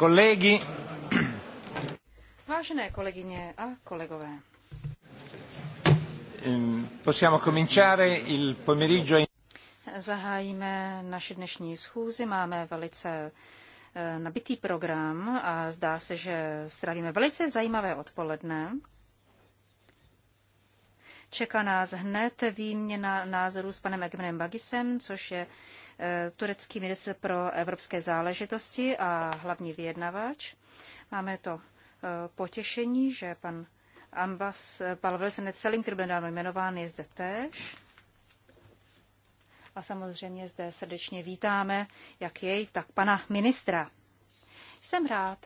Kolegy. Vážené kolegyně a kolegové. Ehm, possiamo cominciare il pomeriggio. Zahájíme naši dnešní schůzi. Máme velice eh, nabitý program a zdá se, že strávíme velice zajímavé odpoledne. Čeká nás hned výměna názorů s panem Egmenem Bagisem, což je eh, turecký ministr pro evropské záležitosti a hlavní vyjednavač. Máme to eh, potěšení, že pan ambas, pan velvyslanec Selin, který byl dávno jmenován, je zde též. A samozřejmě zde srdečně vítáme jak jej, tak pana ministra. Jsem rád,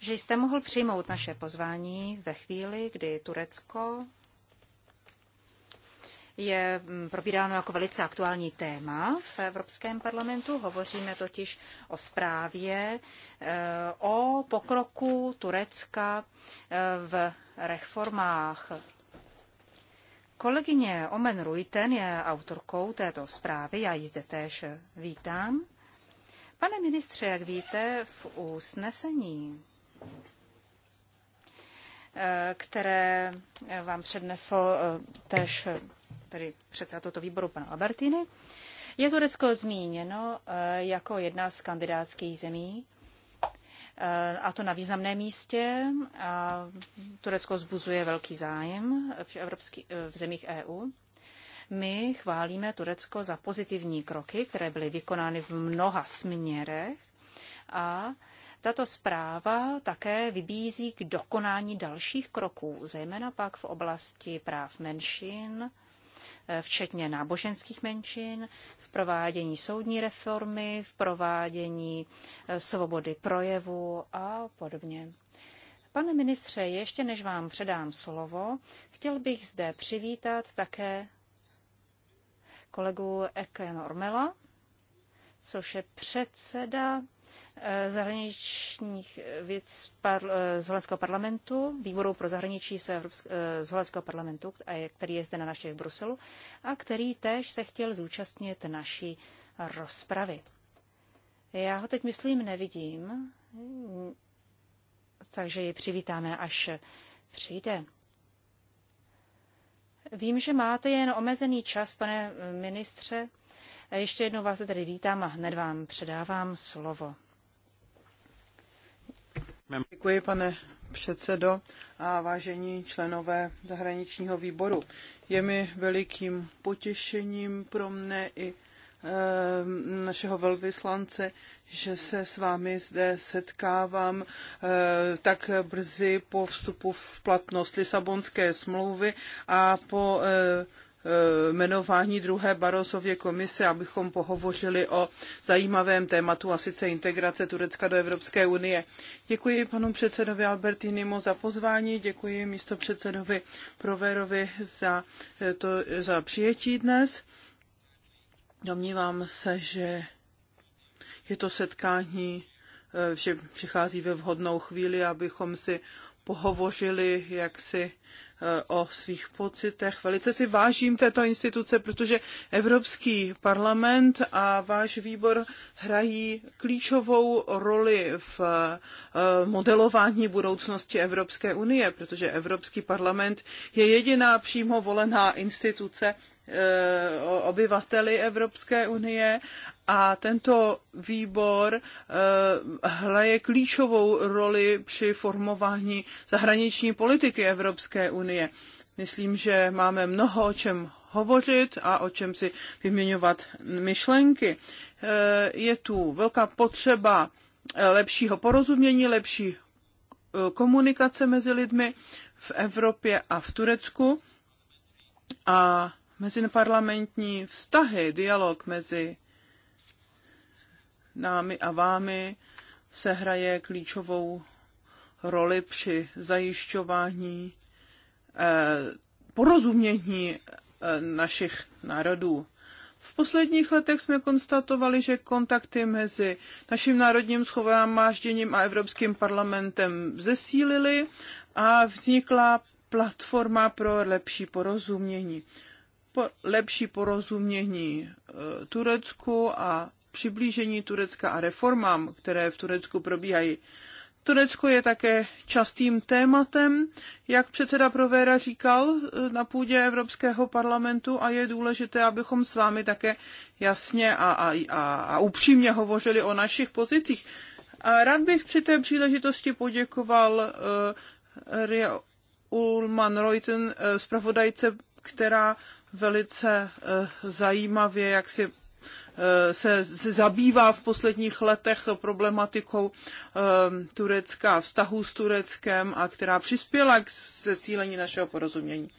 že jste mohl přijmout naše pozvání ve chvíli, kdy Turecko je mm, probíráno jako velice aktuální téma v Evropském parlamentu. Hovoříme totiž o zprávě eh, o pokroku Turecka eh, v reformách. Kolegyně Omen Ruiten je autorkou této zprávy, já ji zde též vítám. Pane ministře, jak víte, v usnesení eh, které vám přednesl tež tedy předseda tohoto výboru, pan Albertini. Je Turecko zmíněno eh, jako jedna z kandidátských zemí, eh, a to na významném místě. A Turecko zbuzuje velký zájem v, evropský, eh, v zemích EU. My chválíme Turecko za pozitivní kroky, které byly vykonány v mnoha směrech a tato zpráva také vybízí k dokonání dalších kroků, zejména pak v oblasti práv menšin, Eh, včetně náboženských menšin, v provádění soudní reformy, v provádění eh, svobody projevu a podobně. Pane ministře, ještě než vám předám slovo, chtěl bych zde přivítat také kolegu Eke Normela, což je předseda Eh, zahraničních věc eh, z holandského parlamentu, výboru pro zahraničí z, eh, z holandského parlamentu, který je zde na našich v Bruselu, a který též se chtěl zúčastnit naší rozpravy. Já ho teď, myslím, nevidím, takže ji přivítáme, až přijde. Vím, že máte jen omezený čas, pane ministře, ještě jednou vás tedy vítám a hned vám předávám slovo. Děkuji, pane předsedo a vážení členové zahraničního výboru. Je mi velikým potěšením pro mne i eh, našeho velvyslance, že se s vámi zde setkávám eh, tak brzy po vstupu v platnost Lisabonské smlouvy a po eh, Eh, jmenování druhé Barosově komise, abychom pohovořili o zajímavém tématu a sice integrace Turecka do Evropské unie. Děkuji panu předsedovi Albertinimu za pozvání, děkuji místo předsedovi Proverovi za, eh, to, za přijetí dnes. Domnívám se, že je to setkání, že eh, přichází ve vhodnou chvíli, abychom si pohovořili jaksi o svých pocitech. Velice si vážím této instituce, protože Evropský parlament a váš výbor hrají klíčovou roli v eh, modelování budoucnosti Evropské unie, protože Evropský parlament je jediná přímo volená instituce, Eh, obyvateli Evropské unie a tento výbor eh, hraje klíčovou roli při formování zahraniční politiky Evropské unie. Myslím, že máme mnoho o čem hovořit a o čem si vyměňovat myšlenky. Eh, je tu velká potřeba lepšího porozumění, lepší komunikace mezi lidmi v Evropě a v Turecku. A meziparlamentní vztahy, dialog mezi námi a vámi se hraje klíčovou roli při zajišťování eh, porozumění eh, našich národů. V posledních letech jsme konstatovali, že kontakty mezi naším národním schovámážděním a Evropským parlamentem zesílily a vznikla platforma pro lepší porozumění lepší porozumění eh, Turecku a přiblížení Turecka a reformám, které v Turecku probíhají. Turecko je také častým tématem, jak předseda Provéra říkal eh, na půdě Evropského parlamentu a je důležité, abychom s vámi také jasně a, a, a, a upřímně hovořili o našich pozicích. A rád bych při té příležitosti poděkoval uh, Ria Ulman Reuten, uh, zpravodajce, která velice eh, zajímavě, jak si eh, se, se zabývá v posledních letech problematikou ehm, Turecka, vztahů s Tureckem a která přispěla k zesílení našeho porozumění.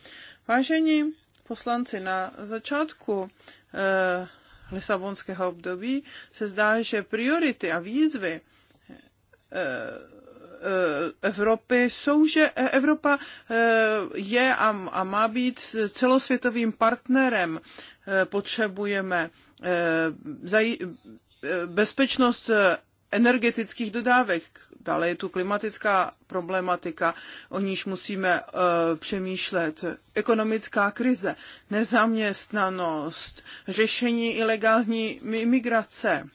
Vážení poslanci, na začátku eh, Lisabonského období se zdá, že priority a výzvy Eh, Evropy jsou, že Evropa eh, je a má být celosvětovým partnerem. Eh, potřebujeme bezpečnost energetických dodávek. Dále je tu klimatická problematika, o níž musíme přemýšlet. Ekonomická krize, nezaměstnanost, řešení ilegální imigrace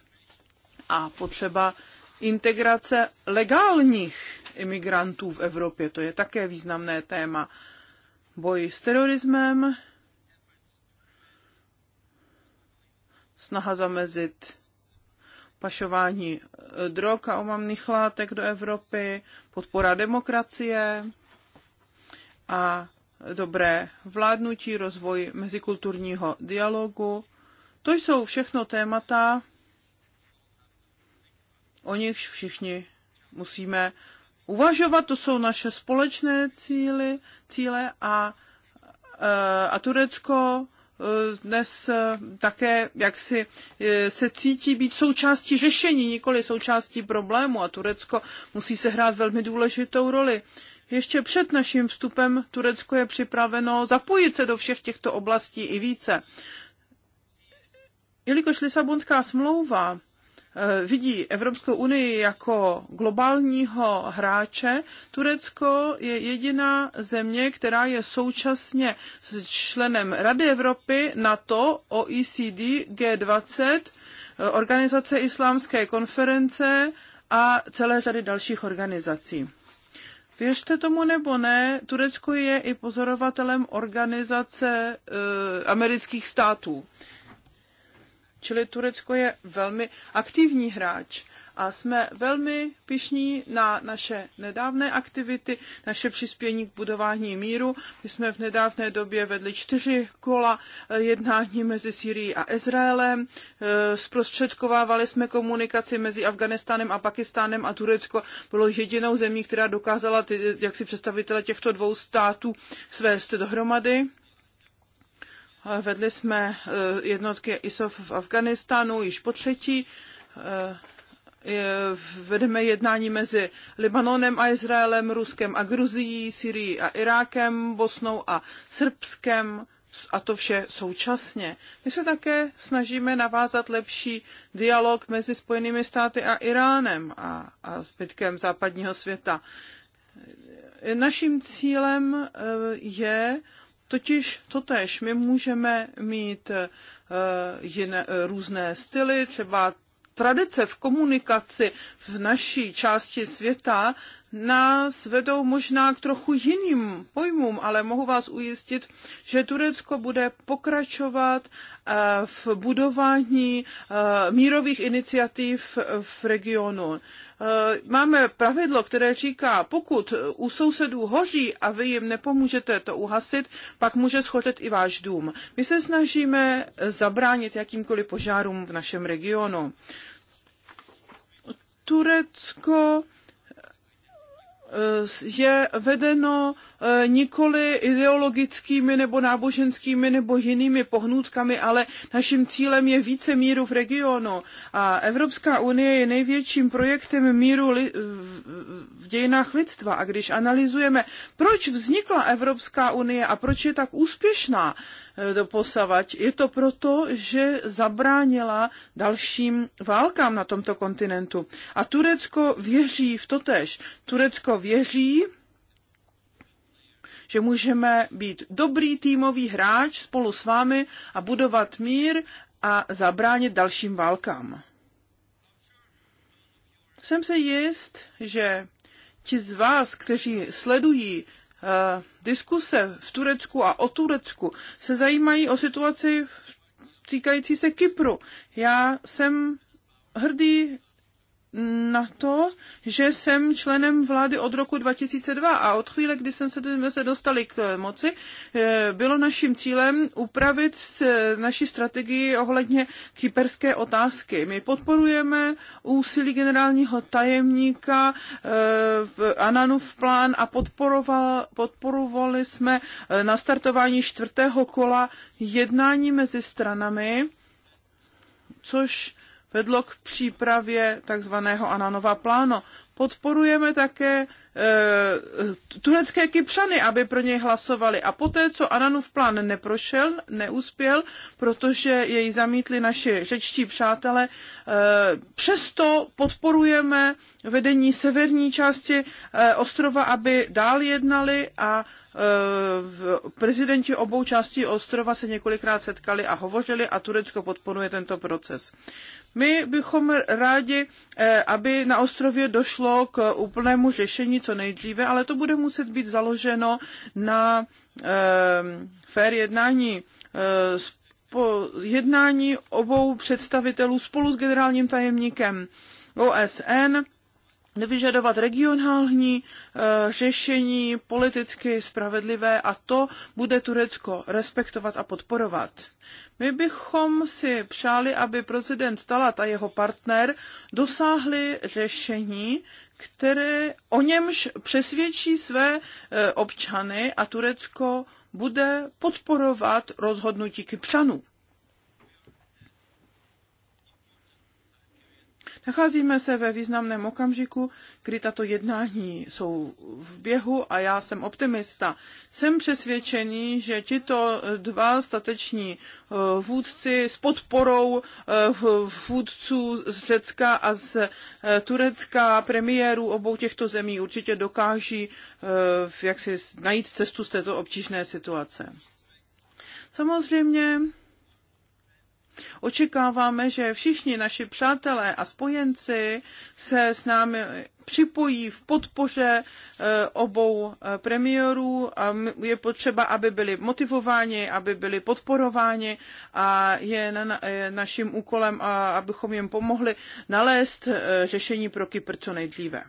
a potřeba integrace legálních imigrantů v Evropě. To je také významné téma. Boj s terorismem, snaha zamezit pašování eh, drog a omamných látek do Evropy, podpora demokracie a dobré vládnutí, rozvoj mezikulturního dialogu. To jsou všechno témata, o nichž všichni musíme uvažovat. To jsou naše společné cíly, cíle a, eh, a Turecko eh, dnes eh, také jaksi se cítí být součástí řešení, nikoli součástí problému a Turecko musí se hrát velmi důležitou roli. Ještě před naším vstupem Turecko je připraveno zapojit se do všech těchto oblastí i více. Jelikož Lisabonská smlouva Eh, vidí Evropskou unii jako globálního hráče, Turecko je jediná země, která je současně členem Rady Evropy, NATO, OECD, G20, eh, Organizace islámské konference a celé řady dalších organizací. Věřte tomu nebo ne, Turecko je i pozorovatelem organizace e, amerických států. E, Čili Turecko je velmi aktivní hráč a jsme velmi pišní na naše nedávné aktivity, naše přispění k budování míru. My jsme v nedávné době vedli čtyři kola eh, jednání mezi Syrií a Izraelem. Eh, zprostředkovávali jsme komunikaci mezi Afganistánem a Pakistánem a Turecko bylo jedinou zemí, která dokázala jak si představitele těchto dvou států svést dohromady. Vedli jsme eh, jednotky ISOF v Afganistánu již po třetí. Eh, vedeme jednání mezi Libanonem a Izraelem, Ruskem a Gruzií, Syrií a Irákem, Bosnou a Srbskem a to vše současně. My se také snažíme navázat lepší dialog mezi Spojenými státy a Iránem a, a zbytkem západního světa. Naším cílem eh, je Totiž totéž my můžeme mít eh, jiné, eh, různé styly, třeba tradice v komunikaci v naší části světa nás vedou možná k trochu jiným pojmům, ale mohu vás ujistit, že Turecko bude pokračovat eh, v budování mírových iniciativ v regionu. Eh, máme pravidlo, které říká, pokud u sousedů hoří a vy jim nepomůžete to uhasit, pak může schořet i váš dům. My se snažíme zabránit jakýmkoliv požárům v našem regionu. Turecko eh, je vedeno E, nikoli ideologickými nebo náboženskými nebo jinými pohnutkami, ale naším cílem je více míru v regionu. A Evropská unie je největším projektem míru v dějinách lidstva. A když analyzujeme, proč vznikla Evropská unie a proč je tak úspěšná, e, doposavad, Je to proto, že zabránila dalším válkám na tomto kontinentu. A Turecko věří v totež. Turecko věří, že můžeme být dobrý týmový hráč spolu s vámi a budovat mír a zabránit dalším válkám. Jsem se jist, že ti z vás, kteří sledují uh, diskuse v Turecku a o Turecku, se zajímají o situaci týkající se Kypru. Já jsem hrdý na to, že jsem členem vlády od roku 2002 a od chvíle, kdy jsem se, jsme se dostali k moci, eh, bylo naším cílem upravit eh, naši strategii ohledně kyperské otázky. My podporujeme úsilí generálního tajemníka eh, Ananův plán a podporovali jsme nastartování čtvrtého kola jednání mezi stranami, což vedlo k přípravě takzvaného Ananova plánu. Podporujeme také eh, turecké kypřany, aby pro něj hlasovali. A poté, co Ananův plán neprošel, neuspěl, protože jej zamítli naši řečtí přátelé, eh, přesto podporujeme vedení severní části eh, ostrova, aby dál jednali a prezidenti obou částí ostrova se několikrát setkali a hovořili a Turecko podporuje tento proces. My bychom rádi, eh, aby na ostrově došlo k úplnému řešení co nejdříve, ale to bude muset být založeno na eh, fér jednání eh, po jednání obou představitelů spolu s generálním tajemníkem OSN vyžadovat regionální eh, řešení politicky spravedlivé a to bude Turecko respektovat a podporovat. My bychom si přáli, aby prezident Talat a jeho partner dosáhli řešení, které o němž přesvědčí své eh, občany a Turecko bude podporovat rozhodnutí Kypřanů. Nacházíme se ve významném okamžiku, kdy tato jednání jsou v běhu a já jsem optimista. Jsem přesvědčený, že tito dva stateční eh, vůdci s podporou eh, vůdců z Řecka a z eh, Turecka, premiérů obou těchto zemí určitě dokáží jak si najít cestu z této obtížné situace. Samozřejmě Očekáváme, že všichni naši přátelé a spojenci se s námi připojí v podpoře eh, obou eh, premiérů. je potřeba, aby byli motivováni, aby byli podporováni a je na, je naším úkolem, abychom jim pomohli nalézt eh, řešení pro Kypr co nejdříve.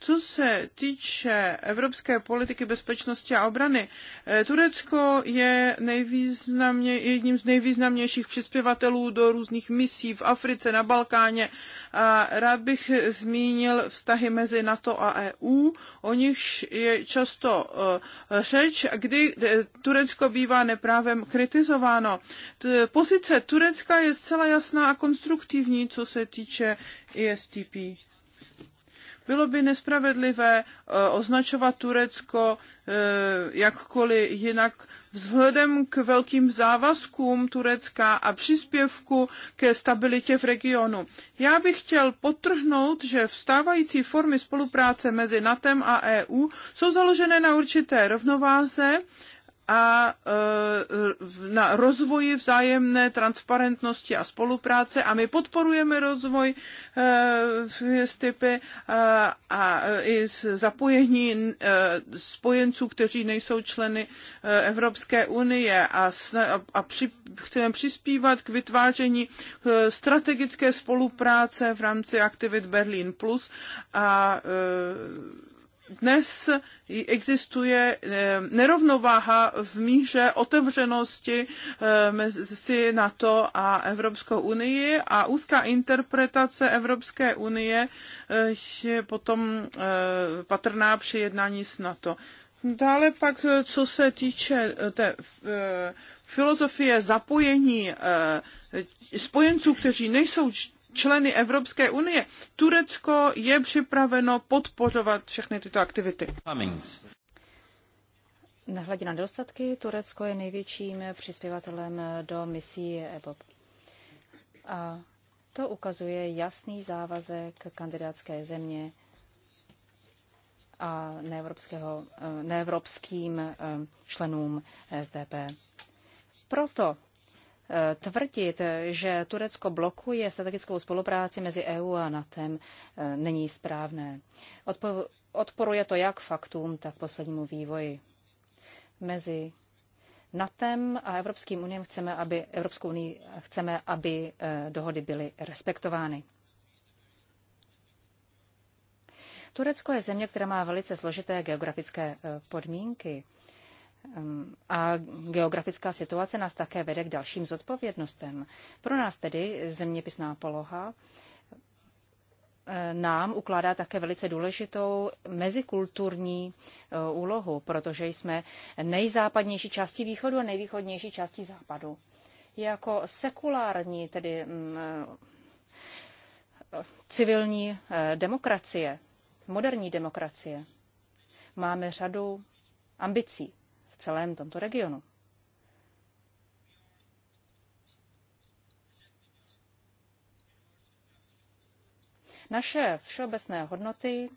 Co se týče evropské politiky bezpečnosti a obrany, eh, Turecko je nejvýznamně, jedním z nejvýznamnějších přispěvatelů do různých misí v Africe, na Balkáně. A rád bych zmínil vztahy mezi NATO a EU, o nichž je často eh, řeč, kdy eh, Turecko bývá neprávem kritizováno. Pozice Turecka je zcela jasná a konstruktivní, co se týče ESTP. Bylo by nespravedlivé eh, označovat Turecko eh, jakkoliv jinak vzhledem k velkým závazkům Turecka a příspěvku ke stabilitě v regionu. Já bych chtěl podtrhnout, že vstávající formy spolupráce mezi NATO a EU jsou založené na určité rovnováze, a e, na rozvoji vzájemné transparentnosti a spolupráce a my podporujeme rozvoj STIPy e, e, a i zapojení spojenců, kteří nejsou členy Evropské unie a, a při, chceme přispívat k vytváření strategické spolupráce v rámci aktivit Berlin Plus a dnes existuje eh, nerovnováha v míře otevřenosti eh, mezi NATO a Evropskou unii a úzká interpretace Evropské unie eh, je potom patrná při jednání s NATO. Dále pak, co se týče té filozofie zapojení spojenců, kteří nejsou členy Evropské unie. Turecko je připraveno podporovat všechny tyto aktivity. Nehledě na nedostatky, Turecko je největším přispěvatelem do misí EBOB. A to ukazuje jasný závazek kandidátské země a neevropského, eh, neevropským eh, členům SDP. Proto Tvrdit, že Turecko blokuje strategickou spolupráci mezi EU a NATEM, eh, není správné. Odporuje to jak faktům, tak poslednímu vývoji. Mezi NATEM a Evropským uniem chceme, aby, Evropskou unii chceme, aby eh, dohody byly respektovány. Turecko je země, která má velice složité geografické eh, podmínky. A geografická situace nás také vede k dalším zodpovědnostem. Pro nás tedy zeměpisná poloha eh, nám ukládá také velice důležitou mezikulturní eh, úlohu, protože jsme nejzápadnější části východu a nejvýchodnější části západu. Jako sekulární, tedy mm, eh, civilní demokracie, moderní demokracie, máme řadu ambicí celém tomto regionu. Naše všeobecné hodnoty um,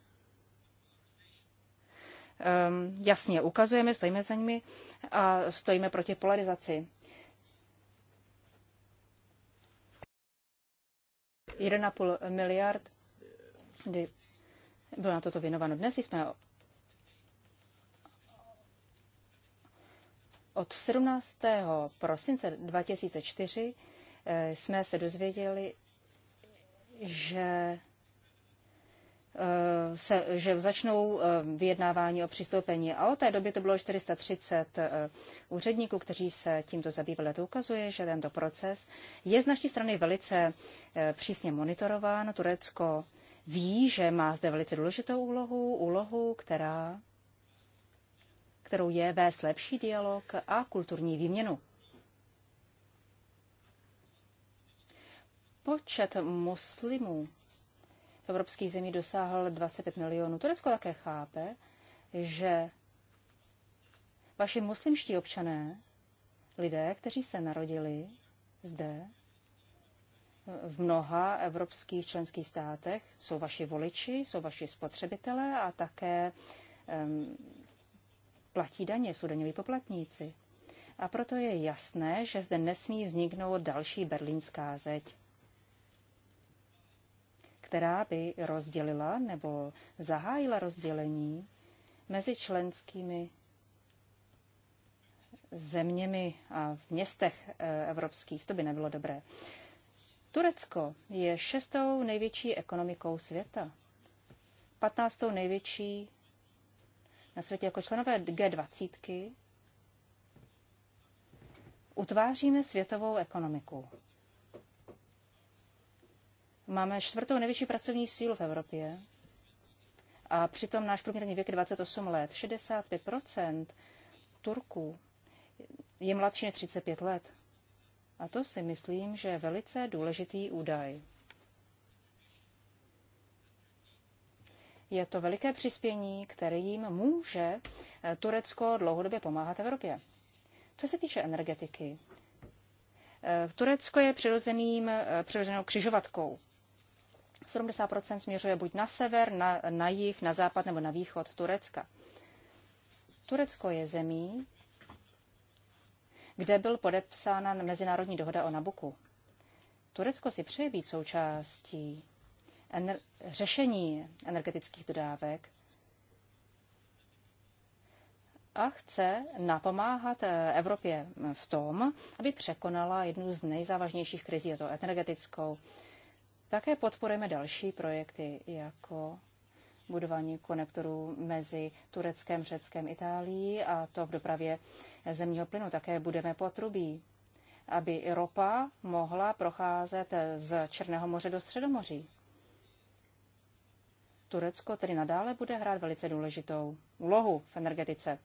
jasně ukazujeme, stojíme za nimi a stojíme proti polarizaci. půl miliard kdy bylo na toto věnováno. Dnes jsme Od 17. prosince 2004 eh, jsme se dozvěděli, že, eh, se, že začnou eh, vyjednávání o přistoupení. A od té doby to bylo 430 úředníků, kteří se tímto zabývali. To ukazuje, že tento proces je z naší strany velice přísně monitorován. Turecko ví, že má zde velice důležitou úlohu, úlohu, která kterou je vést lepší dialog a kulturní výměnu. Počet muslimů v evropských zemí dosáhl 25 milionů. Turecko také chápe, že vaši muslimští občané, lidé, kteří se narodili zde, v mnoha evropských členských státech jsou vaši voliči, jsou vaši spotřebitelé a také um, platí daně, jsou daňoví poplatníci. A proto je jasné, že zde nesmí vzniknout další berlínská zeď, která by rozdělila nebo zahájila rozdělení mezi členskými zeměmi a v městech eh, evropských. To by nebylo dobré. Turecko je šestou největší ekonomikou světa, patnáctou největší na světě jako členové G20 utváříme světovou ekonomiku. Máme čtvrtou největší pracovní sílu v Evropě a přitom náš průměrný věk je 28 let. 65 Turků je mladší než 35 let. A to si myslím, že je velice důležitý údaj. Je to veliké přispění, jim může eh, Turecko dlouhodobě pomáhat Evropě. Co se týče energetiky, eh, Turecko je přirozeným, eh, přirozenou křižovatkou. 70% směřuje buď na sever, na, na jih, na západ nebo na východ Turecka. Turecko je zemí, kde byl podepsána mezinárodní dohoda o Nabuku. Turecko si přeje být součástí ener- řešení energetických dodávek a chce napomáhat eh, Evropě v tom, aby překonala jednu z nejzávažnějších krizí, a to energetickou. Také podporujeme další projekty, jako budování konektorů mezi Tureckem, Řeckem, Itálií a to v dopravě zemního plynu. Také budeme potrubí, aby ropa mohla procházet z Černého moře do Středomoří. Turecko tedy nadále bude hrát velice důležitou úlohu v energetice.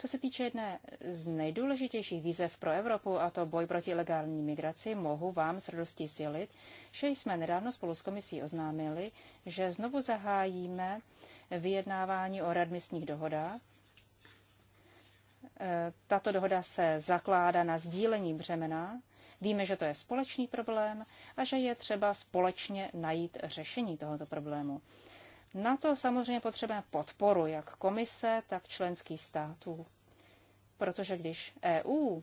Co se týče jedné z nejdůležitějších výzev pro Evropu, a to boj proti legální migraci, mohu vám s radostí sdělit, že jsme nedávno spolu s komisí oznámili, že znovu zahájíme vyjednávání o readmisních dohodách. E, tato dohoda se zakládá na sdílení břemena Víme, že to je společný problém a že je třeba společně najít řešení tohoto problému. Na to samozřejmě potřebujeme podporu jak komise, tak členských států. Protože když EU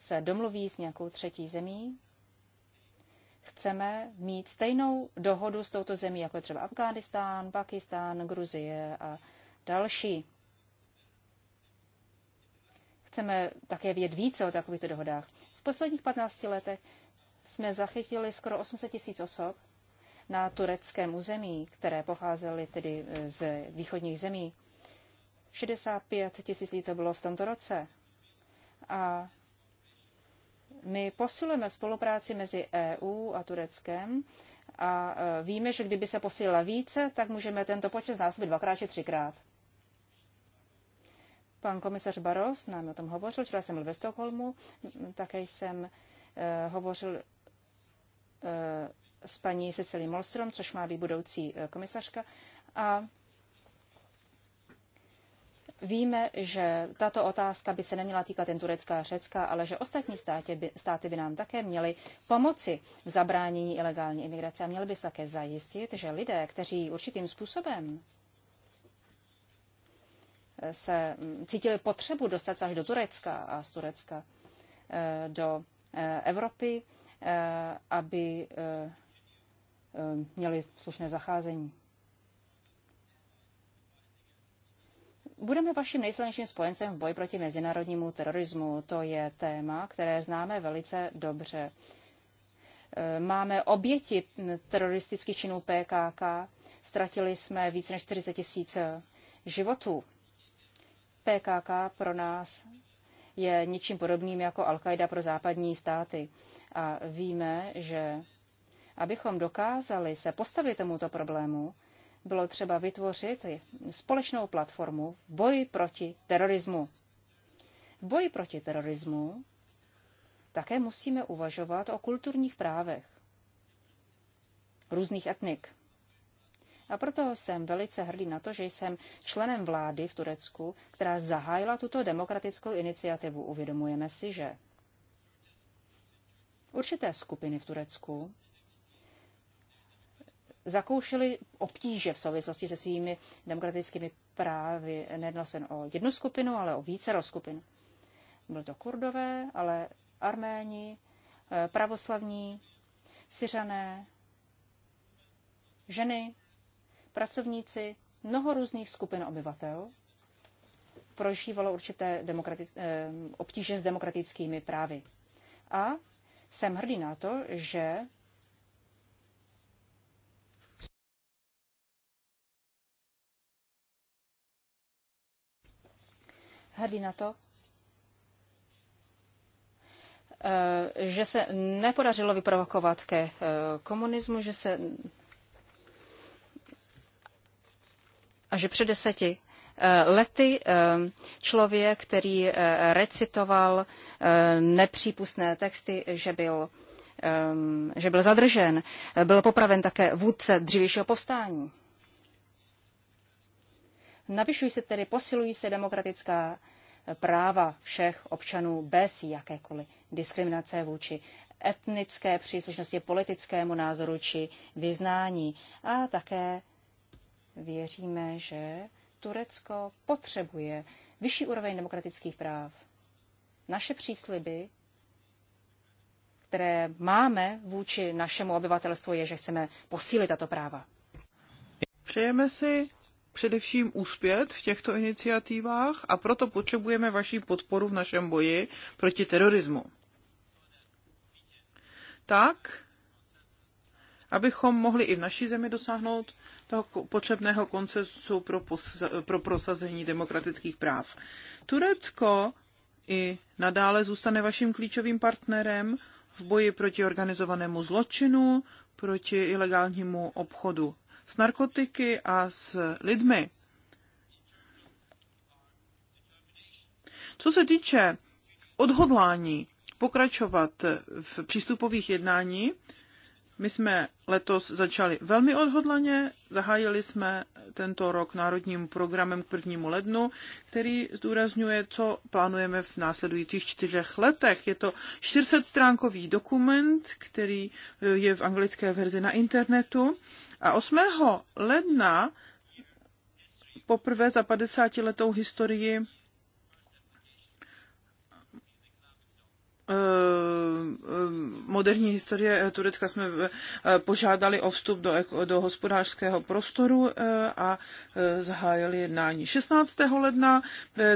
se domluví s nějakou třetí zemí, chceme mít stejnou dohodu s touto zemí, jako třeba Afghánistán, Pakistán, Gruzie a další. Chceme také vědět více o takovýchto dohodách. V posledních 15 letech jsme zachytili skoro 800 tisíc osob na tureckém území, které pocházely tedy e, z východních zemí. 65 tisíc to bylo v tomto roce. A my posilujeme spolupráci mezi EU a Tureckem a e, víme, že kdyby se posílila více, tak můžeme tento počet znásobit dvakrát či třikrát. Pan komisař Baros nám o tom hovořil, včera jsem byl ve Stockholmu, také jsem uh, hovořil uh, s paní Cecily Molstrom, což má být budoucí uh, komisařka. A Víme, že tato otázka by se neměla týkat jen Turecka a Řecka, ale že ostatní státě by, státy by nám také měly pomoci v zabránění ilegální imigrace a měly by se také zajistit, že lidé, kteří určitým způsobem se mm, cítili potřebu dostat se až do Turecka a z Turecka eh, do eh, Evropy, eh, aby měli slušné zacházení. Budeme vaším nejsilnějším spojencem v boji proti mezinárodnímu terorismu. To je téma, které známe velice dobře. Máme oběti teroristických činů PKK. Ztratili jsme více než 40 tisíc životů PKK pro nás je ničím podobným jako Al-Qaida pro západní státy. A víme, že abychom dokázali se postavit tomuto problému, bylo třeba vytvořit společnou platformu v boji proti terorismu. V boji proti terorismu také musíme uvažovat o kulturních právech různých etnik. A proto jsem velice hrdý na to, že jsem členem vlády v Turecku, která zahájila tuto demokratickou iniciativu. Uvědomujeme si, že určité skupiny v Turecku zakoušely obtíže v souvislosti se svými demokratickými právy. Nejednal se o jednu skupinu, ale o více skupin. Byly to kurdové, ale arméni, eh, pravoslavní, syřané, ženy, pracovníci mnoho různých skupin obyvatel prožívalo určité eh, obtíže s demokratickými právy. A jsem hrdý na to, že hrdý na to, eh, že se nepodařilo vyprovokovat ke eh, komunismu, že se a že před deseti eh, lety eh, člověk, který eh, recitoval nepřípustné texty, že byl, že byl zadržen. Byl popraven také vůdce dřívějšího povstání. Navyšují se tedy, posilují se demokratická práva všech občanů bez jakékoliv diskriminace vůči etnické příslušnosti, politickému názoru či vyznání a také Věříme, že Turecko potřebuje vyšší úroveň demokratických práv. Naše přísliby, které máme vůči našemu obyvatelstvu, je, že chceme posílit tato práva. Přejeme si především úspět v těchto iniciativách a proto potřebujeme vaši podporu v našem boji proti terorismu. Tak, abychom mohli i v naší zemi dosáhnout toho potřebného koncesu pro, pro prosazení demokratických práv. Turecko i nadále zůstane vaším klíčovým partnerem v boji proti organizovanému zločinu, proti ilegálnímu obchodu s narkotiky a s lidmi. Co se týče odhodlání pokračovat v přístupových jednání, my jsme letos začali velmi odhodlaně, zahájili jsme tento rok národním programem k prvnímu lednu, který zdůrazňuje, co plánujeme v následujících čtyřech letech. Je to 400-stránkový dokument, který eh, je v anglické verzi na internetu. A 8. ledna poprvé za 50 letou historii Eh, eh, moderní historie eh, Turecka jsme požádali o vstup do, do hospodářského prostoru a zahájili jednání. 16. ledna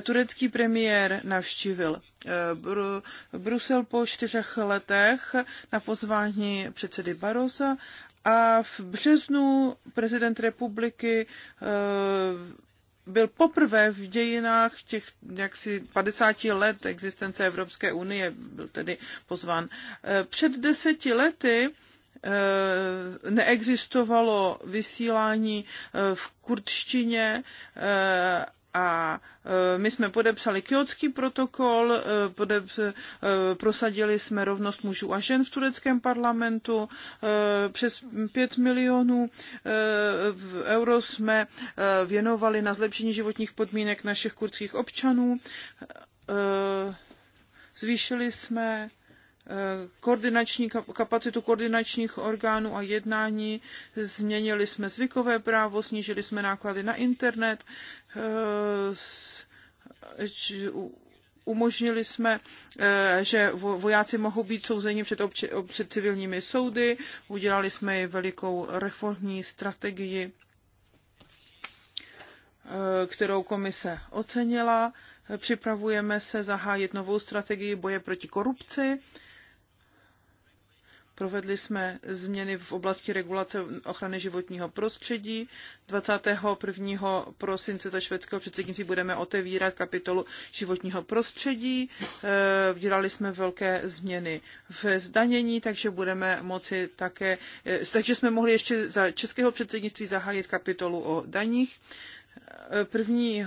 turecký premiér navštívil Brusel po čtyřech letech na pozvání předsedy Barosa a v březnu prezident republiky byl poprvé v dějinách těch jaksi 50 let existence Evropské unie, byl tedy pozván. Eh, před deseti lety eh, neexistovalo vysílání eh, v kurdštině a e, my jsme podepsali kyotský protokol, e, podep, e, prosadili jsme rovnost mužů a žen v tureckém parlamentu, přes 5 milionů euro jsme věnovali na zlepšení životních podmínek našich kurdských občanů, zvýšili jsme koordinační, kapacitu koordinačních orgánů a jednání, změnili jsme zvykové právo, snížili jsme náklady na internet, eh, umožnili jsme, eh, že vojáci mohou být souzeni před, obči- před civilními soudy, udělali jsme velikou reformní strategii, eh, kterou komise ocenila. Připravujeme se zahájit novou strategii boje proti korupci Provedli jsme změny v oblasti regulace ochrany životního prostředí. 21. prosince za švédského předsednictví budeme otevírat kapitolu životního prostředí. Eh, dělali jsme velké změny v zdanění, takže budeme moci také, eh, takže jsme mohli ještě za českého předsednictví zahájit kapitolu o daních. 1. Eh,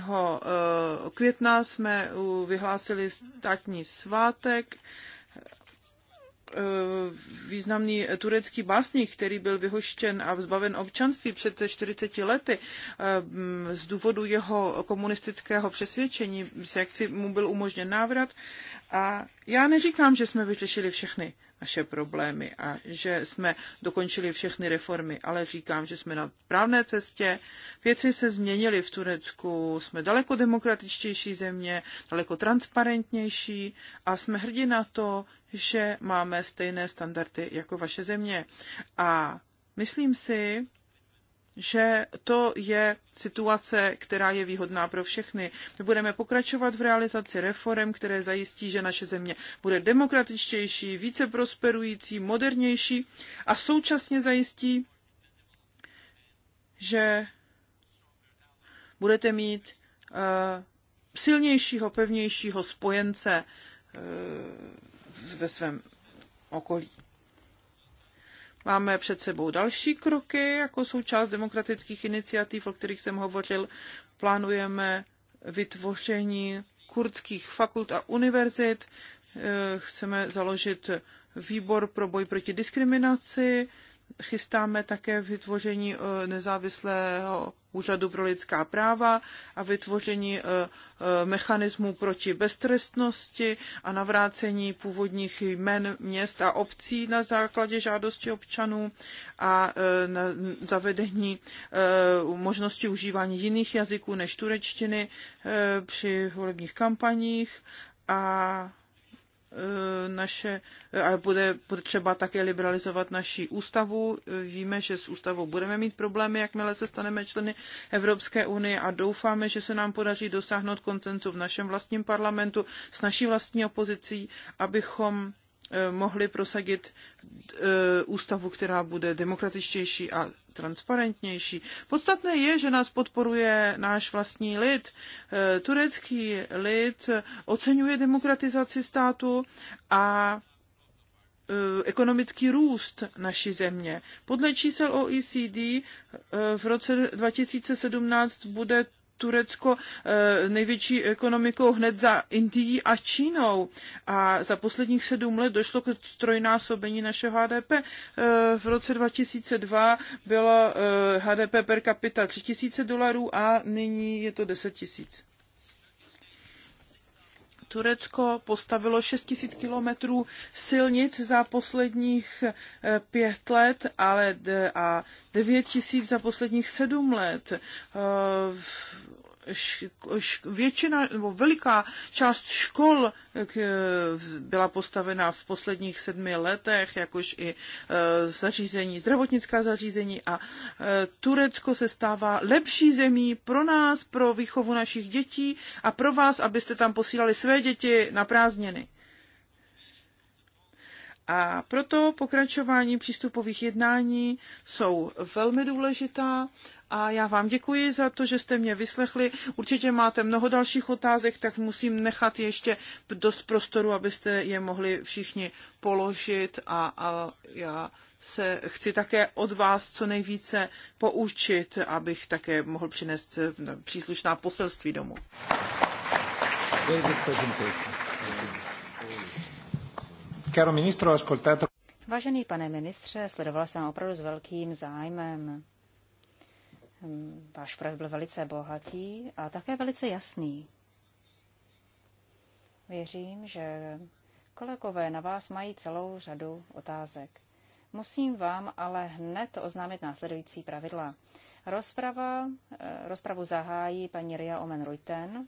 května jsme vyhlásili státní svátek Eh, významný turecký básník, který byl vyhoštěn a zbaven občanství před 40 lety eh, z důvodu jeho komunistického přesvědčení, jak si mu byl umožněn návrat. A já neříkám, že jsme vyřešili všechny naše problémy a že jsme dokončili všechny reformy, ale říkám, že jsme na správné cestě. Věci se změnily v Turecku, jsme daleko demokratičtější země, daleko transparentnější a jsme hrdí na to, že máme stejné standardy jako vaše země. A myslím si, že to je situace, která je výhodná pro všechny. My budeme pokračovat v realizaci reform, které zajistí, že naše země bude demokratičtější, více prosperující, modernější a současně zajistí, že budete mít uh, silnějšího, pevnějšího spojence uh, ve svém okolí. Máme před sebou další kroky jako součást demokratických iniciativ, o kterých jsem hovořil. Plánujeme vytvoření kurdských fakult a univerzit. Eh, chceme založit výbor pro boj proti diskriminaci chystáme také vytvoření eh, nezávislého úřadu pro lidská práva a vytvoření eh, eh, mechanismů proti beztrestnosti a navrácení původních jmen měst a obcí na základě žádosti občanů a na zavedení možnosti užívání jiných jazyků než turečtiny při volebních kampaních a Eh, naše, a bude potřeba také liberalizovat naši ústavu. Víme, že s ústavou budeme mít problémy, jakmile se staneme členy Evropské unie a doufáme, že se nám podaří dosáhnout koncenzu v našem vlastním parlamentu s naší vlastní opozicí, abychom eh, mohli prosadit eh, ústavu, která bude demokratičtější a transparentnější. Podstatné je, že nás podporuje náš vlastní lid. E, turecký lid oceňuje demokratizaci státu a e, ekonomický růst naší země. Podle čísel OECD e, v roce 2017 bude Turecko eh, největší ekonomikou hned za Indií a Čínou. A za posledních sedm let došlo k trojnásobení našeho HDP. Eh, v roce 2002 bylo HDP eh, per capita 3000 dolarů a nyní je to 10 tisíc. Turecko postavilo 6 tisíc kilometrů silnic za posledních eh, pět let ale a 9 tisíc za posledních sedm let. Eh, většina nebo veliká část škol eh, byla postavena v posledních sedmi letech, jakož i eh, zařízení, zdravotnická zařízení a eh, Turecko se stává lepší zemí pro nás, pro výchovu našich dětí a pro vás, abyste tam posílali své děti na prázdniny. A proto pokračování přístupových jednání jsou velmi důležitá a já vám děkuji za to, že jste mě vyslechli. Určitě máte mnoho dalších otázek, tak musím nechat ještě dost prostoru, abyste je mohli všichni položit a, a já se chci také od vás co nejvíce poučit, abych také mohl přinést eh, příslušná poselství domů. Vážený pane ministře, sledoval jsem opravdu s velkým zájmem Váš projev byl velice bohatý a také velice jasný. Věřím, že kolegové na vás mají celou řadu otázek. Musím vám ale hned oznámit následující pravidla. Rozprava, eh, rozpravu zahájí paní Ria Omen-Ruiten,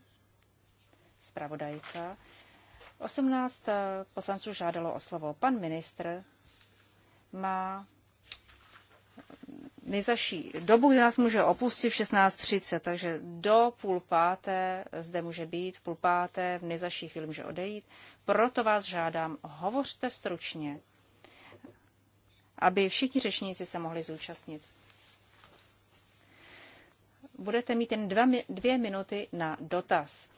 zpravodajka. 18 eh, poslanců žádalo o slovo. Pan ministr má nejzaší dobu, kdy nás může opustit v 16.30, takže do půl páté zde může být, v půl páté v nejzaší chvíli může odejít. Proto vás žádám, hovořte stručně, aby všichni řečníci se mohli zúčastnit. Budete mít jen dva, dvě minuty na dotaz.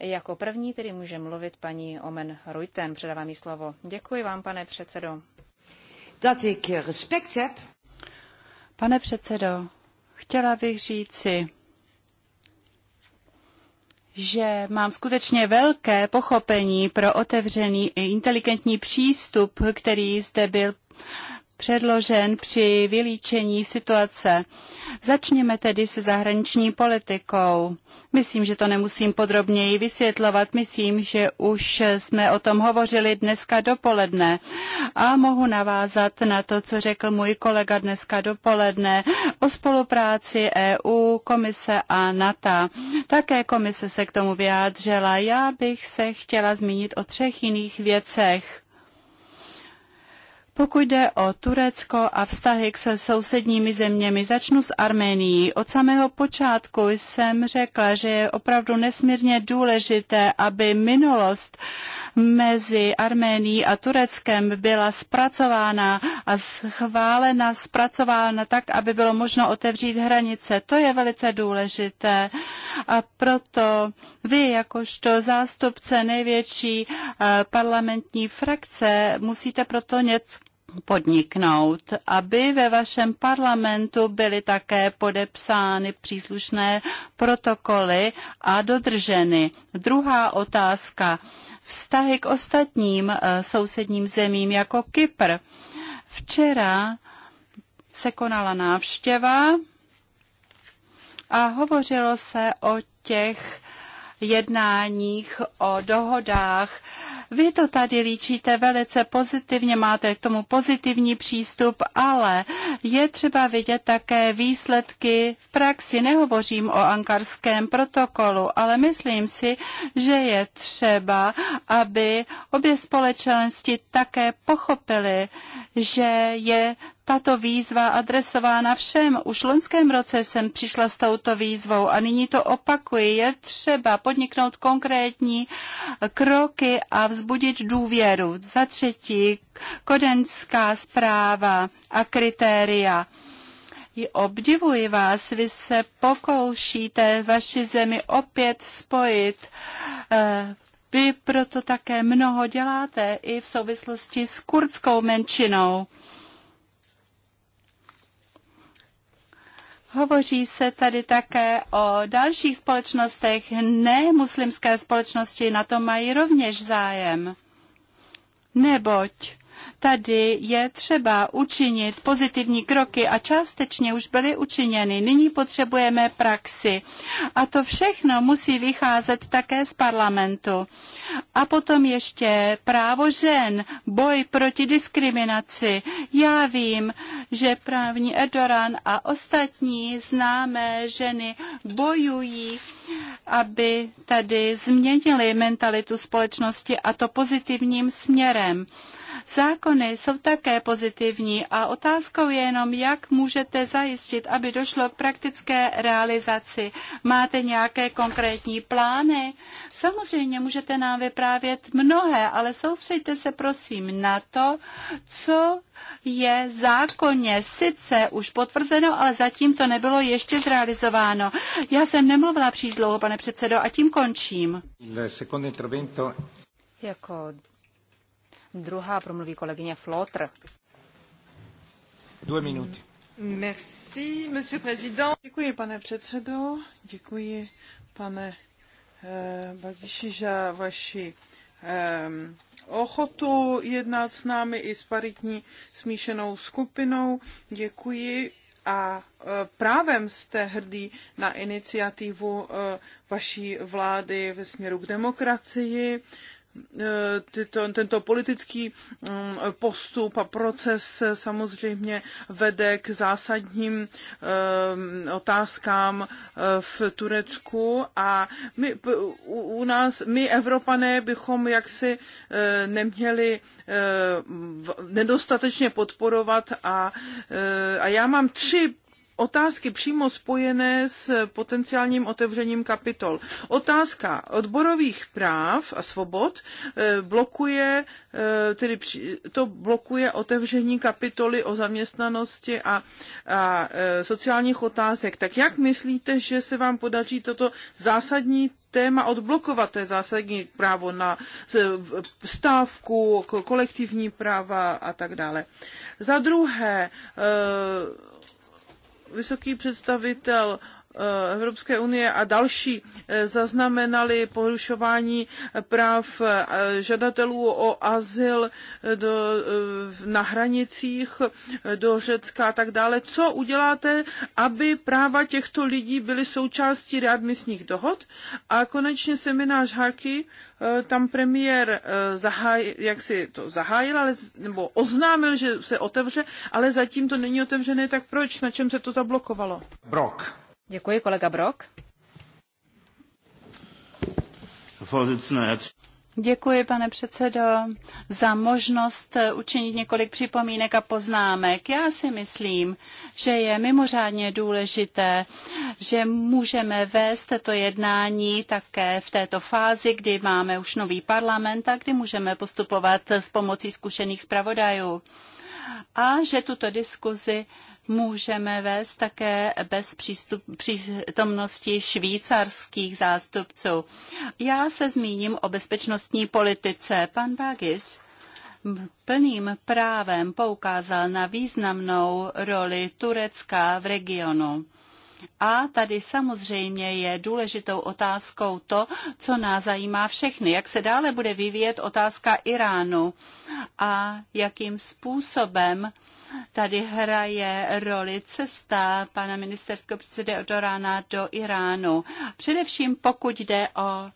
Jako první tedy může mluvit paní Omen Ruiten. Předávám jí slovo. Děkuji vám, pane předsedo. Dat ik eh, respect heb Pane předsedo, chtěla bych říci, že mám skutečně velké pochopení pro otevřený i inteligentní přístup, který zde byl předložen při vylíčení situace. Začněme tedy se zahraniční politikou. Myslím, že to nemusím podrobněji vysvětlovat. Myslím, že už jsme o tom hovořili dneska dopoledne. A mohu navázat na to, co řekl můj kolega dneska dopoledne o spolupráci EU, komise a NATO. Také komise se k tomu vyjádřila. Já bych se chtěla zmínit o třech jiných věcech. Pokud jde o Turecko a vztahy se sousedními zeměmi, začnu s Arménií. Od samého počátku jsem řekla, že je opravdu nesmírně důležité, aby minulost mezi Arménií a Tureckem byla zpracována a schválena, zpracována tak, aby bylo možno otevřít hranice. To je velice důležité. A proto vy, jakožto zástupce největší eh, parlamentní frakce, musíte proto něco podniknout, aby ve vašem parlamentu byly také podepsány příslušné protokoly a dodrženy. Druhá otázka. Vztahy k ostatním eh, sousedním zemím jako Kypr. Včera se konala návštěva a hovořilo se o těch jednáních, o dohodách vy to tady líčíte velice pozitivně, máte k tomu pozitivní přístup, ale je třeba vidět také výsledky v praxi. Nehovořím o ankarském protokolu, ale myslím si, že je třeba, aby obě společnosti také pochopily, že je tato výzva adresována všem. Už v loňském roce jsem přišla s touto výzvou a nyní to opakuji. Je třeba podniknout konkrétní kroky a vzbudit důvěru. Za třetí, kodenská zpráva a kritéria. I Obdivuji vás, vy se pokoušíte vaši zemi opět spojit. Eh, vy proto také mnoho děláte i v souvislosti s kurdskou menšinou. Hovoří se tady také o dalších společnostech, ne muslimské společnosti, na to mají rovněž zájem. Neboť Tady je třeba učinit pozitivní kroky a částečně už byly učiněny. Nyní potřebujeme praxi. A to všechno musí vycházet také z parlamentu. A potom ještě právo žen, boj proti diskriminaci. Já vím, že právní edoran a ostatní známé ženy bojují, aby tady změnili mentalitu společnosti a to pozitivním směrem. Zákony jsou také pozitivní a otázkou je jenom, jak můžete zajistit, aby došlo k praktické realizaci. Máte nějaké konkrétní plány? Samozřejmě můžete nám vyprávět mnohé, ale soustřeďte se prosím na to, co je zákonně sice už potvrzeno, ale zatím to nebylo ještě zrealizováno. Já jsem nemluvila příliš dlouho, pane předsedo, a tím končím. Jako Druhá promluví kolegyně Flotr. Dvě minuty. Merci, monsieur président. Děkuji, pane předsedo. Děkuji, pane eh, Bagiši, za vaši eh, ochotu jednat s námi i s paritní smíšenou skupinou. Děkuji a eh, právem jste hrdý na iniciativu eh, vaší vlády ve směru k demokracii E, tyto, tento politický mm, postup a proces samozřejmě vede k zásadním e, otázkám e, v Turecku a my u nás, my Evropané bychom jaksi neměli nedostatečně podporovat a, a já mám tři otázky přímo spojené s potenciálním otevřením kapitol. Otázka odborových práv a svobod eh, blokuje, eh, tedy to blokuje otevření kapitoly o zaměstnanosti a, a eh, sociálních otázek. Tak jak myslíte, že se vám podaří toto zásadní téma odblokovat, to je zásadní právo na stávku, kolektivní práva a tak dále. Za druhé, vysoký představitel eh, Evropské unie a další eh, zaznamenali porušování práv eh, žadatelů o azyl do, na hranicích do Řecka a tak dále. Co uděláte, aby práva těchto lidí byly součástí readmisních dohod? A konečně seminář Haki. Eh, tam premiér eh, zahaj, jak si to zahájil, ale, nebo oznámil, že se otevře, ale zatím to není otevřené, tak proč? Na čem se to zablokovalo? Brok. Děkuji, kolega Brok. Děkuji, pane předsedo, za možnost eh, učinit několik připomínek a poznámek. Já si myslím, že je mimořádně důležité, že můžeme vést to jednání také v této fázi, kdy máme už nový parlament a kdy můžeme postupovat s pomocí zkušených zpravodajů. A že tuto diskuzi můžeme vést také bez přístup, přítomnosti švýcarských zástupců. Já se zmíním o bezpečnostní politice. Pan Bagis plným právem poukázal na významnou roli Turecka v regionu. A tady samozřejmě je důležitou otázkou to, co nás zajímá všechny, jak se dále bude vyvíjet otázka Iránu a jakým způsobem Tady hraje roli cesta pana ministerského předsedy Odorána do Iránu. Především pokud jde o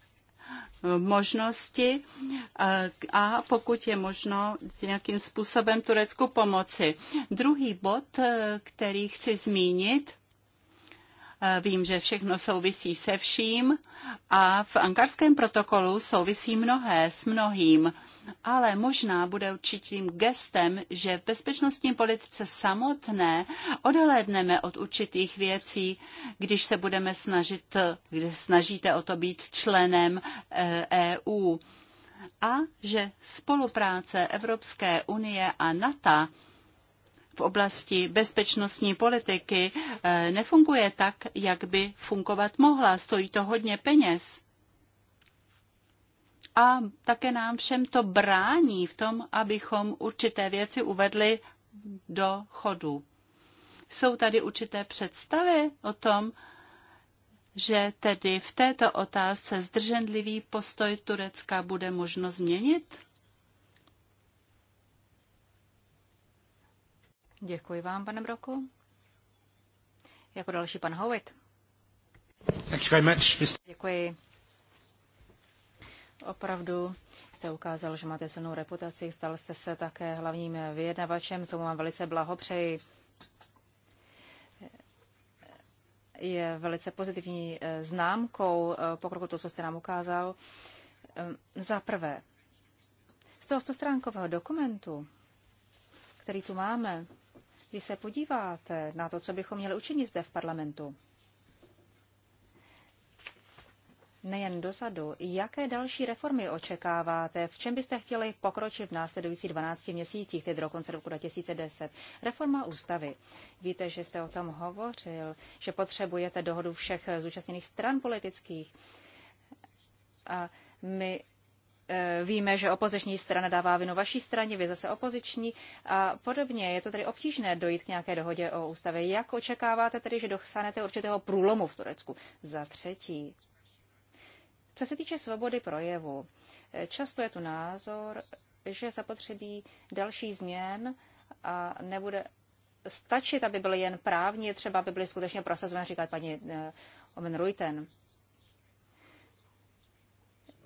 možnosti eh, a pokud je možno nějakým způsobem Turecku pomoci. Druhý bod, eh, který chci zmínit, Eh, vím, že všechno souvisí se vším a v ankarském protokolu souvisí mnohé s mnohým, ale možná bude určitým gestem, že v bezpečnostní politice samotné odhlédneme od určitých věcí, když se budeme snažit, když snažíte o to být členem EU eh, e a že spolupráce Evropské unie a NATO v oblasti bezpečnostní politiky eh, nefunguje tak, jak by fungovat mohla. Stojí to hodně peněz. A také nám všem to brání v tom, abychom určité věci uvedli do chodu. Jsou tady určité představy o tom, že tedy v této otázce zdrženlivý postoj Turecka bude možno změnit? Děkuji vám, pane Broku. Jako další pan Howitt. Děkuji. Opravdu jste ukázal, že máte silnou reputaci, stal jste se také hlavním vyjednavačem, tomu vám velice blahopřeji. Je velice pozitivní eh, známkou eh, pokroku to, co jste nám ukázal. Eh, za prvé, z toho stránkového dokumentu, který tu máme, když se podíváte na to, co bychom měli učinit zde v parlamentu, nejen dozadu, jaké další reformy očekáváte, v čem byste chtěli pokročit v následujících 12 měsících, tedy do konce roku 2010? Reforma ústavy. Víte, že jste o tom hovořil, že potřebujete dohodu všech zúčastněných stran politických. A my Eh, víme, že opoziční strana dává vinu vaší straně, vy zase opoziční a podobně. Je to tedy obtížné dojít k nějaké dohodě o ústavě. Jak očekáváte tedy, že dosáhnete určitého průlomu v Turecku? Za třetí. Co se týče svobody projevu, eh, často je tu názor, že zapotřebí další změn a nebude stačit, aby byly jen právní, třeba aby byly skutečně prosazovány, říká paní eh, Omen Ruiten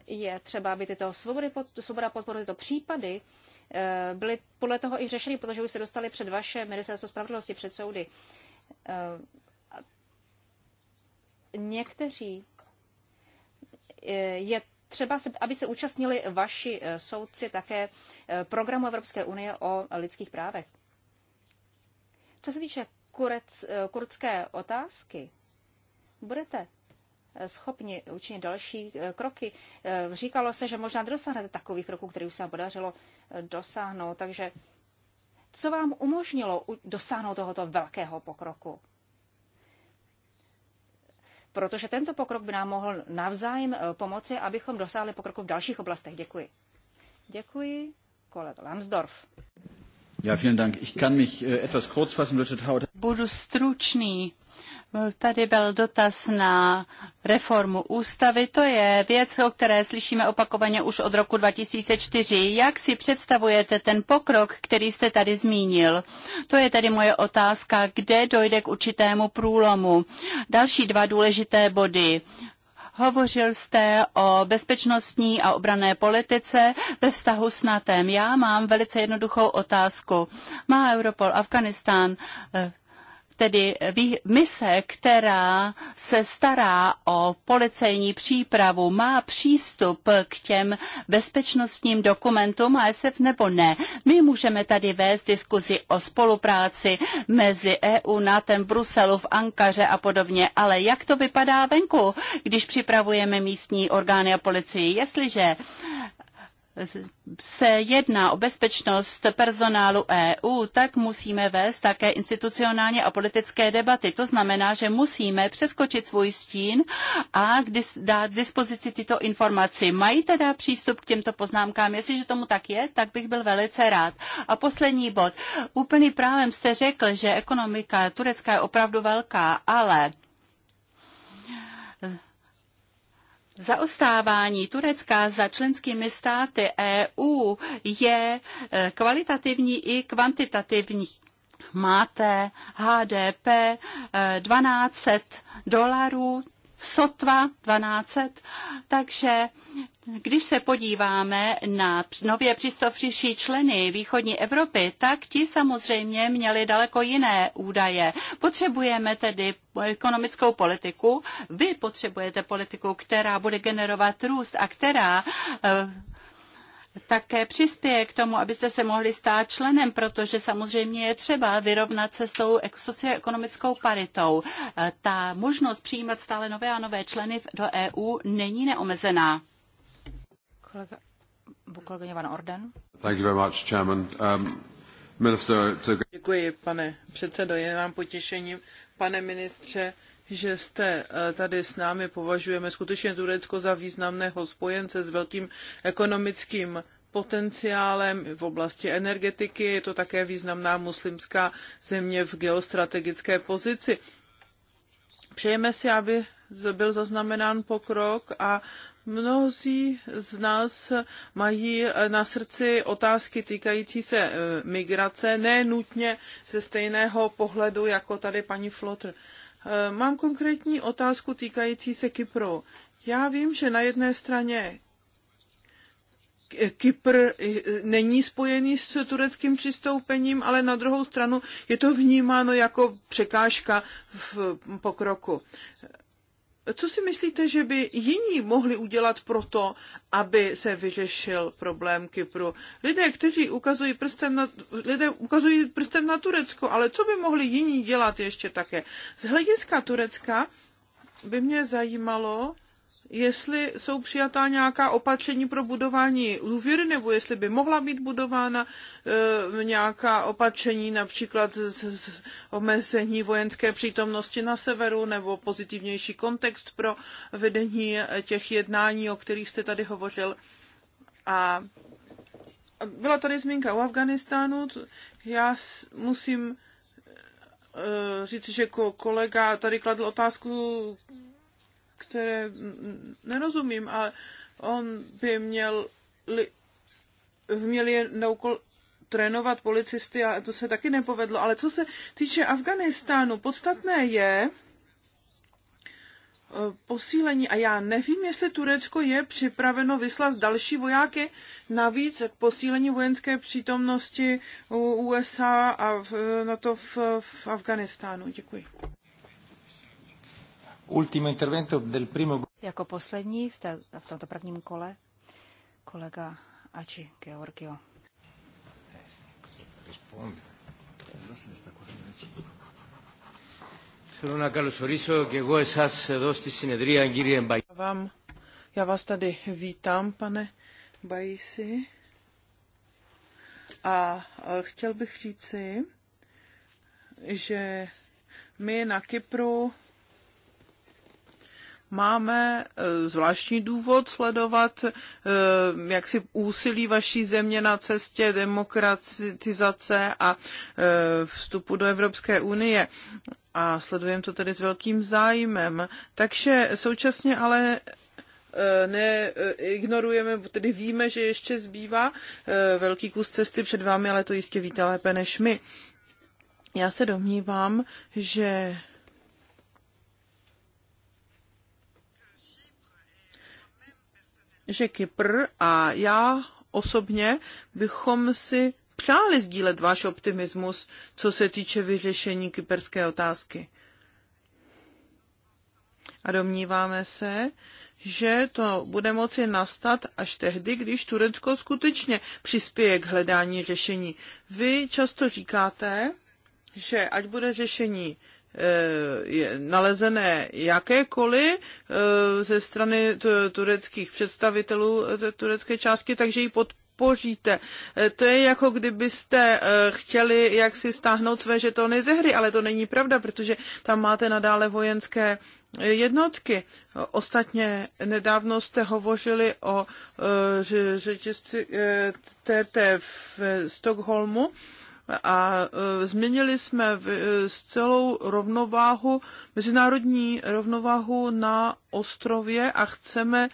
je třeba, aby tyto svobody, svoboda podporu, tyto případy eh, byly podle toho i řešeny, protože už se dostali před vaše ministerstvo spravedlnosti, před soudy. Eh, někteří eh, je třeba, aby se účastnili vaši soudci také programu Evropské unie o lidských právech. Co se týče kurec, kurdské otázky, budete schopni učinit další eh, kroky. Eh, říkalo se, že možná dosáhnete takových kroků, které už se vám podařilo eh, dosáhnout. Takže co vám umožnilo dosáhnout tohoto velkého pokroku? Protože tento pokrok by nám mohl navzájem pomoci, abychom dosáhli pokroku v dalších oblastech. Děkuji. Děkuji, kolega Lambsdorff vielen Dank. Ich kann mich äh, etwas kurz fassen, Richard Budu stručný. Tady byl dotaz na reformu ústavy. To je věc, o které slyšíme opakovaně už od roku 2004. Jak si představujete ten pokrok, který jste tady zmínil? To je tedy moje otázka, kde dojde k určitému průlomu. Další dva důležité body. Hovořil jste o bezpečnostní a obrané politice ve vztahu s NATO. Já mám velice jednoduchou otázku. Má Europol Afganistán eh, tedy mise, která se stará o policejní přípravu, má přístup k těm bezpečnostním dokumentům ASF nebo ne. My můžeme tady vést diskuzi o spolupráci mezi EU, NATO, Bruselu, v Ankaře a podobně, ale jak to vypadá venku, když připravujeme místní orgány a policii? Jestliže se jedná o bezpečnost personálu EU, tak musíme vést také institucionálně a politické debaty. To znamená, že musíme přeskočit svůj stín a dát dispozici tyto informaci. Mají teda přístup k těmto poznámkám? Jestliže tomu tak je, tak bych byl velice rád. A poslední bod. Úplný právem jste řekl, že ekonomika turecká je opravdu velká, ale Zaostávání Turecka za členskými státy EU je e, kvalitativní i kvantitativní. Máte HDP 1200 e, dolarů, sotva 12. Takže když se podíváme na nově přistoupivší členy východní Evropy, tak ti samozřejmě měli daleko jiné údaje. Potřebujeme tedy ekonomickou politiku. Vy potřebujete politiku, která bude generovat růst a která eh, také přispěje k tomu, abyste se mohli stát členem, protože samozřejmě je třeba vyrovnat se s tou socioekonomickou paritou. E, ta možnost přijímat stále nové a nové členy do EU není neomezená. Kolega, kolegyně Van Orden. Thank you very much, Chairman. Um, minister, to... Děkuji, pane předsedo, je nám potěšením. Pane ministře, že jste eh, tady s námi. Považujeme skutečně Turecko za významného spojence s velkým ekonomickým potenciálem v oblasti energetiky. Je to také významná muslimská země v geostrategické pozici. Přejeme si, aby byl zaznamenán pokrok a mnozí z nás mají eh, na srdci otázky týkající se eh, migrace, ne nutně ze stejného pohledu jako tady paní Flotr. Eh, mám konkrétní otázku týkající se Kypru. Já vím, že na jedné straně Kypr eh, není spojený s tureckým přistoupením, ale na druhou stranu je to vnímáno jako překážka v pokroku. Co si myslíte, že by jiní mohli udělat pro to, aby se vyřešil problém Kypru? Lidé, kteří ukazují prstem na, lidé ukazují prstem na Turecko, ale co by mohli jiní dělat ještě také? Z hlediska Turecka by mě zajímalo, jestli jsou přijatá nějaká opatření pro budování Louvre, nebo jestli by mohla být budována e, nějaká opatření, například z, z omezení vojenské přítomnosti na severu, nebo pozitivnější kontext pro vedení eh, těch jednání, o kterých jste tady hovořil. A byla tady zmínka o Afganistánu. Já musím eh, říct, že kolega tady kladl otázku které nerozumím, ale on by měl, li, měl je naukol trénovat policisty a to se taky nepovedlo. Ale co se týče Afganistánu, podstatné je, e, posílení a já nevím, jestli Turecko je připraveno vyslat další vojáky navíc k posílení vojenské přítomnosti USA a na to v, v Afganistánu. Děkuji. Jako poslední v, té, v tomto prvním kole kolega Ači Georgio. Θέλω Já vás tady vítám, pane Bajisi. A e, chtěl bych říci, že my na Kypru máme eh, zvláštní důvod sledovat eh, jak si úsilí vaší země na cestě demokratizace a eh, vstupu do Evropské unie a sledujeme to tedy s velkým zájmem. Takže současně ale ne, ignorujeme, tedy víme, že ještě zbývá velký kus cesty před vámi, ale to jistě víte lépe než my. Já se domnívám, že že Kypr a já osobně bychom si přáli sdílet váš optimismus, co se týče vyřešení kyperské otázky. A domníváme se, že to bude moci nastat až tehdy, když Turecko skutečně přispěje k hledání řešení. Vy často říkáte, že ať bude řešení Eh, nalezené jakékoliv eh, ze strany tureckých představitelů eh, turecké části, takže ji pod podpoříte. To je jako kdybyste chtěli jak si stáhnout své žetony ze hry, ale to není pravda, protože tam máte nadále vojenské jednotky. Ostatně nedávno jste hovořili o řetězci TT v Stockholmu a e, změnili jsme e, celou rovnováhu, mezinárodní rovnováhu na ostrově a chceme e,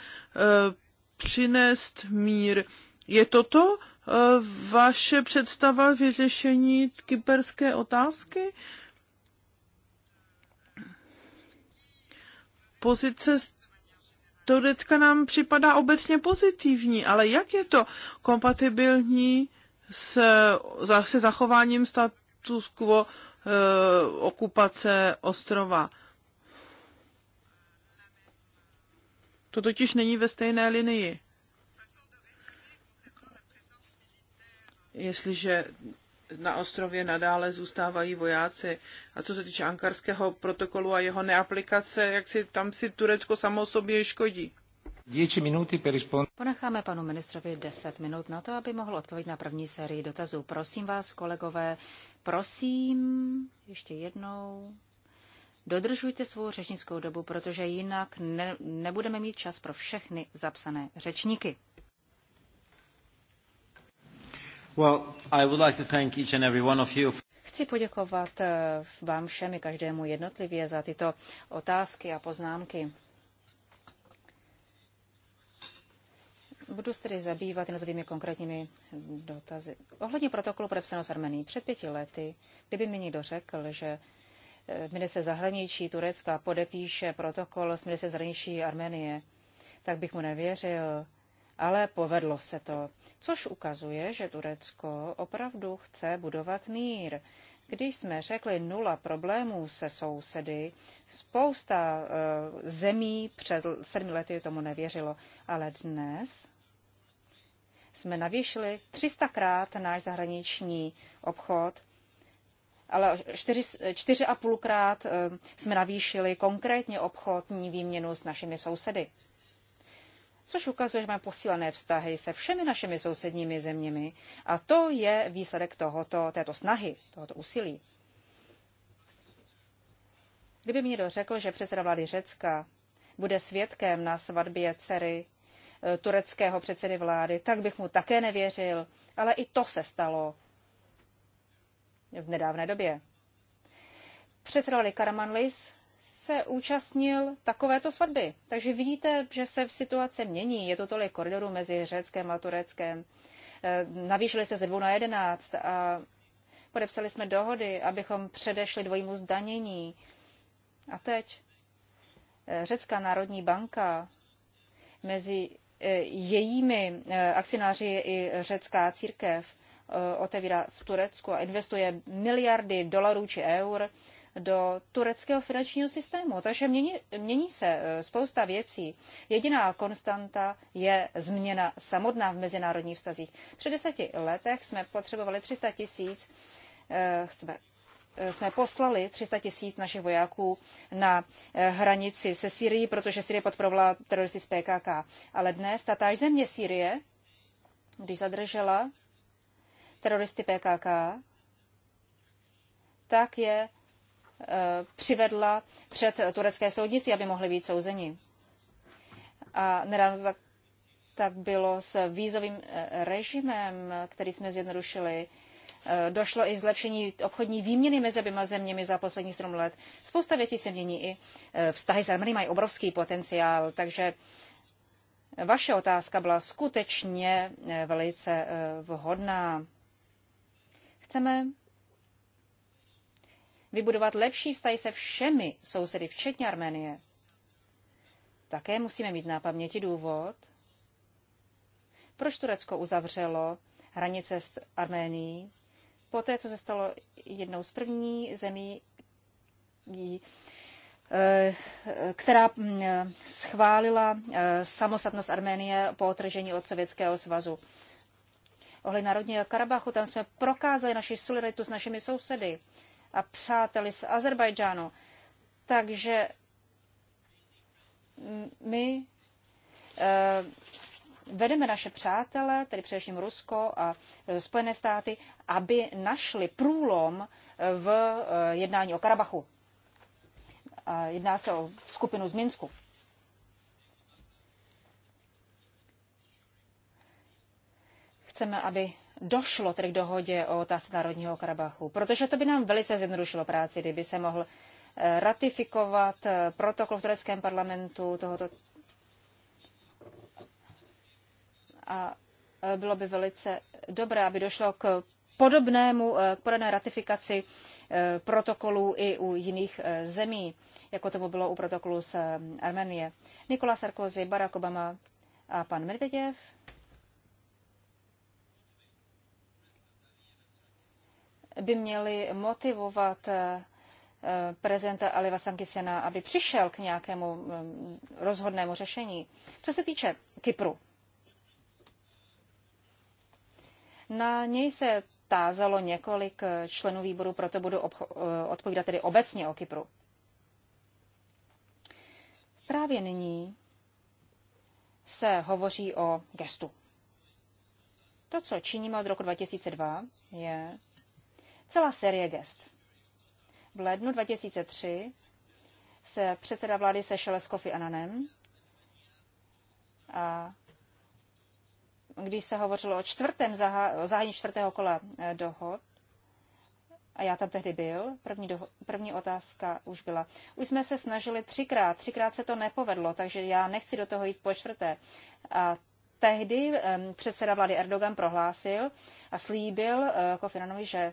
přinést mír. Je to to vaše představa vyřešení kyperské otázky? Pozice Turecka nám připadá obecně pozitivní, ale jak je to kompatibilní se, se zachováním status quo e, okupace ostrova. To totiž není ve stejné linii. Jestliže na ostrově nadále zůstávají vojáci. A co se týče ankarského protokolu a jeho neaplikace, jak si tam si Turecko samo sobě škodí. Ponecháme panu ministrovi 10 minut na to, aby mohl odpovědět na první sérii dotazů. Prosím vás, kolegové, prosím, ještě jednou, dodržujte svou řečnickou dobu, protože jinak ne, nebudeme mít čas pro všechny zapsané řečníky. Well, I would like to thank each and every one of you. Chci poděkovat eh, vám všem i každému jednotlivě za tyto otázky a poznámky. Budu se tedy zabývat jednotlivými konkrétními dotazy. Ohledně protokolu podepsaného s Armenií před pěti lety, kdyby mi někdo řekl, že eh, minister zahraničí Turecka podepíše protokol s minister zahraničí Armenie, tak bych mu nevěřil. Ale povedlo se to, což ukazuje, že Turecko opravdu chce budovat mír. Když jsme řekli nula problémů se sousedy, spousta eh, zemí před sedmi lety tomu nevěřilo, ale dnes jsme navýšili 300krát náš zahraniční obchod, ale 4,5 krát eh, jsme navýšili konkrétně obchodní výměnu s našimi sousedy. Což ukazuje, že máme posílené vztahy se všemi našimi sousedními zeměmi a to je výsledek tohoto, této snahy, tohoto úsilí. Kdyby mi někdo řekl, že předseda vlády Řecka bude svědkem na svatbě dcery Eh, tureckého předsedy vlády, tak bych mu také nevěřil, ale i to se stalo v nedávné době. Předseda Ali Karamanlis se účastnil takovéto svatby. Takže vidíte, že se v situace mění. Je to tolik koridorů mezi Řeckém a Tureckém. Eh, navýšili se ze dvou na jedenáct a podepsali jsme dohody, abychom předešli dvojímu zdanění. A teď eh, Řecká národní banka mezi jejími eh, akcionáři je i řecká církev, eh, otevírá v Turecku a investuje miliardy dolarů či eur do tureckého finančního systému. Takže mění, mění se eh, spousta věcí. Jediná konstanta je změna samotná v mezinárodních vztazích. Před deseti letech jsme potřebovali 300 tisíc jsme Eh, jsme poslali 300 tisíc našich vojáků na eh, hranici se Syrií, protože Syrie podporovala teroristy z PKK. Ale dnes tatáž země Syrie, když zadržela teroristy PKK, tak je eh, přivedla před turecké soudnictví, aby mohli být souzeni. A nedávno tak, tak bylo s vízovým režimem, který jsme zjednodušili, Eh, došlo i zlepšení obchodní výměny mezi oběma zeměmi za posledních 7 let. Spousta věcí se mění i eh, vztahy s Armeny mají obrovský potenciál, takže eh, vaše otázka byla skutečně velice vhodná. Chceme vybudovat lepší vztahy se všemi sousedy, včetně Arménie. Také musíme mít na paměti důvod, proč Turecko uzavřelo hranice s Arménií poté, co se stalo jednou z první zemí, eh, která mm, schválila eh, samostatnost Arménie po otržení od Sovětského svazu. Ohledně Národního Karabachu, tam jsme prokázali naši solidaritu s našimi sousedy a přáteli z Azerbajdžánu. Takže mm, my eh, vedeme naše přátele, tedy především Rusko a e, Spojené státy, aby našli průlom e, v e, jednání o Karabachu. A jedná se o skupinu z Minsku. Chceme, aby došlo tedy k dohodě o otázce Národního Karabachu, protože to by nám velice zjednodušilo práci, kdyby se mohl ratifikovat protokol v tureckém parlamentu tohoto a e, bylo by velice dobré, aby došlo k podobnému, e, k podobné ratifikaci e, protokolů i u jiných zemí, jako to bylo u protokolu z Armenie. Nikola Sarkozy, Barack Obama a pan Medvedev. by měli motivovat prezidenta Aliva Sankisena, aby přišel k nějakému rozhodnému řešení. Co se týče Kypru, Na něj se tázalo několik eh, členů výboru, proto budu eh, odpovídat tedy obecně o Kypru. Právě nyní se hovoří o gestu. To, co činíme od roku 2002, je celá série gest. V lednu 2003 se předseda vlády sešel s Kofi Ananem a když se hovořilo o, čtvrtém o zahájení čtvrtého kola eh, dohod, a já tam tehdy byl, první, první otázka už byla. Už jsme se snažili třikrát, třikrát se to nepovedlo, takže já nechci do toho jít po čtvrté. A tehdy um, předseda vlády Erdogan prohlásil a slíbil uh, eh, Kofinanovi, že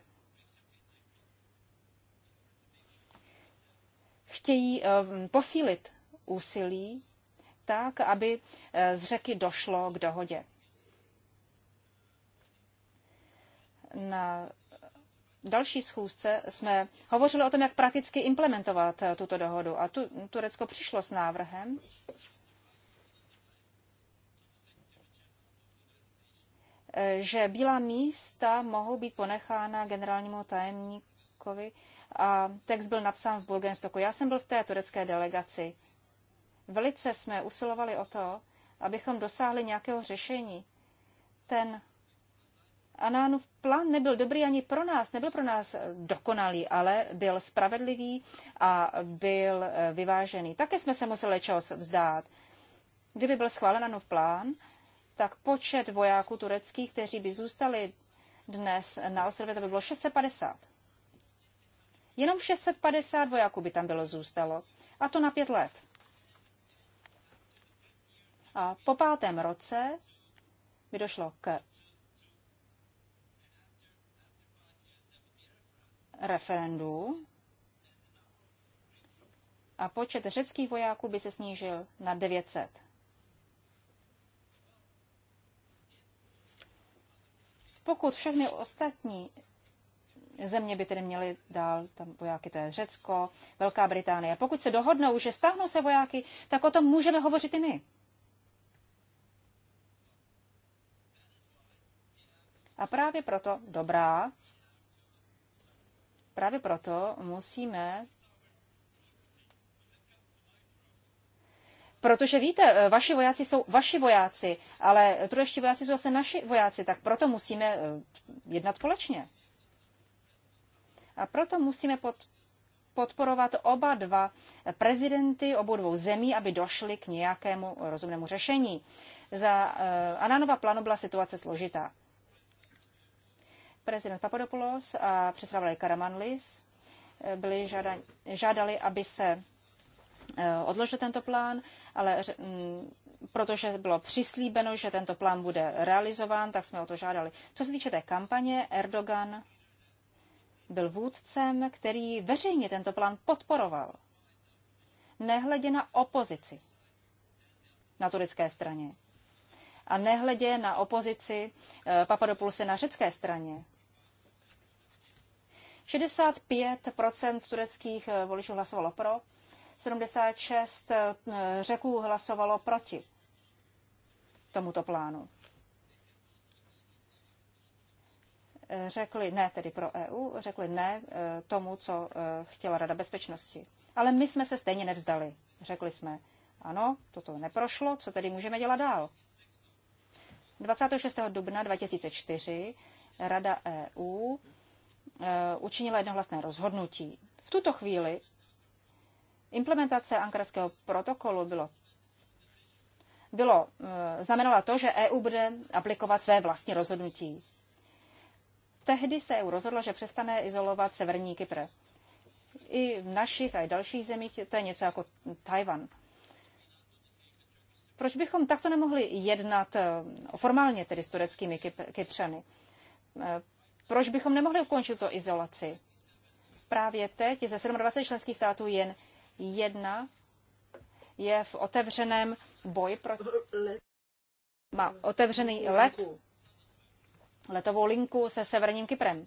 chtějí um, posílit úsilí tak, aby uh, z řeky došlo k dohodě. na další schůzce jsme hovořili o tom, jak prakticky implementovat tuto dohodu. A tu, Turecko přišlo s návrhem, že bílá místa mohou být ponechána generálnímu tajemníkovi a text byl napsán v Bulgenstoku. Já jsem byl v té turecké delegaci. Velice jsme usilovali o to, abychom dosáhli nějakého řešení. Ten Anánův plán nebyl dobrý ani pro nás, nebyl pro nás dokonalý, ale byl spravedlivý a byl eh, vyvážený. Také jsme se museli čas vzdát. Kdyby byl schválen Anánův plán, tak počet vojáků tureckých, kteří by zůstali dnes na ostrově, to by bylo 650. Jenom 650 vojáků by tam bylo zůstalo. A to na pět let. A po pátém roce by došlo k referendu a počet řeckých vojáků by se snížil na 900. Pokud všechny ostatní země by tedy měly dál, tam vojáky to je Řecko, Velká Británie. Pokud se dohodnou, že stáhnou se vojáky, tak o tom můžeme hovořit i my. A právě proto dobrá Právě proto musíme Protože víte, eh, vaši vojáci jsou vaši vojáci, ale turečtí vojáci jsou zase naši vojáci, tak proto musíme eh, jednat společně. A proto musíme pod, podporovat oba dva prezidenty obou dvou zemí, aby došli k nějakému rozumnému řešení. Za eh, Ananova plánu byla situace složitá prezident Papadopoulos a předseda Karamanlis eh, byli žádali, žádali, aby se eh, odložil tento plán, ale mm, protože bylo přislíbeno, že tento plán bude realizován, tak jsme o to žádali. Co se týče té kampaně, Erdogan byl vůdcem, který veřejně tento plán podporoval. Nehledě na opozici na turecké straně. A nehledě na opozici eh, Papadopoulose na řecké straně. 65 tureckých eh, voličů hlasovalo pro, 76 eh, řeků hlasovalo proti tomuto plánu. Eh, řekli ne tedy pro EU, řekli ne tomu, co chtěla Rada bezpečnosti. Ale my jsme se stejně nevzdali. Řekli jsme, ano, toto neprošlo, co tedy můžeme dělat dál? 26. dubna 2004 Rada EU Eh, učinila jednohlasné rozhodnutí. V tuto chvíli implementace ankarského protokolu bylo, bylo, eh, znamenala to, že EU bude aplikovat své vlastní rozhodnutí. Tehdy se EU rozhodlo, že přestane izolovat severní Kypr. I v našich a i dalších zemích to je něco jako Tajvan. Proč bychom takto nemohli jednat eh, formálně tedy s tureckými Kypřany? Proč bychom nemohli ukončit to izolaci? Právě teď ze 27 členských států jen jedna je v otevřeném boji proti... Má otevřený let, letovou linku se severním Kyprem.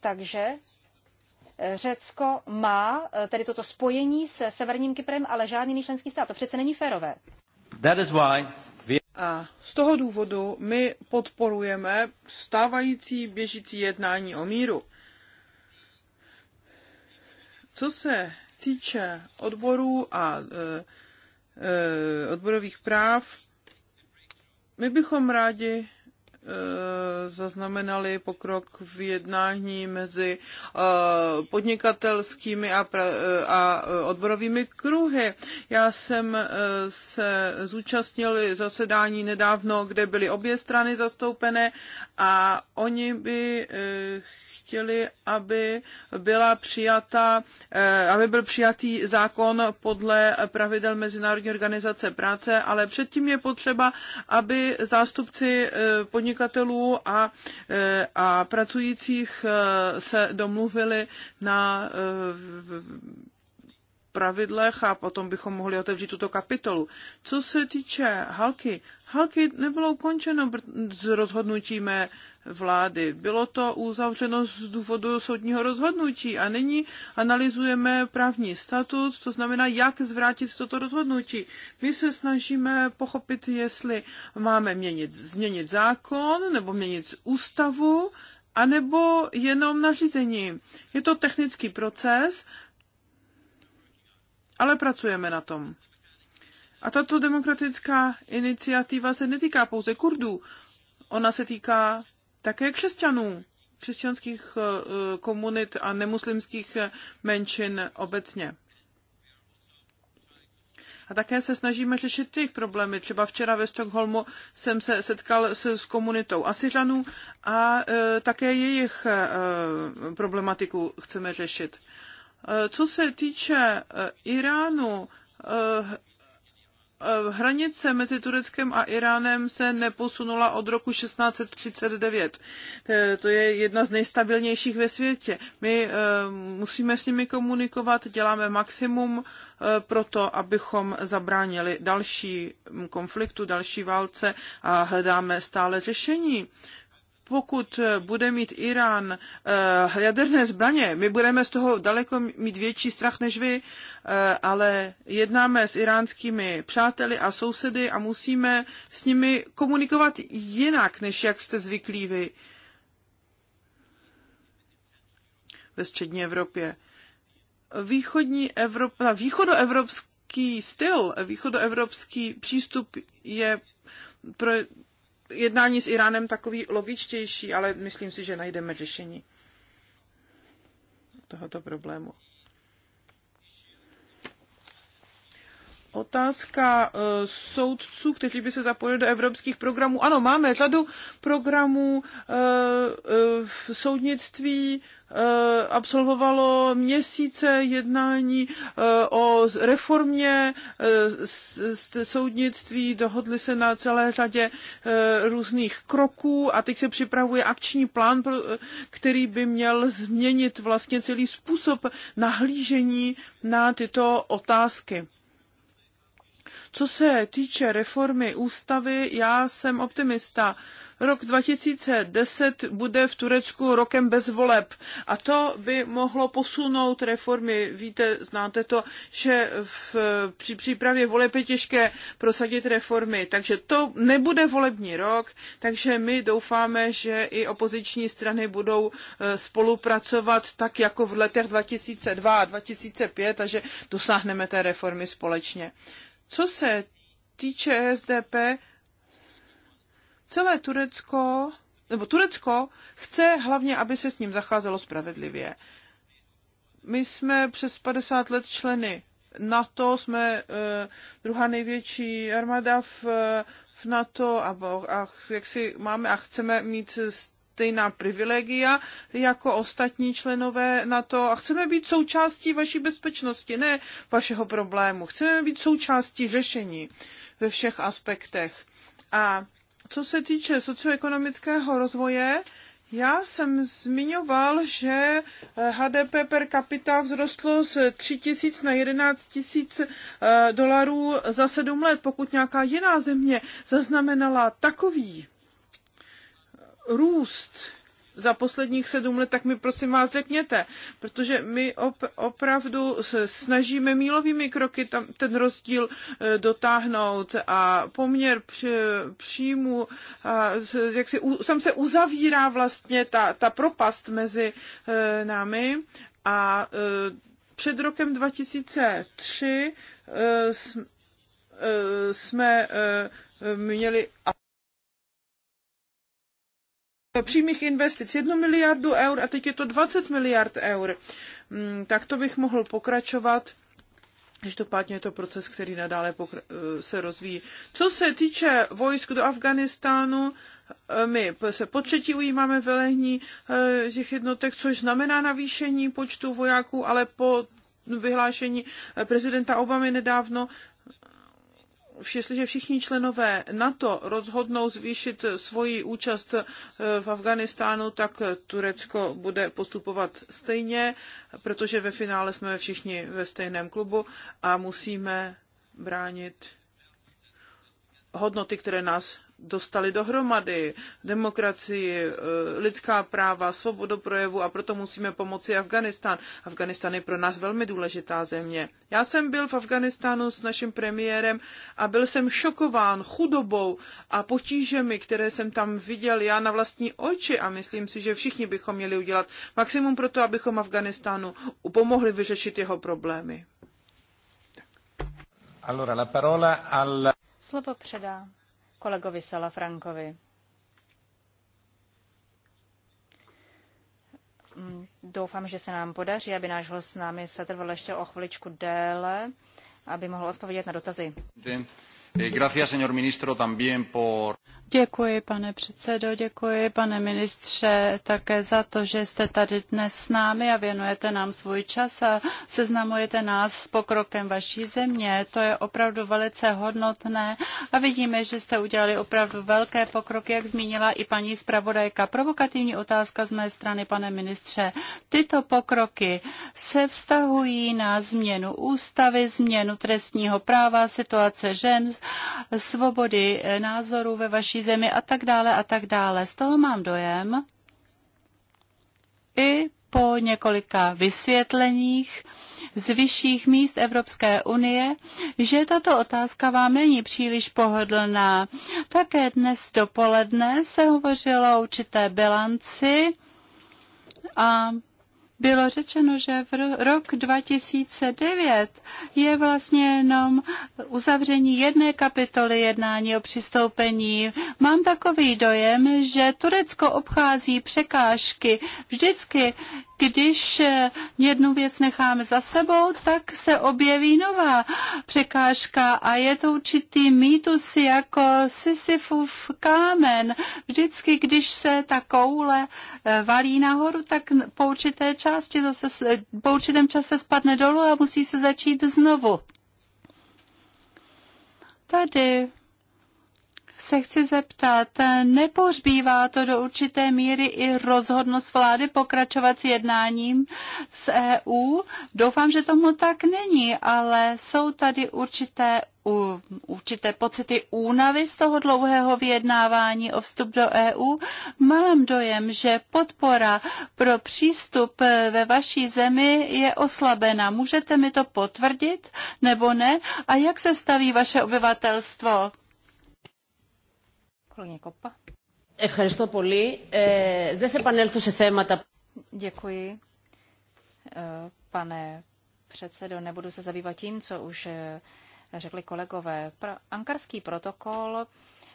Takže eh, Řecko má eh, tedy toto spojení se severním Kyprem, ale žádný jiný členský stát. To přece není férové. That is why we... A z toho důvodu my podporujeme stávající běžící jednání o míru. Co se týče odborů a e, e, odborových práv, my bychom rádi zaznamenali pokrok v jednání mezi eh, podnikatelskými a, eh, a eh, odborovými kruhy. Já jsem se zúčastnil zasedání nedávno, kde byly obě strany zastoupené a oni by eh, chtěli, aby byla přijata, eh, aby byl přijatý zákon podle pravidel Mezinárodní organizace práce, ale předtím je potřeba, aby zástupci eh, podnikatelů a, a pracujících se domluvili na pravidlech a potom bychom mohli otevřít tuto kapitolu. Co se týče Halky, Halky nebylo ukončeno z rozhodnutí mé vlády. Bylo to uzavřeno z důvodu soudního rozhodnutí a nyní analyzujeme právní statut, to znamená, jak zvrátit toto rozhodnutí. My se snažíme pochopit, jestli máme měnit, změnit zákon nebo měnit ústavu, anebo jenom nařízení. Je to technický proces ale pracujeme na tom. A tato demokratická iniciativa se netýká pouze Kurdů, ona se týká také křesťanů, křesťanských eh, komunit a nemuslimských eh, menšin obecně. A také se snažíme řešit ty problémy. Třeba včera ve Stockholmu jsem se setkal s, s komunitou Asiřanů a e, také jejich e, problematiku chceme řešit. Co se týče eh, Iránu, eh, eh, hranice mezi Tureckem a Iránem se neposunula od roku 1639. To je jedna z nejstabilnějších ve světě. My musíme s nimi komunikovat, děláme maximum pro to, abychom zabránili další konfliktu, další válce a hledáme stále řešení pokud eh, bude mít Irán uh, jaderné zbraně, my budeme z toho daleko mít větší strach než vy, uh, ale jednáme s iránskými přáteli a sousedy a musíme s nimi komunikovat jinak, než jak jste zvyklí vy ve střední Evropě. Východní Evropa, východoevropský styl, východoevropský přístup je pro jednání s Iránem takový logičtější, ale myslím si, že najdeme řešení tohoto problému. Otázka e, soudců, kteří by se zapojili do evropských programů. Ano, máme řadu programů e, e, v soudnictví, Eh, absolvovalo měsíce jednání eh, o reformě eh, soudnictví, dohodli se na celé řadě různých kroků a teď se připravuje akční plán, který by měl změnit vlastně celý způsob nahlížení na tyto otázky. Co se týče reformy ústavy, já jsem optimista Rok 2010 bude v Turecku rokem bez voleb a to by mohlo posunout reformy. Víte, znáte to, že v, při přípravě voleb je těžké prosadit reformy, takže to nebude volební rok, takže my doufáme, že i opoziční strany budou eh, spolupracovat tak jako v letech 2002 a 2005 a že dosáhneme té reformy společně. Co se týče SDP, Celé Turecko, nebo Turecko chce hlavně, aby se s ním zacházelo spravedlivě. My jsme přes 50 let členy NATO, jsme uh, druhá největší armáda v, v NATO a, a jak si máme a chceme mít stejná privilegia jako ostatní členové NATO a chceme být součástí vaší bezpečnosti, ne vašeho problému. Chceme být součástí řešení ve všech aspektech. A co se týče socioekonomického rozvoje, já jsem zmiňoval, že HDP eh, per capita vzrostlo z 3 tisíc na 11 tisíc eh, dolarů za sedm let, pokud nějaká jiná země zaznamenala takový růst za posledních sedm let, tak mi prosím vás lepněte, protože my op- opravdu se snažíme mílovými kroky tam ten rozdíl eh, dotáhnout a poměr příjmu, jak si, tam se uzavírá vlastně ta, ta propast mezi eh, námi a eh, před rokem 2003 jsme měli přímých investic 1 miliardu eur a teď je to 20 miliard eur. Mm, tak to bych mohl pokračovat. Každopádně je to proces, který nadále eh, se rozvíjí. Co se týče vojsk do Afganistánu, eh, my se po třetí ujímáme velení eh, těch jednotek, což znamená navýšení počtu vojáků, ale po vyhlášení prezidenta Obamy nedávno jestliže všichni členové NATO rozhodnou zvýšit svoji účast eh, v Afganistánu, tak Turecko bude postupovat stejně, protože ve finále jsme všichni ve stejném klubu a musíme bránit hodnoty, které nás dostali dohromady demokracii, eh, lidská práva, svobodu projevu a proto musíme pomoci Afganistán. Afganistán je pro nás velmi důležitá země. Já jsem byl v Afganistánu s naším premiérem a byl jsem šokován chudobou a potížemi, které jsem tam viděl já na vlastní oči a myslím si, že všichni bychom měli udělat maximum pro to, abychom Afganistánu pomohli vyřešit jeho problémy. Slovo předá kolegovi Salafrankovi. Mm, doufám, že se nám podaří, aby náš host s námi setrval ještě o chviličku déle, aby mohl odpovědět na dotazy. Eh, gracias, señor ministro, también por... Děkuji, pane předsedo, děkuji, pane ministře, také za to, že jste tady dnes s námi a věnujete nám svůj čas a seznamujete nás s pokrokem vaší země. To je opravdu velice hodnotné a vidíme, že jste udělali opravdu velké pokroky, jak zmínila i paní zpravodajka. Provokativní otázka z mé strany, pane ministře. Tyto pokroky se vztahují na změnu ústavy, změnu trestního práva, situace žen, svobody eh, názoru ve vaší zemi a tak dále a tak dále. Z toho mám dojem i po několika vysvětleních z vyšších míst Evropské unie, že tato otázka vám není příliš pohodlná. Také dnes dopoledne se hovořilo o určité bilanci a bylo řečeno, že v rok 2009 je vlastně jenom uzavření jedné kapitoly jednání o přistoupení. Mám takový dojem, že Turecko obchází překážky vždycky, když jednu věc necháme za sebou, tak se objeví nová překážka a je to určitý mýtus jako Sisyfův kámen. Vždycky, když se ta koule eh, valí nahoru, tak po určité čas části zase po určitém čase spadne dolů a musí se začít znovu. Tady se chci zeptat, nepohřbívá to do určité míry i rozhodnost vlády pokračovat s jednáním s EU? Doufám, že tomu tak není, ale jsou tady určité u, určité pocity únavy z toho dlouhého vyjednávání o vstup do EU. Mám dojem, že podpora pro přístup ve vaší zemi je oslabena. Můžete mi to potvrdit nebo ne? A jak se staví vaše obyvatelstvo? Kolegyně Kopa. Ευχαριστώ πολύ. Ε, δεν θα επανέλθω σε θέματα. Děkuji. E, pane předsedo, nebudu se zabývat tím, co už e, řekli kolegové. Ankarský protokol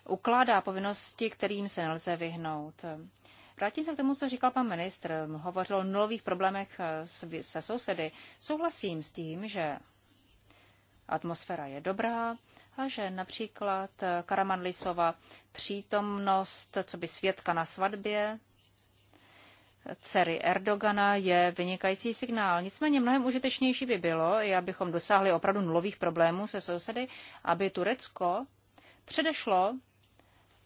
ukládá povinnosti, kterým se nelze vyhnout. Vrátím se k tomu, co říkal pan ministr. Hovořil o nulových problémech e, se sousedy. Souhlasím s tím, že atmosféra je dobrá a že například Karamanlisova přítomnost, co by svědka na svatbě, dcery Erdogana je vynikající signál. Nicméně mnohem užitečnější by bylo, i abychom dosáhli opravdu nulových problémů se sousedy, aby Turecko předešlo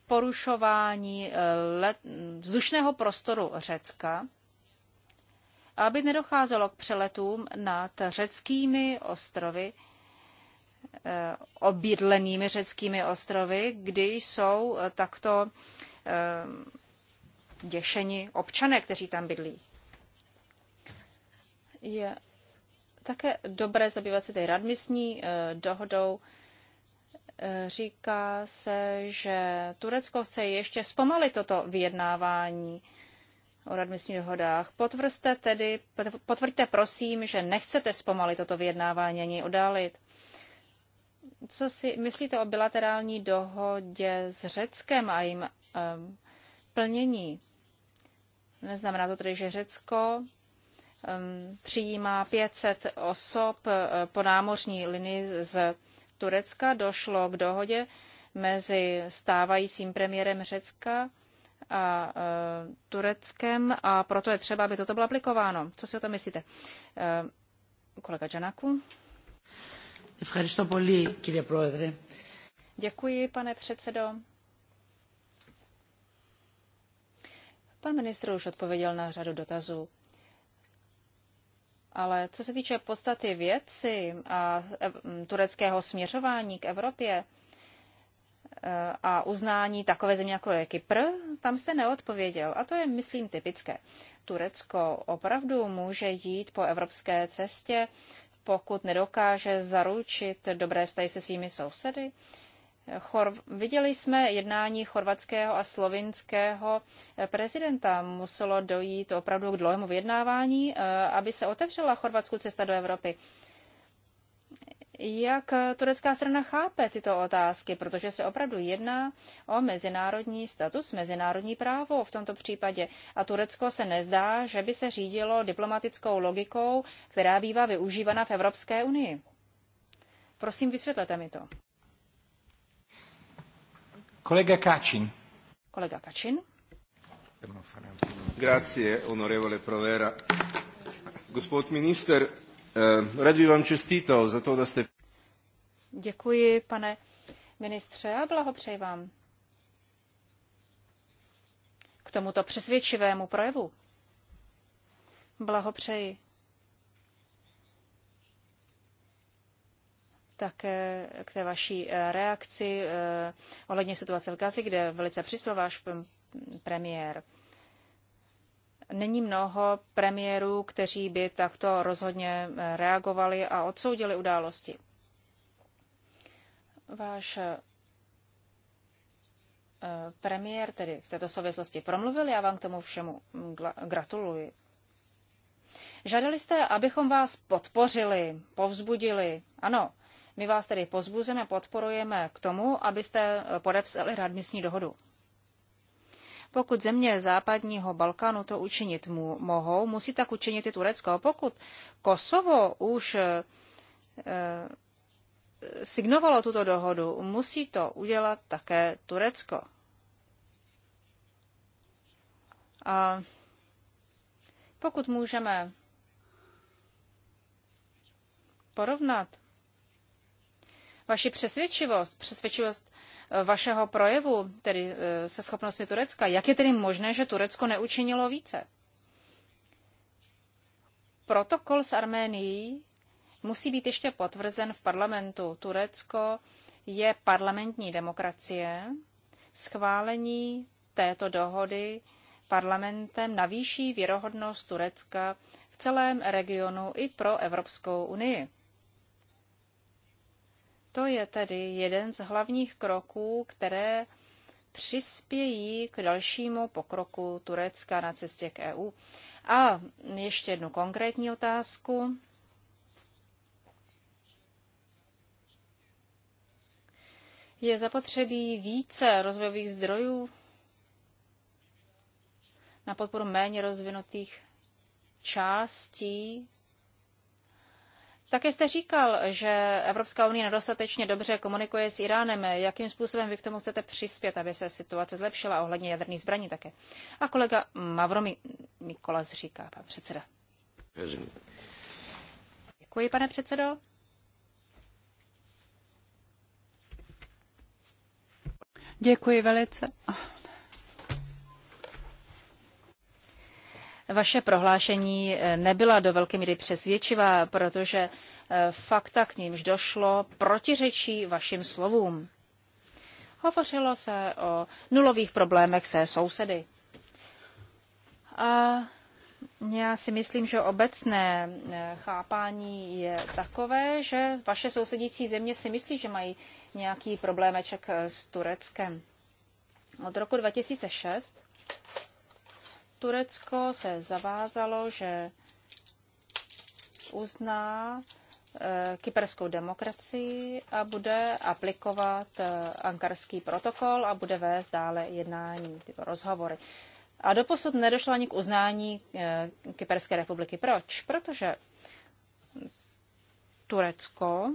porušování eh, let, vzdušného prostoru Řecka, aby nedocházelo k přeletům nad řeckými ostrovy, Eh, obydlenými řeckými ostrovy, kdy jsou eh, takto eh, děšeni občané, kteří tam bydlí. Je také dobré zabývat se tady radmisní dohodou. Říká se, že Turecko chce ještě zpomalit toto vyjednávání o radmisních dohodách. Potvrzte tedy, potvrďte prosím, že nechcete zpomalit toto vyjednávání ani odálit co si myslíte o bilaterální dohodě s Řeckem a jejím um, plnění? Neznamená to tedy, že Řecko um, přijímá 500 osob e, po námořní linii z Turecka. Došlo k dohodě mezi stávajícím premiérem Řecka a uh, Tureckem a proto je třeba, aby toto bylo aplikováno. Co si o tom myslíte? Uh, kolega Janaku? Děkuji, pane předsedo. Pan ministr už odpověděl na řadu dotazů. Ale co se týče podstaty věci a tureckého směřování k Evropě e, a uznání takové země jako je Kypr, tam se neodpověděl. A to je, myslím, typické. Turecko opravdu může jít po evropské cestě pokud nedokáže zaručit dobré vztahy se svými sousedy? Chor... Viděli jsme jednání chorvatského a slovinského prezidenta. Muselo dojít opravdu k dlouhému vyjednávání, eh, aby se otevřela chorvatskou cesta do Evropy jak turecká strana chápe tyto otázky, protože se opravdu jedná o mezinárodní status, mezinárodní právo v tomto případě. A Turecko se nezdá, že by se řídilo diplomatickou logikou, která bývá využívána v Evropské unii. Prosím, vysvětlete mi to. Kolega Kačin. Kolega Kačin. Grazie, onorevole Provera. Gospod minister, eh, rad bi vam čestitao za to, da ste... Děkuji, pane ministře, a blahopřeji vám k tomuto přesvědčivému projevu. Blahopřeji také k té vaší eh, reakci eh, ohledně situace v Gazi, kde velice přispěl váš premiér. Není mnoho premiérů, kteří by takto rozhodně eh, reagovali a odsoudili události. Váš eh, premiér tedy v této souvislosti promluvil. Já vám k tomu všemu gratuluji. Žádali jste, abychom vás podpořili, povzbudili. Ano, my vás tedy pozbuzeme, podporujeme k tomu, abyste eh, podepsali radmisní dohodu. Pokud země západního Balkánu to učinit mu, mohou, musí tak učinit i Turecko. Pokud Kosovo už e, signovalo tuto dohodu, musí to udělat také Turecko. A pokud můžeme porovnat vaši přesvědčivost, přesvědčivost eh, vašeho projevu, tedy eh, se schopnostmi Turecka, jak je tedy možné, že Turecko neučinilo více? Protokol s Arménií musí být ještě potvrzen v parlamentu. Turecko je parlamentní demokracie. Schválení této dohody parlamentem navýší věrohodnost Turecka v celém regionu i pro Evropskou unii. To je tedy jeden z hlavních kroků, které přispějí k dalšímu pokroku Turecka na cestě k EU. A ještě jednu konkrétní otázku. Je zapotřebí více rozvojových zdrojů na podporu méně rozvinutých částí. Také jste říkal, že Evropská unie nedostatečně dobře komunikuje s Iránem. Jakým způsobem vy k tomu chcete přispět, aby se situace zlepšila ohledně jaderných zbraní také? A kolega Mavromi Mikolas říká, pan předseda. Děkuji, pane předsedo. Děkuji velice. Vaše prohlášení eh, nebyla do velké míry přesvědčivá, protože eh, fakta k nímž došlo protiřečí vašim slovům. Hovořilo se o nulových problémech se sousedy. A já si myslím, že obecné eh, chápání je takové, že vaše sousedící země si myslí, že mají nějaký problémeček eh, s Tureckem. Od roku 2006 Turecko se zavázalo, že uzná eh, kyperskou demokracii a bude aplikovat eh, ankarský protokol a bude vést dále jednání, tyto rozhovory. A doposud nedošlo ani k uznání Kyperské republiky. Proč? Protože Turecko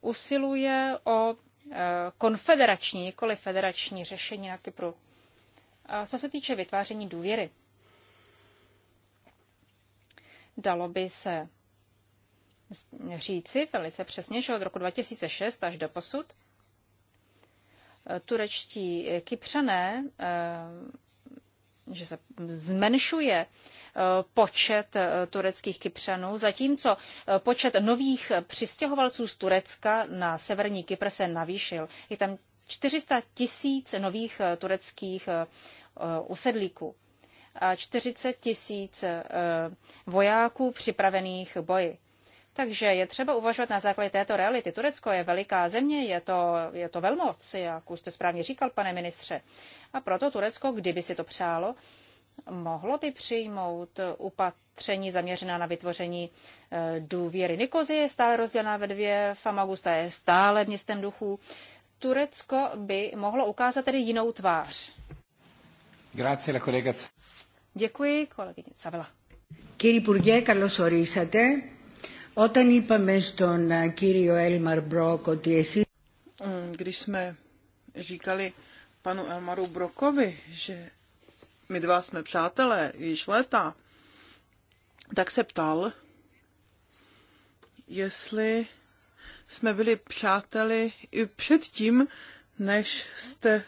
usiluje o eh, konfederační, nikoli federační řešení na Kypru. A co se týče vytváření důvěry, dalo by se říci velice přesně, že od roku 2006 až do posud eh, turečtí eh, kypřané, že se zmenšuje počet eh, tureckých Kypřanů, zatímco eh, počet nových přistěhovalců z Turecka na severní Kypr se navýšil. Je tam 400 tisíc nových eh, tureckých usedlíků a 40 tisíc vojáků připravených boji. Takže je třeba uvažovat na základě této reality. Turecko je veliká země, je to, je to velmoc, jak už jste správně říkal, pane ministře. A proto Turecko, kdyby si to přálo, mohlo by přijmout upatření zaměřená na vytvoření e, důvěry. Nikozy je stále rozdělená ve dvě, Famagusta je stále městem duchů. Turecko by mohlo ukázat tedy jinou tvář. Grazie, la kolega. Děkuji, kolegyně Cavela. Kýri Υπουργέ, καλώς ορίσατε. Όταν είπαμε στον κύριο Έλμαρ Μπρόκ ότι Když jsme říkali panu Elmaru Brokovi, že my dva jsme přátelé již léta, tak se ptal, jestli jsme byli přáteli i předtím, než jste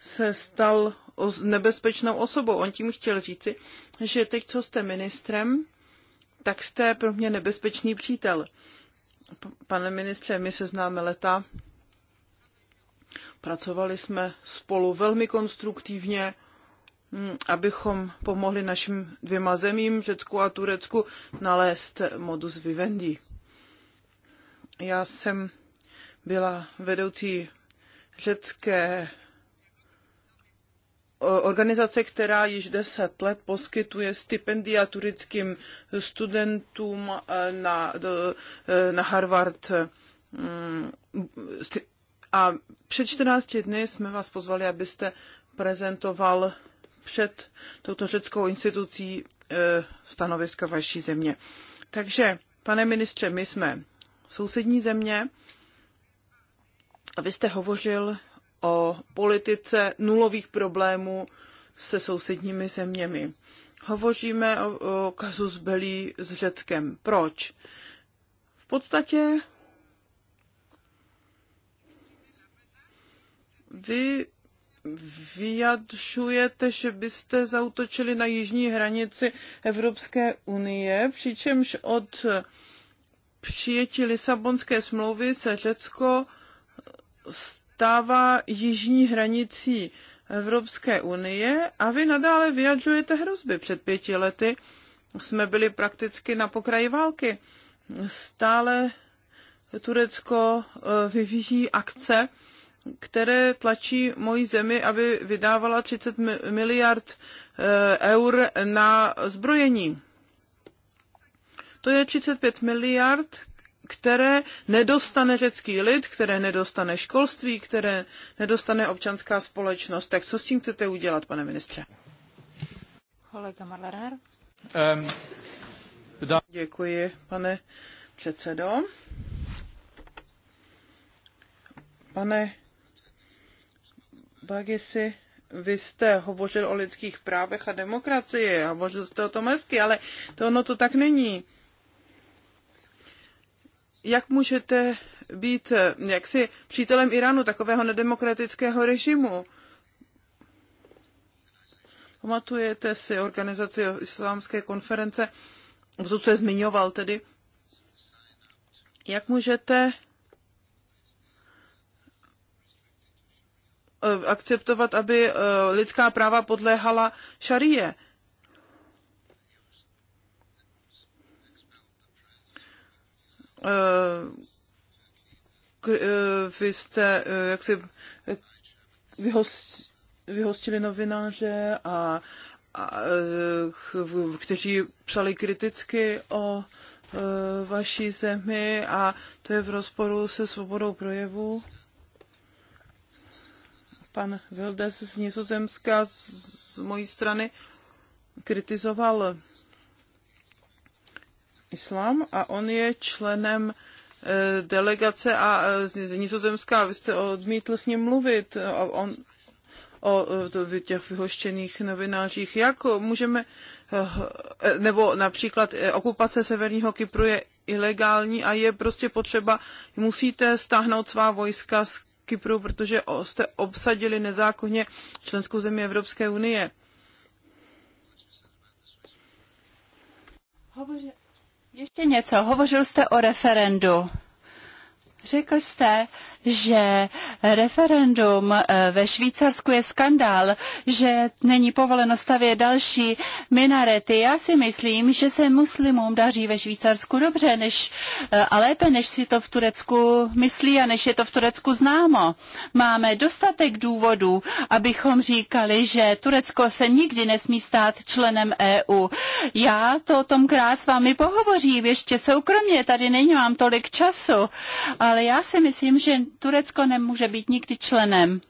se stal nebezpečnou osobou. On tím chtěl říci, že teď, co jste ministrem, tak jste pro mě nebezpečný přítel. Pane ministře, my se známe leta. Pracovali jsme spolu velmi konstruktivně Mm, abychom pomohli našim dvěma zemím, Řecku a Turecku, nalézt modus vivendi. Já jsem byla vedoucí řecké organizace, která již deset let poskytuje stipendia turickým studentům e, na, e, na Harvard. Mm, a před 14 dny jsme vás pozvali, abyste prezentoval před touto řeckou institucí e, stanoviska vaší země. Takže, pane ministře, my jsme sousední země a vy jste hovořil o politice nulových problémů se sousedními zeměmi. Hovoříme o, o kazus belli s Řeckem. Proč? V podstatě vy vyjadřujete, že byste zautočili na jižní hranici Evropské unie, přičemž od přijetí Lisabonské smlouvy se Řecko stává jižní hranicí Evropské unie a vy nadále vyjadřujete hrozby. Před pěti lety jsme byli prakticky na pokraji války. Stále Turecko eh, vyvíjí akce, které tlačí moji zemi, aby vydávala 30 miliard eh, eur na zbrojení. To je 35 miliard, které nedostane řecký lid, které nedostane školství, které nedostane občanská společnost. Tak co s tím chcete udělat, pane ministře? Kolega Marlerer. Um, ehm, Děkuji, pane předsedo. Pane Bagisi, vy jste hovořil o lidských právech a demokracii, hovořil jste o tom hezky, ale to ono to tak není. Jak můžete být jaksi přítelem Iránu, takového nedemokratického režimu? Pamatujete si organizaci islámské konference, to, co zmiňoval tedy, jak můžete Eh, akceptovat, aby eh, lidská práva podléhala šarie. Eh, vy jste, jak si vyhostili novináře a, a kteří psali kriticky o vaší zemi a to je v rozporu se svobodou projevu pan Wildes z Nizozemska z, z mojí strany kritizoval islám a on je členem eh, delegace a eh, z Nizozemska, vy jste odmítl s ním mluvit eh, a on, o těch vyhoštěných novinářích. Jak můžeme, nebo například okupace Severního Kypru je ilegální a je prostě potřeba, musíte stáhnout svá vojska z Kypru, protože jste obsadili nezákonně členskou zemi Evropské unie. Hovořil, ještě něco. Hovořil jste o referendu. Řekl jste, že referendum eh, ve Švýcarsku je skandál, že není povoleno stavět další minarety. Já si myslím, že se muslimům daří ve Švýcarsku dobře než, eh, a lépe, než si to v Turecku myslí a než je to v Turecku známo. Máme dostatek důvodů, abychom říkali, že Turecko se nikdy nesmí stát členem EU. Já to tomkrát s vámi pohovořím ještě soukromě, tady není mám tolik času, ale já si myslím, že Turecko nemůže být nikdy členem.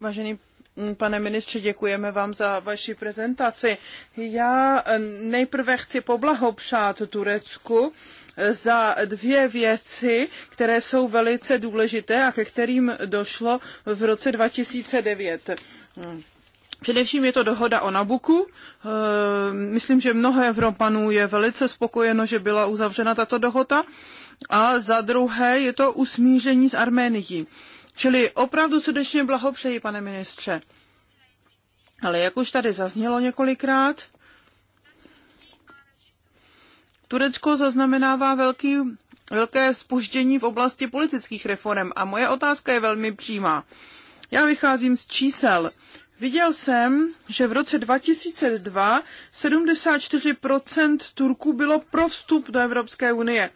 Vážený mm, Pane ministře, děkujeme vám za vaši prezentaci. Já mm, nejprve chci poblahopřát Turecku e, za dvě věci, které jsou velice důležité a ke kterým došlo v roce 2009 Především je to dohoda o Nabuku. Eh, myslím, že mnoho Evropanů je velice spokojeno, že byla uzavřena tato dohoda. A za druhé je to usmíření s Arménií. Čili opravdu srdečně blahopřeji, pane ministře. Ale jak už tady zaznělo několikrát, Turecko zaznamenává velký, velké spoždění v oblasti politických reform a moje otázka je velmi přímá. Já vycházím z čísel. Viděl jsem, že v roce 2002 74% Turků bylo pro vstup do Evropské unie.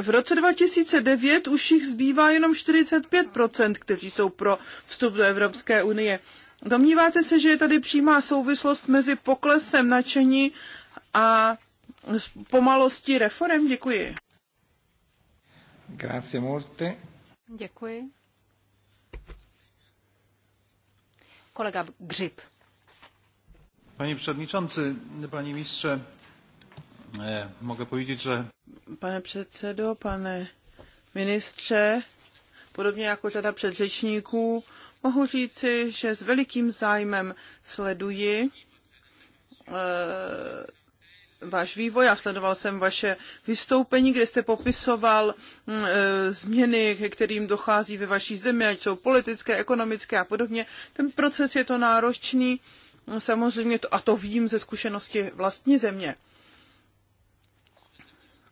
V roce 2009 už jich zbývá jenom 45%, kteří jsou pro vstup do Evropské unie. Domníváte se, že je tady přímá souvislost mezi poklesem nadšení a pomalostí reform? Děkuji. Grazie molte. Děkuji. Kolega Grzyb. Panie przewodniczący, panie ministrze, e, mogę powiedzieć, że... Pane předsedo, pane ministře, podobně jako řada předřečníků, mohu říci, že s velikým zájmem sleduji e, váš vývoj a sledoval jsem vaše vystoupení, kde jste popisoval mm, e, změny, ke kterým dochází ve vaší zemi, ať jsou politické, ekonomické a podobně. Ten proces je to náročný, samozřejmě, to, a to vím ze zkušenosti vlastní země.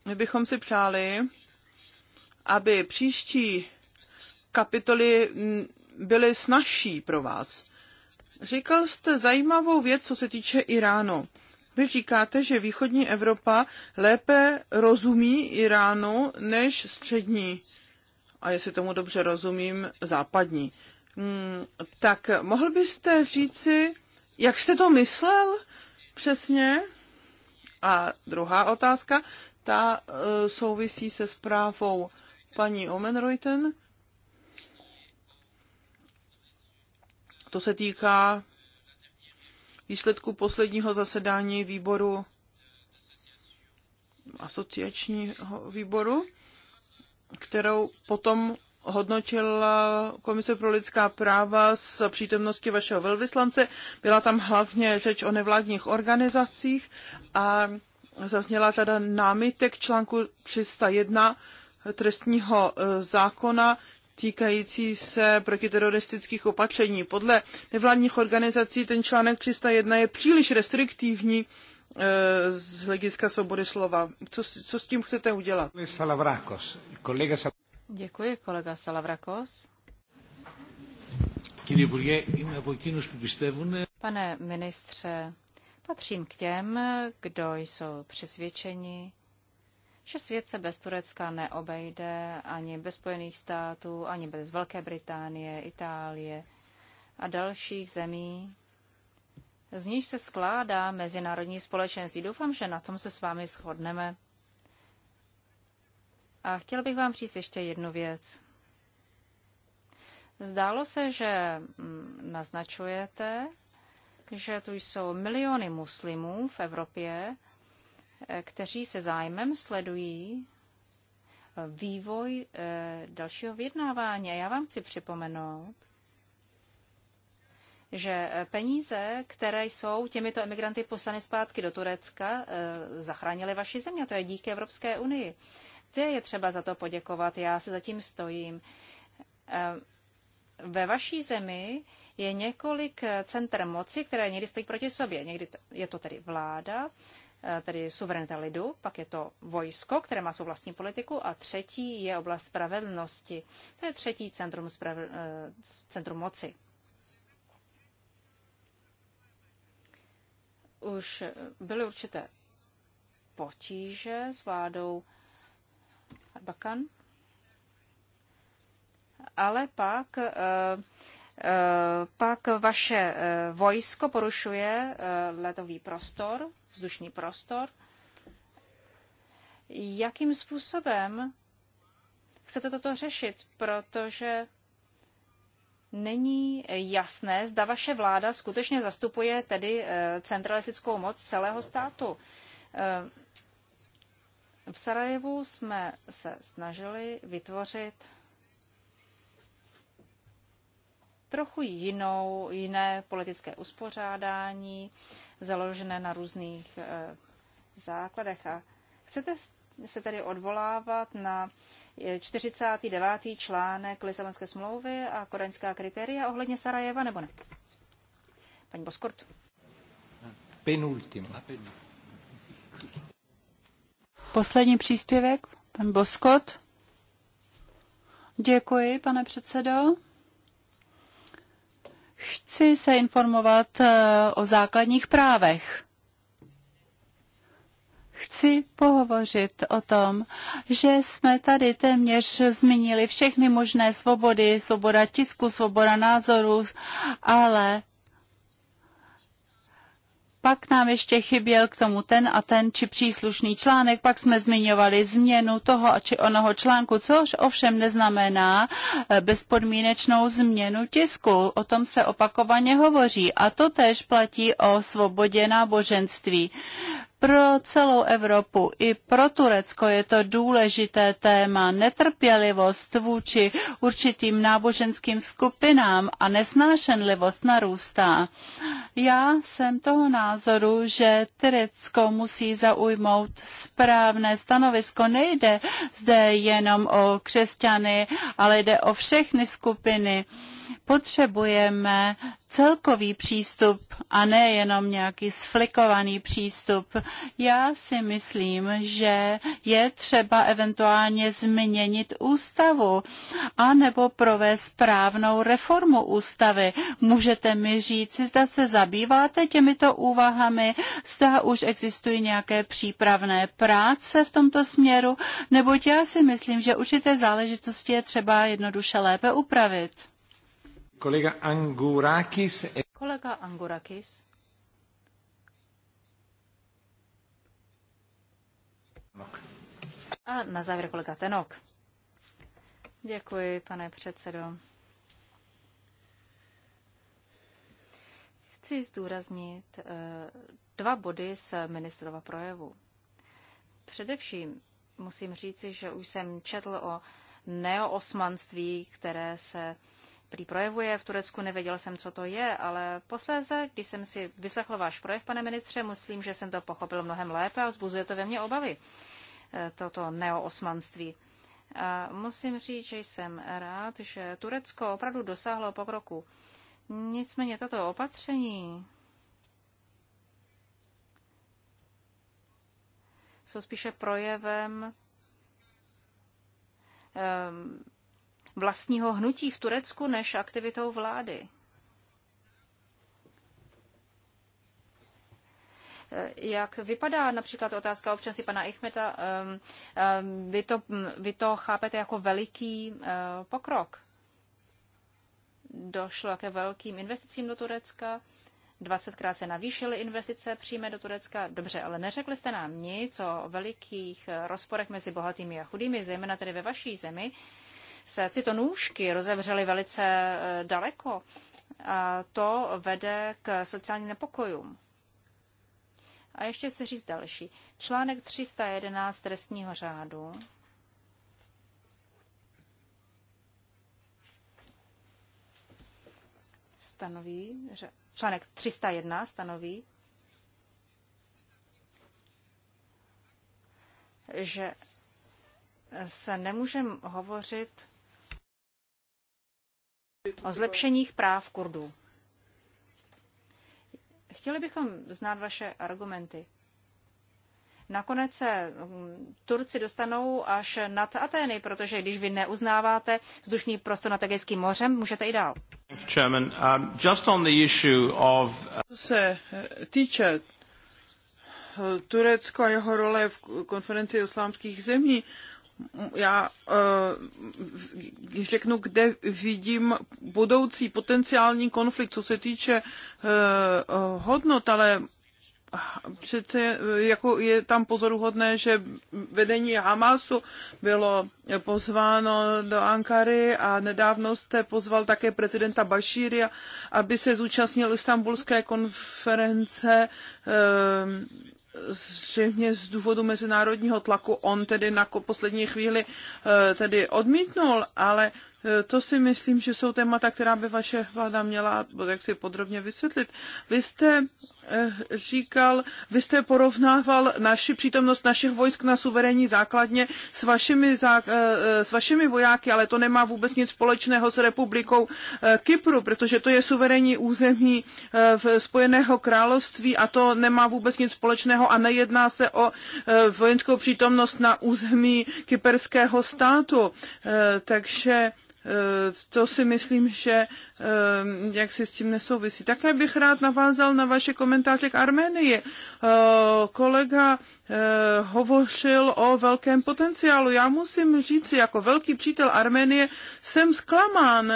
My bychom si přáli, aby příští kapitoly mm, byly snažší pro vás. Říkal jste zajímavou věc, co se týče Iránu. Vy říkáte, že východní Evropa lépe rozumí Iránu než střední, a jestli tomu dobře rozumím, západní. Hmm, tak mohl byste říci, jak jste to myslel přesně? A druhá otázka, ta uh, souvisí se zprávou paní Omenreuten. To se týká výsledku posledního zasedání výboru asociačního výboru, kterou potom hodnotila Komise pro lidská práva s přítomností vašeho velvyslance. Byla tam hlavně řeč o nevládních organizacích a zazněla teda námitek článku 301 trestního e, zákona, týkající se protiteroristických opatření. Podle nevládních organizací ten článek 301 je příliš restriktivní eh, z hlediska svobody slova. Co, co s tím chcete udělat? Děkuji, kolega Salavrakos. Pane ministře, patřím k těm, kdo jsou přesvědčeni, že svět se bez Turecka neobejde, ani bez Spojených států, ani bez Velké Británie, Itálie a dalších zemí, z níž se skládá mezinárodní společenství. Doufám, že na tom se s vámi shodneme. A chtěl bych vám říct ještě jednu věc. Zdálo se, že mm, naznačujete, že tu jsou miliony muslimů v Evropě, kteří se zájmem sledují eh, vývoj eh, dalšího vyjednávání. A já vám chci připomenout, že eh, peníze, které jsou těmito emigranty poslany zpátky do Turecka, zachránily vaši země. A to je díky Evropské unii. Ty je třeba za to poděkovat. Já se zatím stojím. Ve vaší zemi je několik center moci, které někdy stojí proti sobě. Někdy je to tedy vláda, Eh, tedy suverenita lidu, pak je to vojsko, které má svou vlastní politiku a třetí je oblast spravedlnosti. To je třetí centrum, spravedl- eh, centrum moci. Už byly určité potíže s vládou Arbakan, ale pak eh, pak vaše vojsko porušuje letový prostor vzdušný prostor. Jakým způsobem chcete toto řešit? Protože není jasné, zda vaše vláda skutečně zastupuje tedy eh, centralistickou moc celého státu. Eh, v Sarajevu jsme se snažili vytvořit trochu jinou, jiné politické uspořádání, založené na různých eh, základech. A chcete se tedy odvolávat na 49. Eh, článek Lisabonské smlouvy a koreňská kritéria ohledně Sarajeva, nebo ne? Paní Boskort. Penultimo. Poslední příspěvek, pan Boskot. Děkuji, pane předsedo. Chci se informovat eh, o základních právech. Chci pohovořit o tom, že jsme tady téměř zmínili všechny možné svobody, svoboda tisku, svoboda názoru, ale pak nám ještě chyběl k tomu ten a ten či příslušný článek, pak jsme zmiňovali změnu toho či onoho článku, což ovšem neznamená eh, bezpodmínečnou změnu tisku. O tom se opakovaně hovoří a to tež platí o svobodě náboženství. Pro celou Evropu i pro Turecko je to důležité téma. Netrpělivost vůči určitým náboženským skupinám a nesnášenlivost narůstá. Já jsem toho názoru, že Turecko musí zaujmout správné stanovisko. Nejde zde jenom o křesťany, ale jde o všechny skupiny. Potřebujeme celkový přístup a ne jenom nějaký sflikovaný přístup. Já si myslím, že je třeba eventuálně změnit ústavu a nebo provést správnou reformu ústavy. Můžete mi říct, zda se zabýváte těmito úvahami, zda už existují nějaké přípravné práce v tomto směru, neboť já si myslím, že určité záležitosti je třeba jednoduše lépe upravit. Kolega Angourakis. Kolega Angurakis. A na závěr kolega Tenok. Děkuji, pane předsedo. Chci zdůraznit eh, dva body z ministrova projevu. Především musím říci, že už jsem četl o neoosmanství, které se uh, prý projevuje v Turecku, nevěděl jsem, co to je, ale posléze, když jsem si vyslechl váš projev, pane ministře, myslím, že jsem to pochopil mnohem lépe a vzbuzuje to ve mně obavy, eh, toto neoosmanství. A musím říct, že jsem rád, že Turecko opravdu dosáhlo pokroku. Nicméně tato opatření jsou spíše projevem um, vlastního hnutí v Turecku než aktivitou vlády. Eh, jak vypadá například otázka občasí pana Ichmeta? Ehm, ehm, vy to, hm, vy to chápete jako veliký eh, pokrok. Došlo ke velkým investicím do Turecka. 20krát se navýšily investice přímé do Turecka. Dobře, ale neřekli jste nám nic o velikých eh, rozporech mezi bohatými a chudými, zejména tedy ve vaší zemi, se tyto nůžky rozevřely velice e, daleko. A to vede k sociálním nepokojům. A ještě se říct další. Článek 311 trestního řádu stanoví, že článek 301 stanoví, že se nemůžeme hovořit o zlepšeních práv Kurdů. Chtěli bychom znát vaše argumenty. Nakonec se mm, Turci dostanou až nad Atény, protože když vy neuznáváte vzdušný prostor nad Egejským mořem, můžete i dál. Um, uh, Co se eh, týče eh, Turecko a jeho role v konferenci islámských zemí, já eh, řeknu, kde vidím budoucí potenciální konflikt, co se týče eh, hodnot, ale přece jako je tam pozoruhodné, že vedení Hamasu bylo pozváno do Ankary a nedávno jste pozval také prezidenta Bašíria, aby se zúčastnil istambulské konference eh, zřejmě z důvodu mezinárodního tlaku on tedy na poslední chvíli eh, tedy odmítnul, ale eh, to si myslím, že jsou témata, která by vaše vláda měla jaksi podrobně vysvětlit. Vy jste Eh, říkal, vy jste porovnával naši přítomnost našich vojsk na suverénní základně s vašimi, eh, s vašimi vojáky, ale to nemá vůbec nic společného s republikou eh, Kypru, protože to je suverénní území v Spojeného království a to nemá vůbec nic společného a nejedná se o vojenskou přítomnost na území kyperského státu. Takže Eh, to si myslím, že eh, jak se s tím nesouvisí. Také bych rád navázal na vaše komentáře k Arménii. Eh, kolega hovořil o velkém potenciálu. Já musím říct, jako velký přítel Arménie jsem zklamán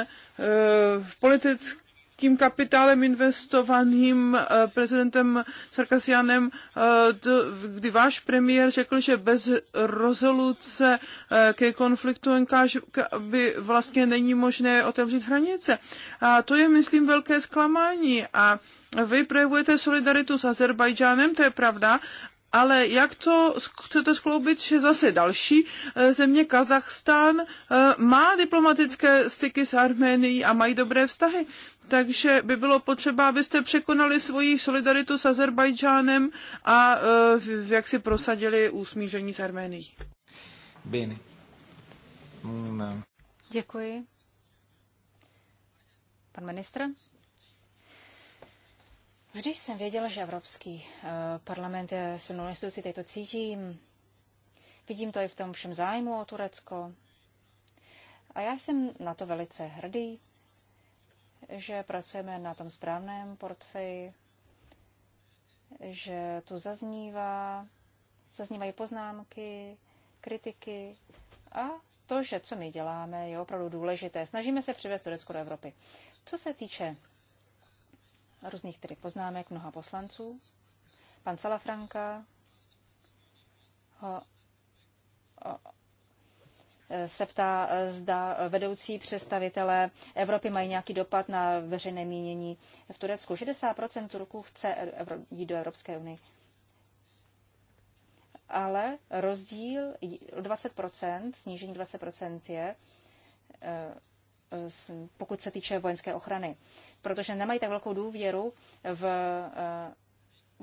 v politické tím kapitálem investovaným eh, prezidentem Sarkasianem, eh, kdy váš premiér řekl, že bez rezoluce eh, ke konfliktu NKŽ by vlastně není možné otevřít hranice. A to je, myslím, velké zklamání. A vy projevujete solidaritu s Azerbajdžánem, to je pravda, ale jak to chcete skloubit, že zase další země, Kazachstán, má diplomatické styky s Arménií a mají dobré vztahy? takže by bylo potřeba, abyste překonali svoji solidaritu s Azerbajdžánem a e, jak si prosadili usmíření s Arménií. Bin. Mm. Eh. Děkuji. Pan ministr? Vždy jsem věděla, že Evropský eh, parlament je se mnou instituci, teď to cítím. Vidím to i v tom všem zájmu o Turecko. A já jsem na to velice hrdý že pracujeme na tom správném portfeji, že tu zaznívá, zaznívají poznámky, kritiky a to, že co my děláme, je opravdu důležité. Snažíme se přivést Turecko do Evropy. Co se týče různých tedy poznámek mnoha poslanců, pan Salafranka ho se ptá, zda vedoucí představitelé Evropy mají nějaký dopad na veřejné mínění v Turecku. 60% Turků chce jít do Evropské unie. Ale rozdíl o 20%, snížení 20% je, eh, pokud se týče vojenské ochrany. Protože nemají tak velkou důvěru v eh,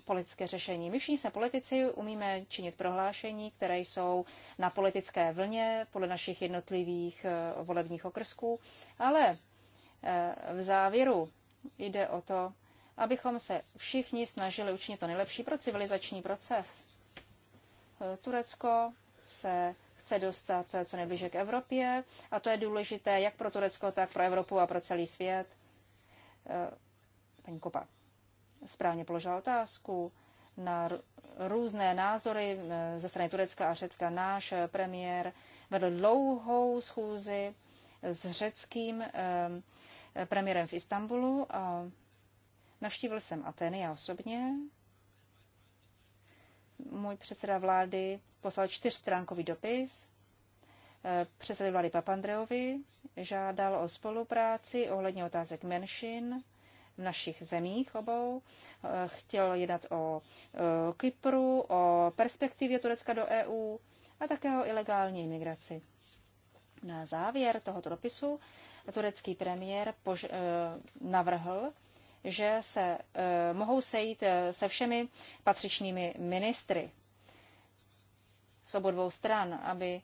politické řešení. My všichni jsme politici, umíme činit prohlášení, které jsou na politické vlně podle našich jednotlivých eh, volebních okrsků, ale eh, v závěru jde o to, abychom se všichni snažili učinit to nejlepší pro civilizační proces. Eh, Turecko se chce dostat co nejblíže k Evropě a to je důležité jak pro Turecko, tak pro Evropu a pro celý svět. Paní Kopa správně položila otázku na různé názory eh, ze strany Turecka a Řecka. Náš eh, premiér vedl dlouhou schůzi s řeckým eh, premiérem v Istanbulu a navštívil jsem Ateny já osobně. Můj předseda vlády poslal čtyřstránkový dopis předsedy vlády Papandreovi, žádal o spolupráci ohledně otázek menšin v našich zemích obou. Eh, chtěl jednat o eh, Kypru, o perspektivě Turecka do EU a také o ilegální imigraci. Na závěr tohoto dopisu turecký premiér pož- eh, navrhl, že se mohou sejít se všemi patřičnými ministry z obou dvou stran, aby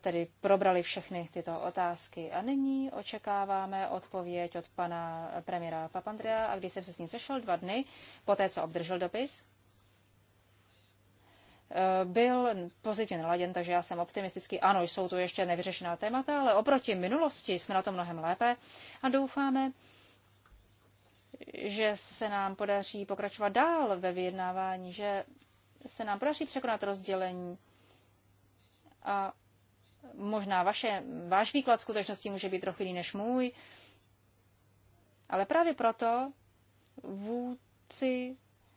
tedy probrali všechny tyto otázky. A nyní očekáváme odpověď od pana premiéra Papandrea. A když jsem se s ním sešel dva dny, poté co obdržel dopis, eh, byl pozitivně naladěn, takže já jsem optimistický. Ano, jsou tu ještě nevyřešená témata, ale oproti minulosti jsme na tom mnohem lépe a doufáme, že se nám podaří pokračovat dál ve vyjednávání, že se nám podaří překonat rozdělení a Možná vaše, váš výklad skutečnosti může být trochu jiný než můj, ale právě proto vůdci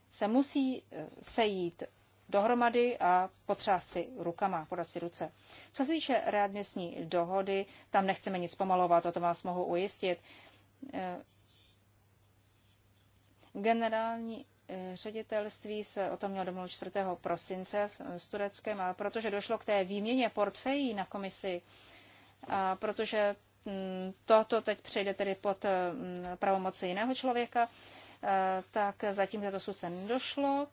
se musí eh, sejít dohromady a potřást si rukama, podat si ruce. Co se týče readmisní dohody, tam nechceme nic pomalovat, o tom vás mohu ujistit. Eh, Generální Eh, ředitelství se o tom měl domluvit 4. prosince eh, s Tureckem, ale protože došlo k té výměně portfejí na komisi, a protože mm, toto teď přejde tedy pod eh, mm, pravomoci jiného člověka, tak zatím k této se nedošlo.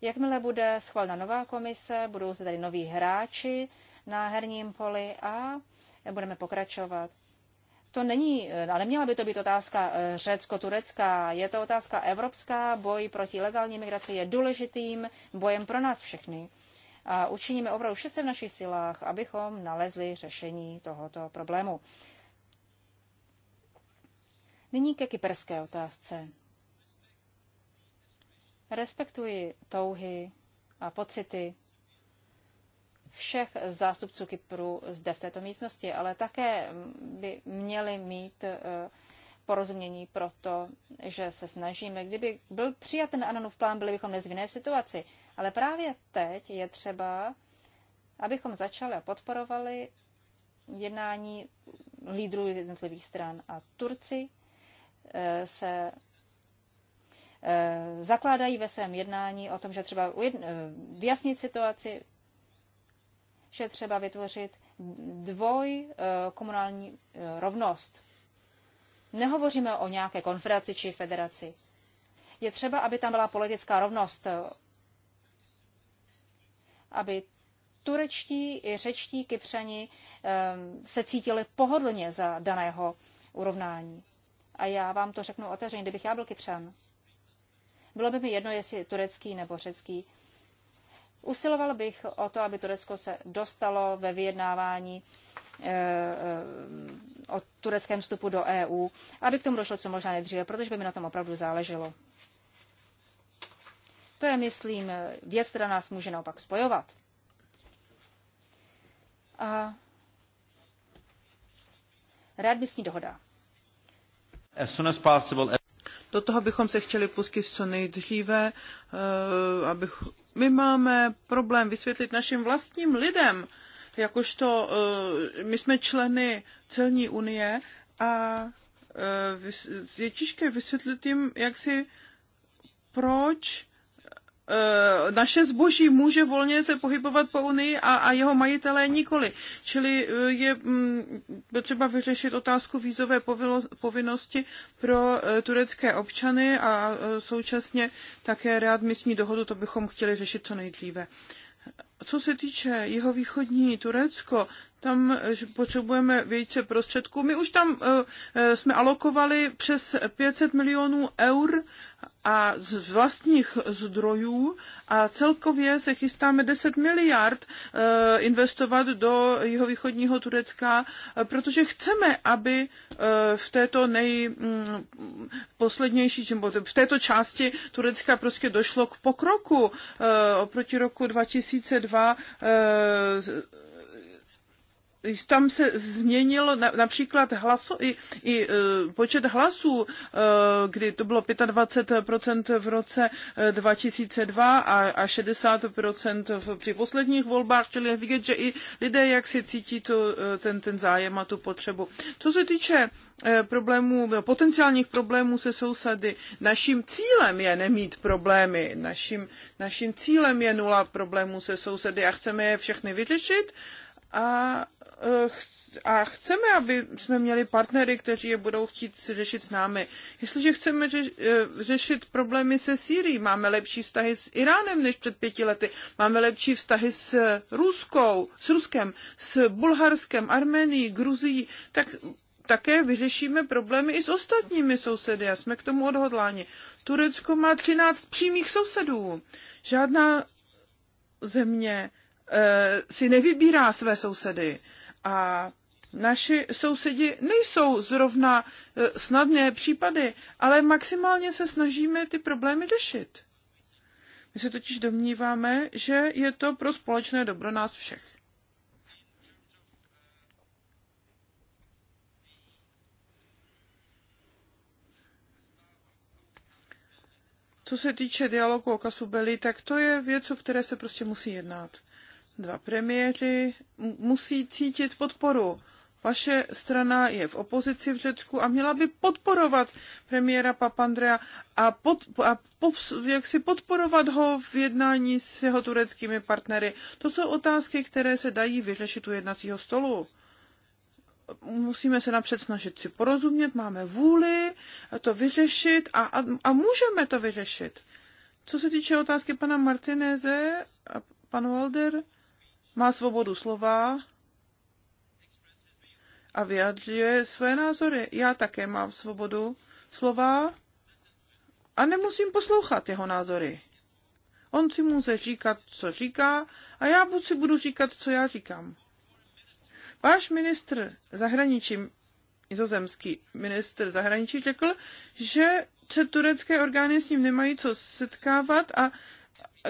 Jakmile bude schválena nová komise, budou zde tady noví hráči na herním poli a budeme pokračovat to není, ale měla by to být otázka eh, řecko-turecká, je to otázka evropská, boj proti legální migraci je důležitým bojem pro nás všechny. A učiníme opravdu vše se v našich silách, abychom nalezli řešení tohoto problému. Nyní ke kyperské otázce. Respektuji touhy a pocity všech zástupců Kypru zde v této místnosti, ale také by měli mít eh, porozumění pro to, že se snažíme. Kdyby byl přijat ten Anonův plán, byli bychom dnes v jiné situaci. Ale právě teď je třeba, abychom začali a podporovali jednání lídrů jednotlivých stran. A Turci eh, se eh, zakládají ve svém jednání o tom, že třeba vyjasnit situaci, že třeba vytvořit dvoj eh, komunální eh, rovnost. Nehovoříme o nějaké konfederaci či federaci. Je třeba, aby tam byla politická rovnost, eh, aby turečtí i řečtí kypřani se cítili pohodlně za daného urovnání. A já vám to řeknu otevřeně, kdybych já byl kypřan. Bylo by mi jedno, jestli turecký nebo řecký Usiloval bych o to, aby Turecko se dostalo ve vyjednávání eh, eh, o tureckém vstupu do EU, aby k tomu došlo co možná nejdříve, protože by mi na tom opravdu záleželo. To je, myslím, věc, která nás může naopak spojovat. A rád s ní dohoda. As soon as possible... Do toho bychom se chtěli pustit co nejdříve, eh, abych... my máme problém vysvětlit našim vlastním lidem, jakožto eh, my jsme členy celní unie a eh, je těžké vysvětlit jim, jak si proč Eh, naše zboží může volně se pohybovat po Unii a, a jeho majitelé nikoli. Čili eh, je mm, potřeba vyřešit otázku vízové povinnosti pro eh, turecké občany a současně také rád místní dohodu, to bychom chtěli řešit co nejdříve. Co se týče jeho východní Turecko, tam potřebujeme více prostředků. My už tam jsme alokovali přes 500 milionů eur a z vlastních zdrojů a celkově se chystáme 10 miliard eh, investovat do jihovýchodního Turecka, eh, protože chceme, aby eh, v této nejposlednější, mm, v této části Turecka prostě došlo k pokroku oproti roku 2002 tam se změnilo například hlaso, i, i e, počet hlasů, e, kdy to bylo 25% v roce 2002 e, a, a 60% v, při posledních volbách, čili je vidět, že i lidé jak si cítí to ten, ten zájem a tu potřebu. Co se týče problémů, no, potenciálních problémů se sousady. Naším cílem je nemít problémy, naším, naším cílem je nula problémů se sousedy a chceme je všechny vyřešit a Eh, a chceme, aby jsme měli partnery, kteří je budou chtít řešit s námi. Jestliže chceme eh, řešit problémy se Sýrií, máme lepší vztahy s Iránem než před pěti lety, máme lepší vztahy s Ruskou, s Ruskem, s Bulharskem, Armenií, Gruzií, tak také vyřešíme problémy i s ostatními sousedy a jsme k tomu odhodláni. Turecko má 13 přímých sousedů. Žádná země e, si nevybírá své sousedy. A naši sousedi nejsou zrovna e, snadné případy, ale maximálně se snažíme ty problémy řešit. My se totiž domníváme, že je to pro společné dobro nás všech. Co se týče dialogu o Kasubeli, tak to je věc, o které se prostě musí jednat dva premiéři musí cítit podporu. Vaše strana je v opozici v Řecku a měla by podporovat premiéra Papandrea a, pod, a pop, jak si podporovat ho v jednání s jeho tureckými partnery. To jsou otázky, které se dají vyřešit u jednacího stolu musíme se napřed snažit si porozumět, máme vůli to vyřešit a, a, a můžeme to vyřešit. Co se týče otázky pana Martineze a pan Walder, má svobodu slova a vyjadřuje své názory. Já také mám svobodu slova a nemusím poslouchat jeho názory. On si může říkat, co říká, a já buď si budu říkat, co já říkám. Váš ministr zahraničí, izozemský ministr zahraničí, řekl, že se turecké orgány s ním nemají co setkávat a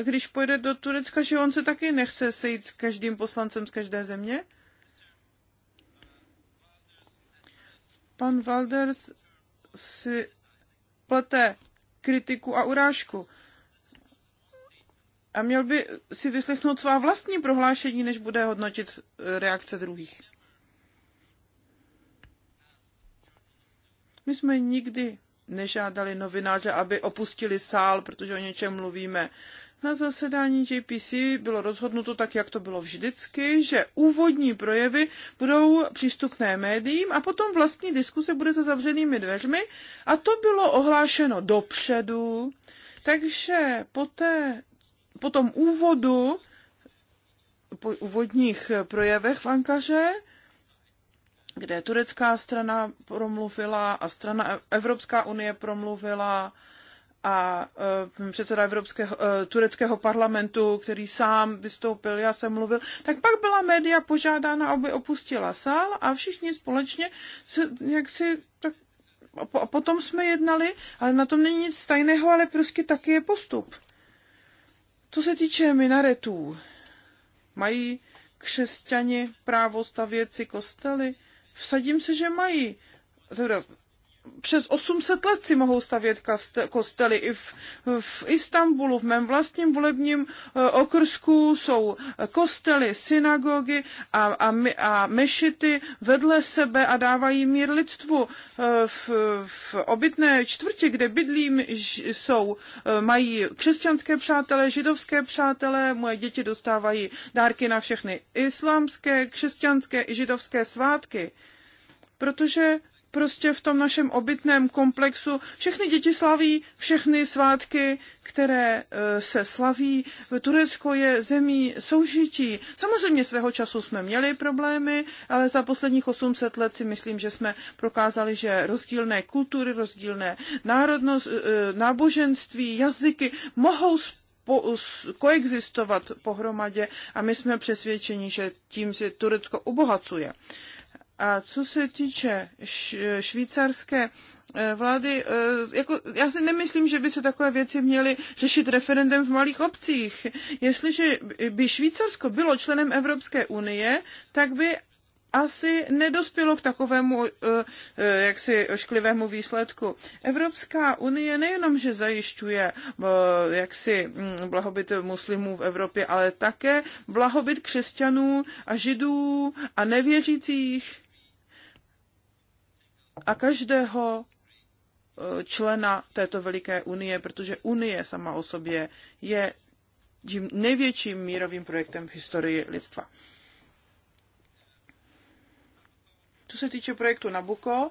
když pojede do Turecka, že on se taky nechce sejít s každým poslancem z každé země? Pan Walders si plete kritiku a urážku. A měl by si vyslechnout svá vlastní prohlášení, než bude hodnotit eh, reakce druhých. My jsme nikdy nežádali novináře, aby opustili sál, protože o něčem mluvíme. Na zasedání JPC bylo rozhodnuto tak, jak to bylo vždycky, že úvodní projevy budou přístupné médiím a potom vlastní diskuse bude za zavřenými dveřmi a to bylo ohlášeno dopředu. Takže po, té, po tom úvodu, po úvodních projevech v Ankaře, kde turecká strana promluvila a strana Evropská unie promluvila, a eh, předseda Evropského, eh, tureckého parlamentu, který sám vystoupil, já jsem mluvil, tak pak byla média požádána, aby opustila sál a všichni společně se, jak si tak a potom jsme jednali, ale na tom není nic tajného, ale prostě taky je postup. Co se týče minaretů, mají křesťani právo stavět si kostely? Vsadím se, že mají přes 800 let si mohou stavět kostely. I v, v Istanbulu, v mém vlastním volebním eh, okrsku, jsou eh, kostely, synagogy a, a, a mešity vedle sebe a dávají mír lidstvu. Eh, v, v obytné čtvrti, kde bydlím, jsou, mají křesťanské přátelé, židovské přátelé, moje děti dostávají dárky na všechny islámské, křesťanské i židovské svátky protože prostě v tom našem obytném komplexu všechny děti slaví všechny svátky, které eh, se slaví. Turecko je zemí soužití. Samozřejmě svého času jsme měli problémy, ale za posledních 800 let si myslím, že jsme prokázali, že rozdílné kultury, rozdílné národnost, eh, náboženství, jazyky mohou po, koexistovat pohromadě a my jsme přesvědčeni, že tím si Turecko obohacuje. A co se týče švýcarské eh, vlády, eh, jako, já si nemyslím, že by se takové věci měly řešit referendem v malých obcích. Jestliže by Švýcarsko bylo členem Evropské unie, tak by asi nedospělo k takovému eh, jaksi ošklivému výsledku. Evropská unie nejenom, že zajišťuje jaksi mm, blahobyt muslimů v Evropě, ale také blahobyt křesťanů a židů a nevěřících a každého eh, člena této veliké unie, protože unie sama o sobě je tím největším mírovým projektem v historii lidstva. Co se týče projektu Nabuko,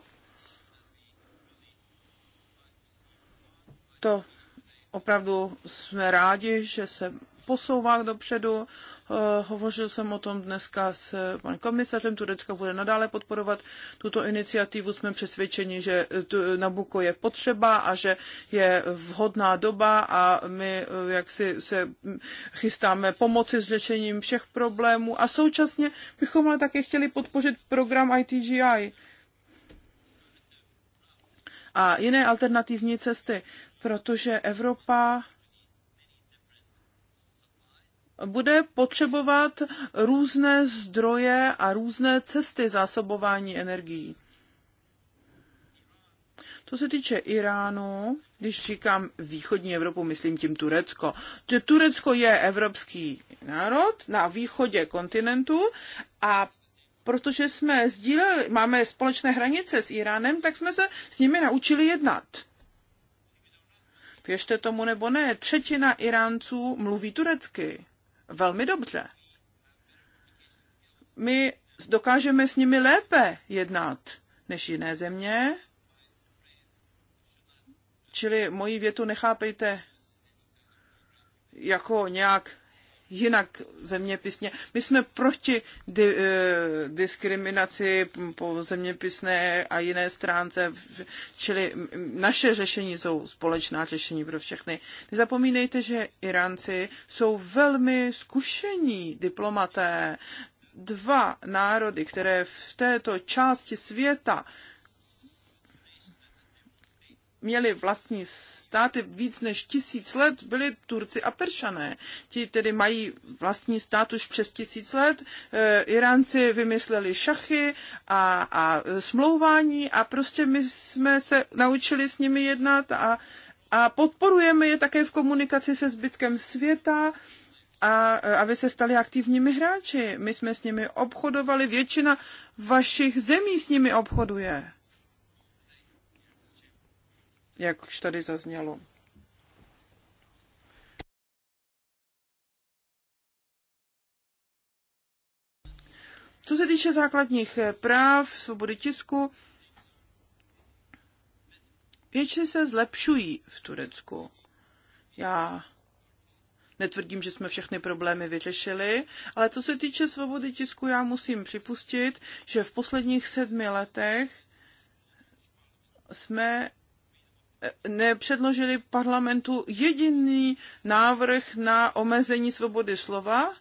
to opravdu jsme rádi, že se posouvá dopředu. Eh, hovořil jsem o tom dneska s eh, panem komisařem. Turecko bude nadále podporovat tuto iniciativu. Jsme přesvědčeni, že eh, Nabuko je potřeba a že je vhodná doba a my jaksi se mm, chystáme pomoci s řešením všech problémů a současně bychom ale také chtěli podpořit program ITGI a jiné alternativní cesty, protože Evropa bude potřebovat různé zdroje a různé cesty zásobování energií. Co se týče Iránu, když říkám východní Evropu, myslím tím Turecko. Turecko je evropský národ na východě kontinentu a protože jsme sdíleli, máme společné hranice s Iránem, tak jsme se s nimi naučili jednat. Věřte tomu nebo ne, třetina Iránců mluví turecky velmi dobře. My dokážeme s nimi lépe jednat než jiné země, čili moji větu nechápejte jako nějak jinak zeměpisně. My jsme proti di, eh, diskriminaci po zeměpisné a jiné stránce, čili naše řešení jsou společná řešení pro všechny. Nezapomínejte, že Iránci jsou velmi zkušení diplomaté. Dva národy, které v této části světa měli vlastní státy víc než tisíc let, byli Turci a Peršané. Ti tedy mají vlastní stát už přes tisíc let. E, Iránci vymysleli šachy a, a smlouvání a prostě my jsme se naučili s nimi jednat a, a podporujeme je také v komunikaci se zbytkem světa a aby se stali aktivními hráči. My jsme s nimi obchodovali, většina vašich zemí s nimi obchoduje jak už tady zaznělo. Co se týče základních práv, svobody tisku, věci se zlepšují v Turecku. Já netvrdím, že jsme všechny problémy vyřešili, ale co se týče svobody tisku, já musím připustit, že v posledních sedmi letech jsme nepředložili parlamentu jediný návrh na omezení svobody slova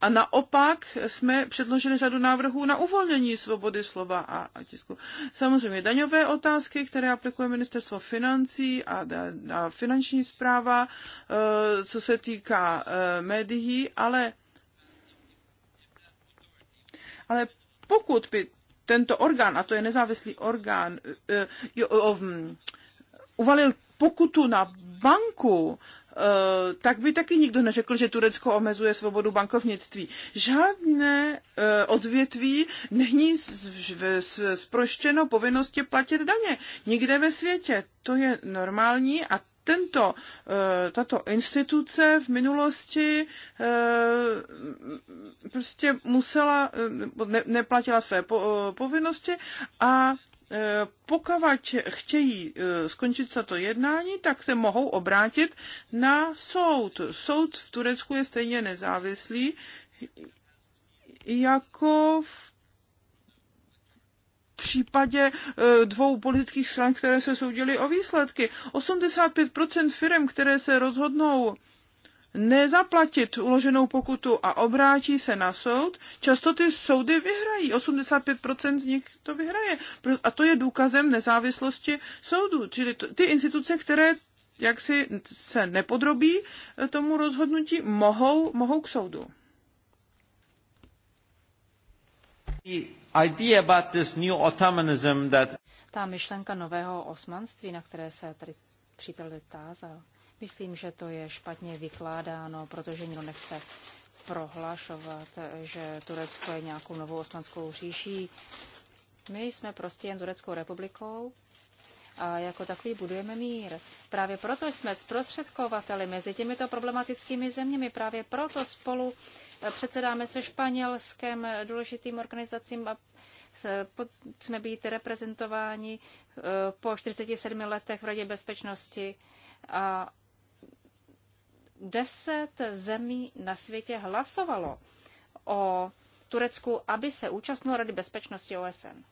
a naopak jsme předložili řadu návrhů na uvolnění svobody slova a, a tisku. Samozřejmě daňové otázky, které aplikuje ministerstvo financí a, a, a finanční zpráva, e, co se týká e, médií, ale, ale pokud by tento orgán, a to je nezávislý orgán, e, uvalil pokutu na banku, eh, tak by taky nikdo neřekl, že Turecko omezuje svobodu bankovnictví. Žádné eh, odvětví není sproštěno povinnosti platit daně. Nikde ve světě. To je normální a tento, eh, tato instituce v minulosti prostě musela, neplatila své povinnosti a pokud chtějí eh, skončit toto jednání, tak se mohou obrátit na soud. Soud v Turecku je stejně nezávislý jako v případě eh, dvou politických stran, které se soudily o výsledky. 85% firm, které se rozhodnou nezaplatit uloženou pokutu a obrátí se na soud, často ty soudy vyhrají. 85% z nich to vyhraje. A to je důkazem nezávislosti soudu. Čili ty instituce, které jak si se nepodrobí eh, tomu rozhodnutí, mohou, mohou k soudu. Ta myšlenka nového osmanství, na které se tady přítel tázal, Myslím, že to je špatně vykládáno, protože nikdo nechce prohlašovat, že Turecko je nějakou novou osmanskou říší. My jsme prostě jen Tureckou republikou a jako takový budujeme mír. Právě proto jsme zprostředkovateli mezi těmito problematickými zeměmi, právě proto spolu eh, předsedáme se Španělskem eh, důležitým organizacím a eh, jsme být reprezentováni po 47 letech v Radě bezpečnosti a Deset zemí na světě hlasovalo o Turecku, aby se účastnilo Rady bezpečnosti OSN.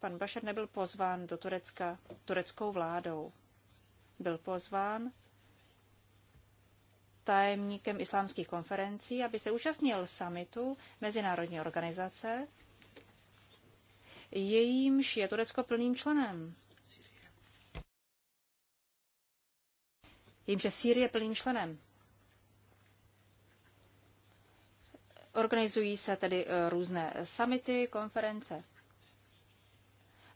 Pan Bašer nebyl pozván do Turecka tureckou vládou. Byl pozván tajemníkem islámských konferencí, aby se účastnil summitu mezinárodní organizace, jejímž je Turecko plným členem. Vím, Sýrie je plným členem. Organizují se tedy eh, různé summity, konference.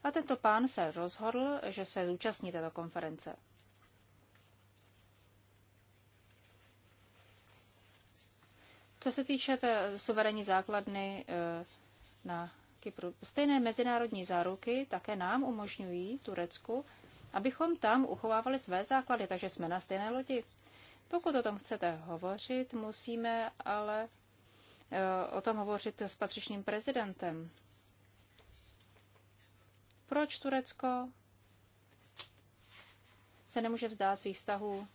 A tento pán se rozhodl, že se zúčastní této konference. Co se týče té suverénní základny eh, na Kypru, stejné mezinárodní záruky také nám umožňují Turecku abychom tam uchovávali své základy, takže jsme na stejné lodi. Pokud o tom chcete hovořit, musíme ale eh, o tom hovořit s patřičným prezidentem. Proč Turecko se nemůže vzdát svých vztahů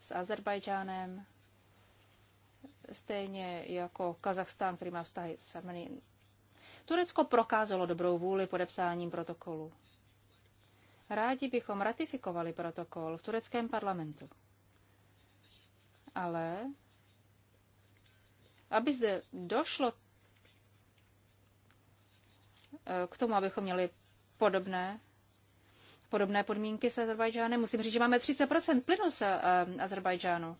s Azerbajdžánem, stejně jako Kazachstán, který má vztahy s Armenií. Turecko prokázalo dobrou vůli podepsáním protokolu. Rádi bychom ratifikovali protokol v tureckém parlamentu. Ale aby zde došlo eh, k tomu, abychom měli podobné, podobné podmínky s Azerbajdžánem. Musím říct, že máme 30% plynu z eh, Azerbajdžánu.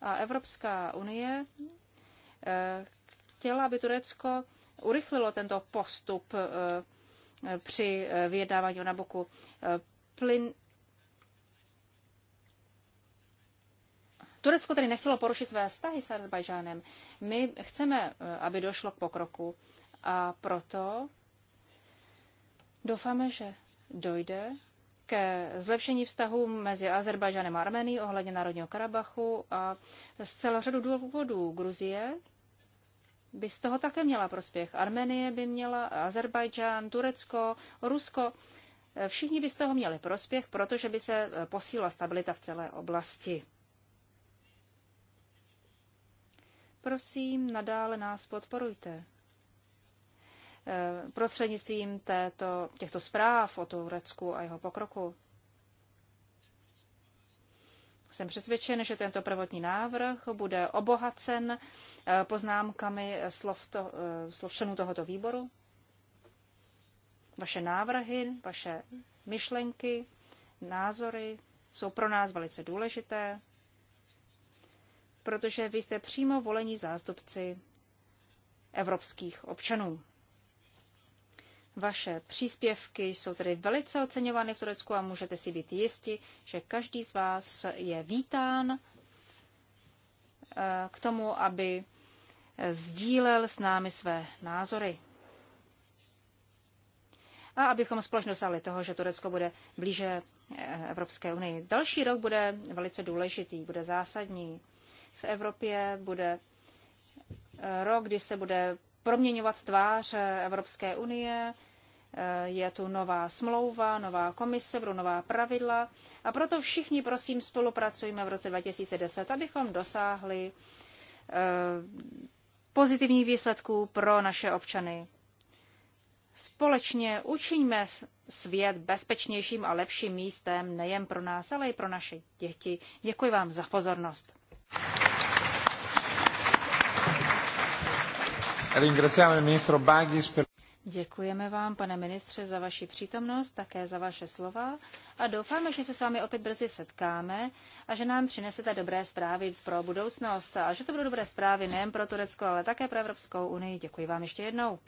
A Evropská unie eh, chtěla, aby Turecko urychlilo tento postup při eh, vyjednávání o Naboku eh, Plyn Turecko tedy nechtělo porušit své vztahy s Azerbajdžánem. My chceme, eh, aby došlo k pokroku a proto doufáme, že dojde ke zlepšení vztahů mezi Azerbajdžanem a Armenií ohledně Národního Karabachu a z celou řadu důvodů Gruzie by z toho také měla prospěch. Armenie by měla, Azerbajdžán, Turecko, Rusko. Eh, všichni by z toho měli prospěch, protože by se eh, posílila stabilita v celé oblasti. Prosím, nadále nás podporujte. Eh, prostřednictvím této, těchto zpráv o Turecku a jeho pokroku. Jsem přesvědčen, že tento prvotní návrh bude obohacen eh, poznámkami slov, to, eh, slov členů tohoto výboru. Vaše návrhy, vaše myšlenky, názory jsou pro nás velice důležité, protože vy jste přímo volení zástupci evropských občanů. Vaše příspěvky jsou tedy velice oceňovány v Turecku a můžete si být jisti, že každý z vás je vítán eh, k tomu, aby sdílel s námi své názory. A abychom společně dosáhli toho, že Turecko bude blíže eh, Evropské unii. Další rok bude velice důležitý, bude zásadní. V Evropě bude eh, rok, kdy se bude proměňovat tvář Evropské unie, eh, je tu nová smlouva, nová komise, budou nová pravidla a proto všichni, prosím, spolupracujeme v roce 2010, abychom dosáhli eh, pozitivních výsledků pro naše občany. Společně učiňme svět bezpečnějším a lepším místem nejen pro nás, ale i pro naše děti. Děkuji vám za pozornost. Děkujeme vám, pane ministře, za vaši přítomnost, také za vaše slova a doufáme, že se s vámi opět brzy setkáme a že nám přinesete dobré zprávy pro budoucnost a že to budou dobré zprávy nejen pro Turecko, ale také pro Evropskou unii. Děkuji vám ještě jednou.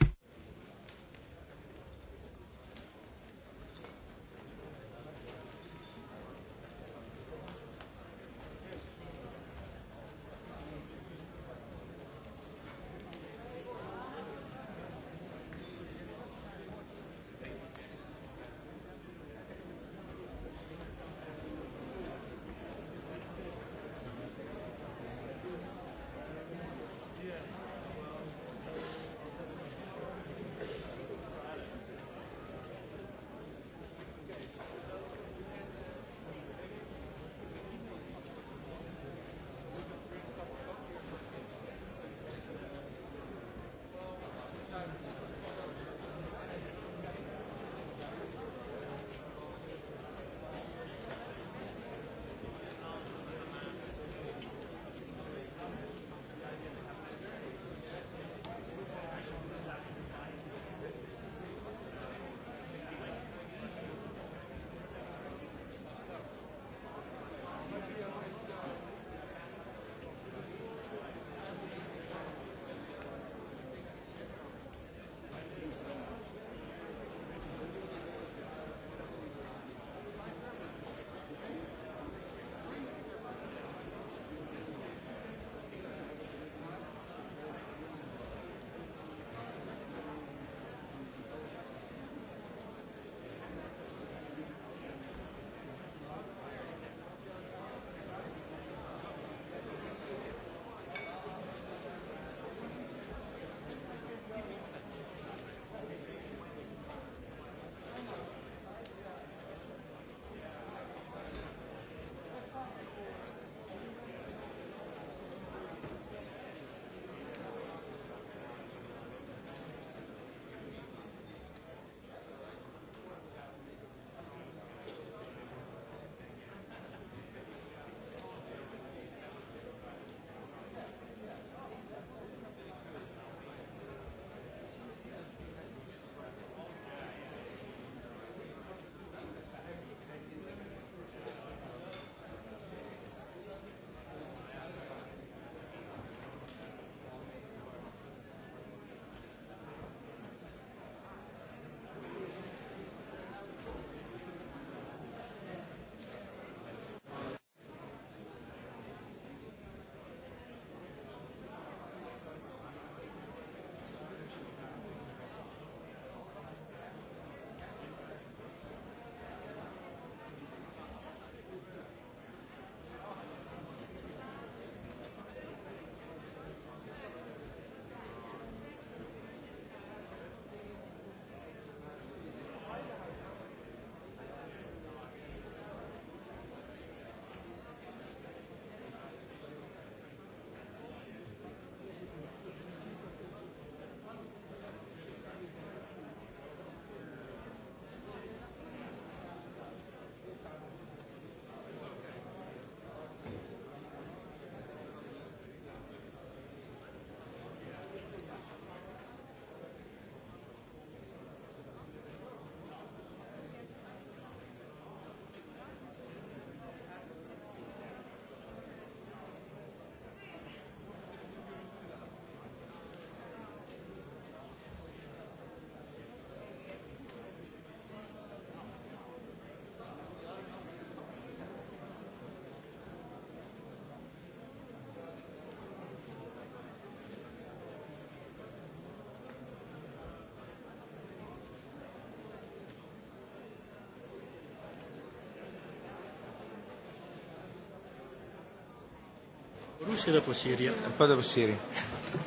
Russia dopo Siria. Poi dopo Siria.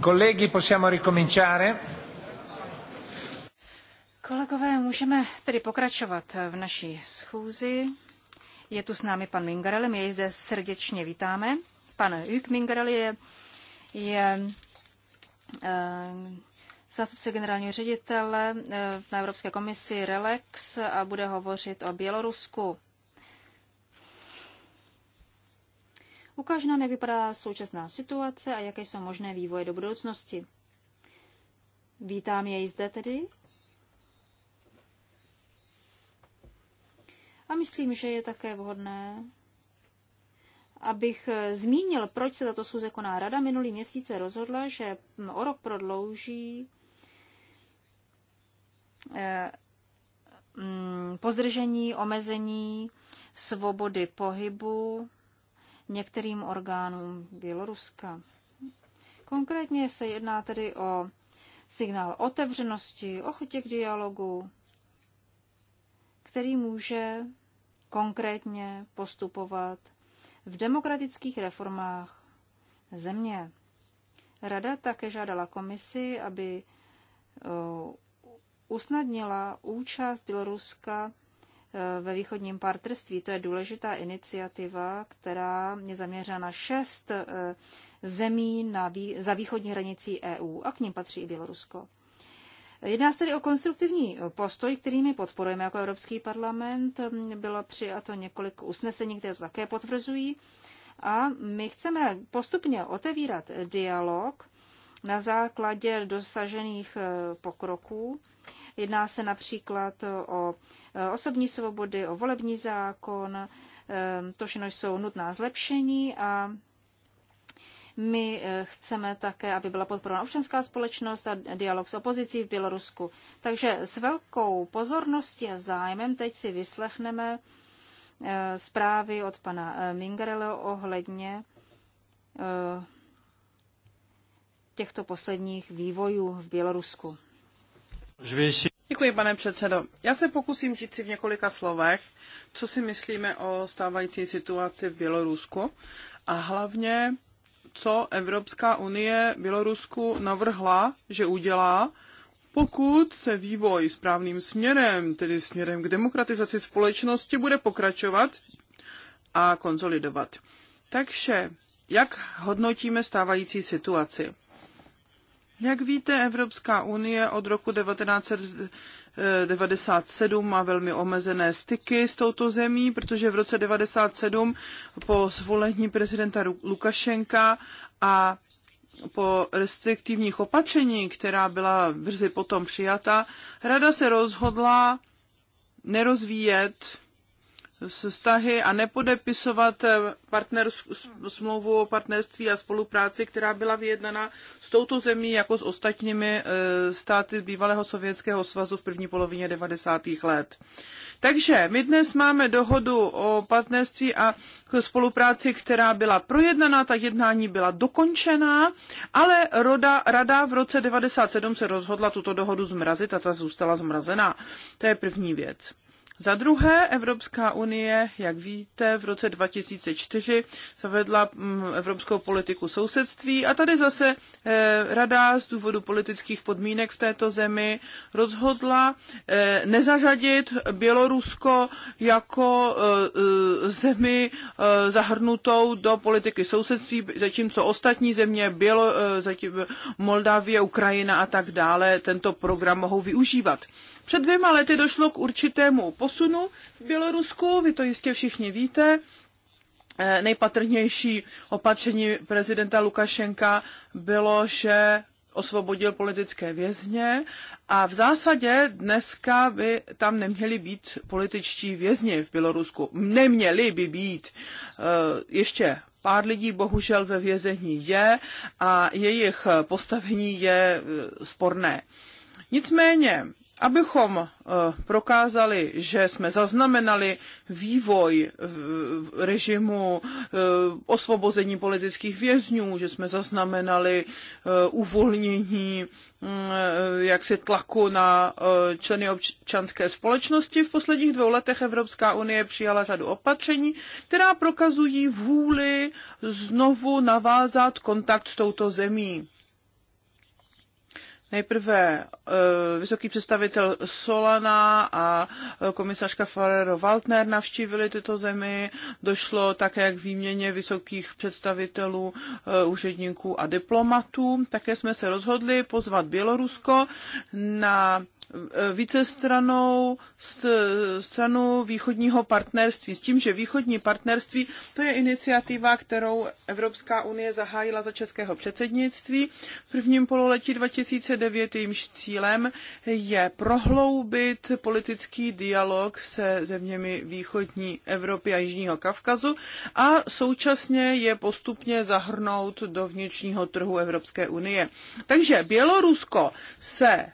Colleghi, possiamo ricominciare? Kolegové, můžeme tedy pokračovat v naší schůzi. Je tu s námi pan Mingarel, my jej zde srdečně vítáme. Pan Juk Mingarel je, je e, zástupce generálního ředitele eh, na Evropské komisi RELEX a bude hovořit o Bělorusku. Ukaž nám, jak vypadá současná situace a jaké jsou možné vývoje do budoucnosti. Vítám jej zde tedy. A myslím, že je také vhodné, abych zmínil, proč se tato schůze koná. Rada minulý měsíce rozhodla, že o rok prodlouží eh, mm, pozdržení, omezení svobody pohybu některým orgánům Běloruska. Konkrétně se jedná tedy o signál otevřenosti, ochotě k dialogu, který může konkrétně postupovat v demokratických reformách země. Rada také žádala komisi, aby eh, usnadnila účast Běloruska Eh, ve východním partnerství. To je důležitá iniciativa, která je zaměřena na šest eh, zemí na vý, za východní hranicí EU a k ním patří i Bělorusko. Jedná se tedy o konstruktivní postoj, který my podporujeme jako Evropský parlament. Bylo přijato několik usnesení, které to také potvrzují. A my chceme postupně otevírat dialog na základě dosažených eh, pokroků Jedná se například o e, osobní svobody, o volební zákon, e, to všechno jsou nutná zlepšení a my e, chceme také, aby byla podporována občanská společnost a dialog s opozicí v Bělorusku. Takže s velkou pozorností a zájmem teď si vyslechneme zprávy od pana Mingarello ohledně těchto posledních vývojů v Bělorusku. Děkuji, pane předsedo. Já se pokusím říct si v několika slovech, co si myslíme o stávající situaci v Bělorusku a hlavně, co Evropská unie Bělorusku navrhla, že udělá, pokud se vývoj správným směrem, tedy směrem k demokratizaci společnosti, bude pokračovat a konsolidovat. Takže jak hodnotíme stávající situaci? Jak víte, Evropská unie od roku 1997 má velmi omezené styky s touto zemí, protože v roce 1997 po zvolení prezidenta Lukašenka a po restriktivních opatření, která byla brzy potom přijata, rada se rozhodla nerozvíjet vztahy a nepodepisovat eh, smlouvu o partnerství a spolupráci, která byla vyjednaná s touto zemí jako s ostatními eh, státy bývalého Sovětského svazu v první polovině 90. let. Takže my dnes máme dohodu o partnerství a spolupráci, která byla projednaná, ta jednání byla dokončená, ale roda, rada v roce 97 se rozhodla tuto dohodu zmrazit a ta zůstala zmrazená. To je první věc. Za druhé, Evropská unie, jak víte, v roce 2004 zavedla mm, evropskou politiku sousedství a tady zase eh, rada z důvodu politických podmínek v této zemi rozhodla eh, nezařadit Bělorusko jako eh, zemi zahrnutou do politiky sousedství, zatímco ostatní země, Bělo, zatím Moldávie, Ukrajina a tak dále, tento program mohou využívat. Před dvěma lety došlo k určitému posunu v Bělorusku, vy to jistě všichni víte. Eh, nejpatrnější opatření prezidenta Lukašenka bylo, že osvobodil politické vězně a v zásadě dneska by tam neměli být političtí vězni v Bělorusku. Neměli by být. Eh, ještě pár lidí bohužel ve vězení je a jejich postavení je eh, sporné. Nicméně abychom eh, prokázali, že jsme zaznamenali vývoj v režimu eh, osvobození politických vězňů, že jsme zaznamenali eh, uvolnění mm, jaksi tlaku na členy občanské společnosti. V posledních dvou letech Evropská unie přijala řadu opatření, která prokazují vůli znovu navázat kontakt s touto zemí Nejprve eh, vysoký představitel Solana a eh, komisařka Farero Waltner navštívili tyto zemi. Došlo také k výměně vysokých představitelů, eh, úředníků a diplomatů. Také jsme se rozhodli pozvat Bělorusko na vícestranou stranu východního partnerství. S tím, že východní partnerství to je iniciativa, kterou Evropská unie zahájila za českého předsednictví v prvním pololetí 2000 29, jejímž cílem je prohloubit politický dialog se zeměmi východní Evropy a Jižního Kavkazu a současně je postupně zahrnout do vnitřního trhu Evropské unie. Takže Bělorusko se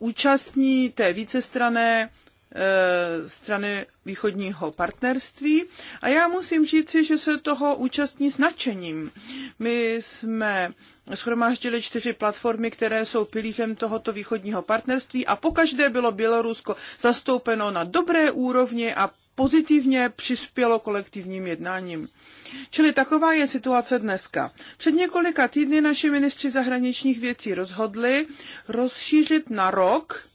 účastní té vícestrané Eh, strany východního partnerství. A já musím říci, že se toho účastní s nadšením. My jsme schromáždili čtyři platformy, které jsou pilířem tohoto východního partnerství a pokaždé bylo Bělorusko zastoupeno na dobré úrovni a pozitivně přispělo kolektivním jednáním. Čili taková je situace dneska. Před několika týdny naši ministři zahraničních věcí rozhodli rozšířit na rok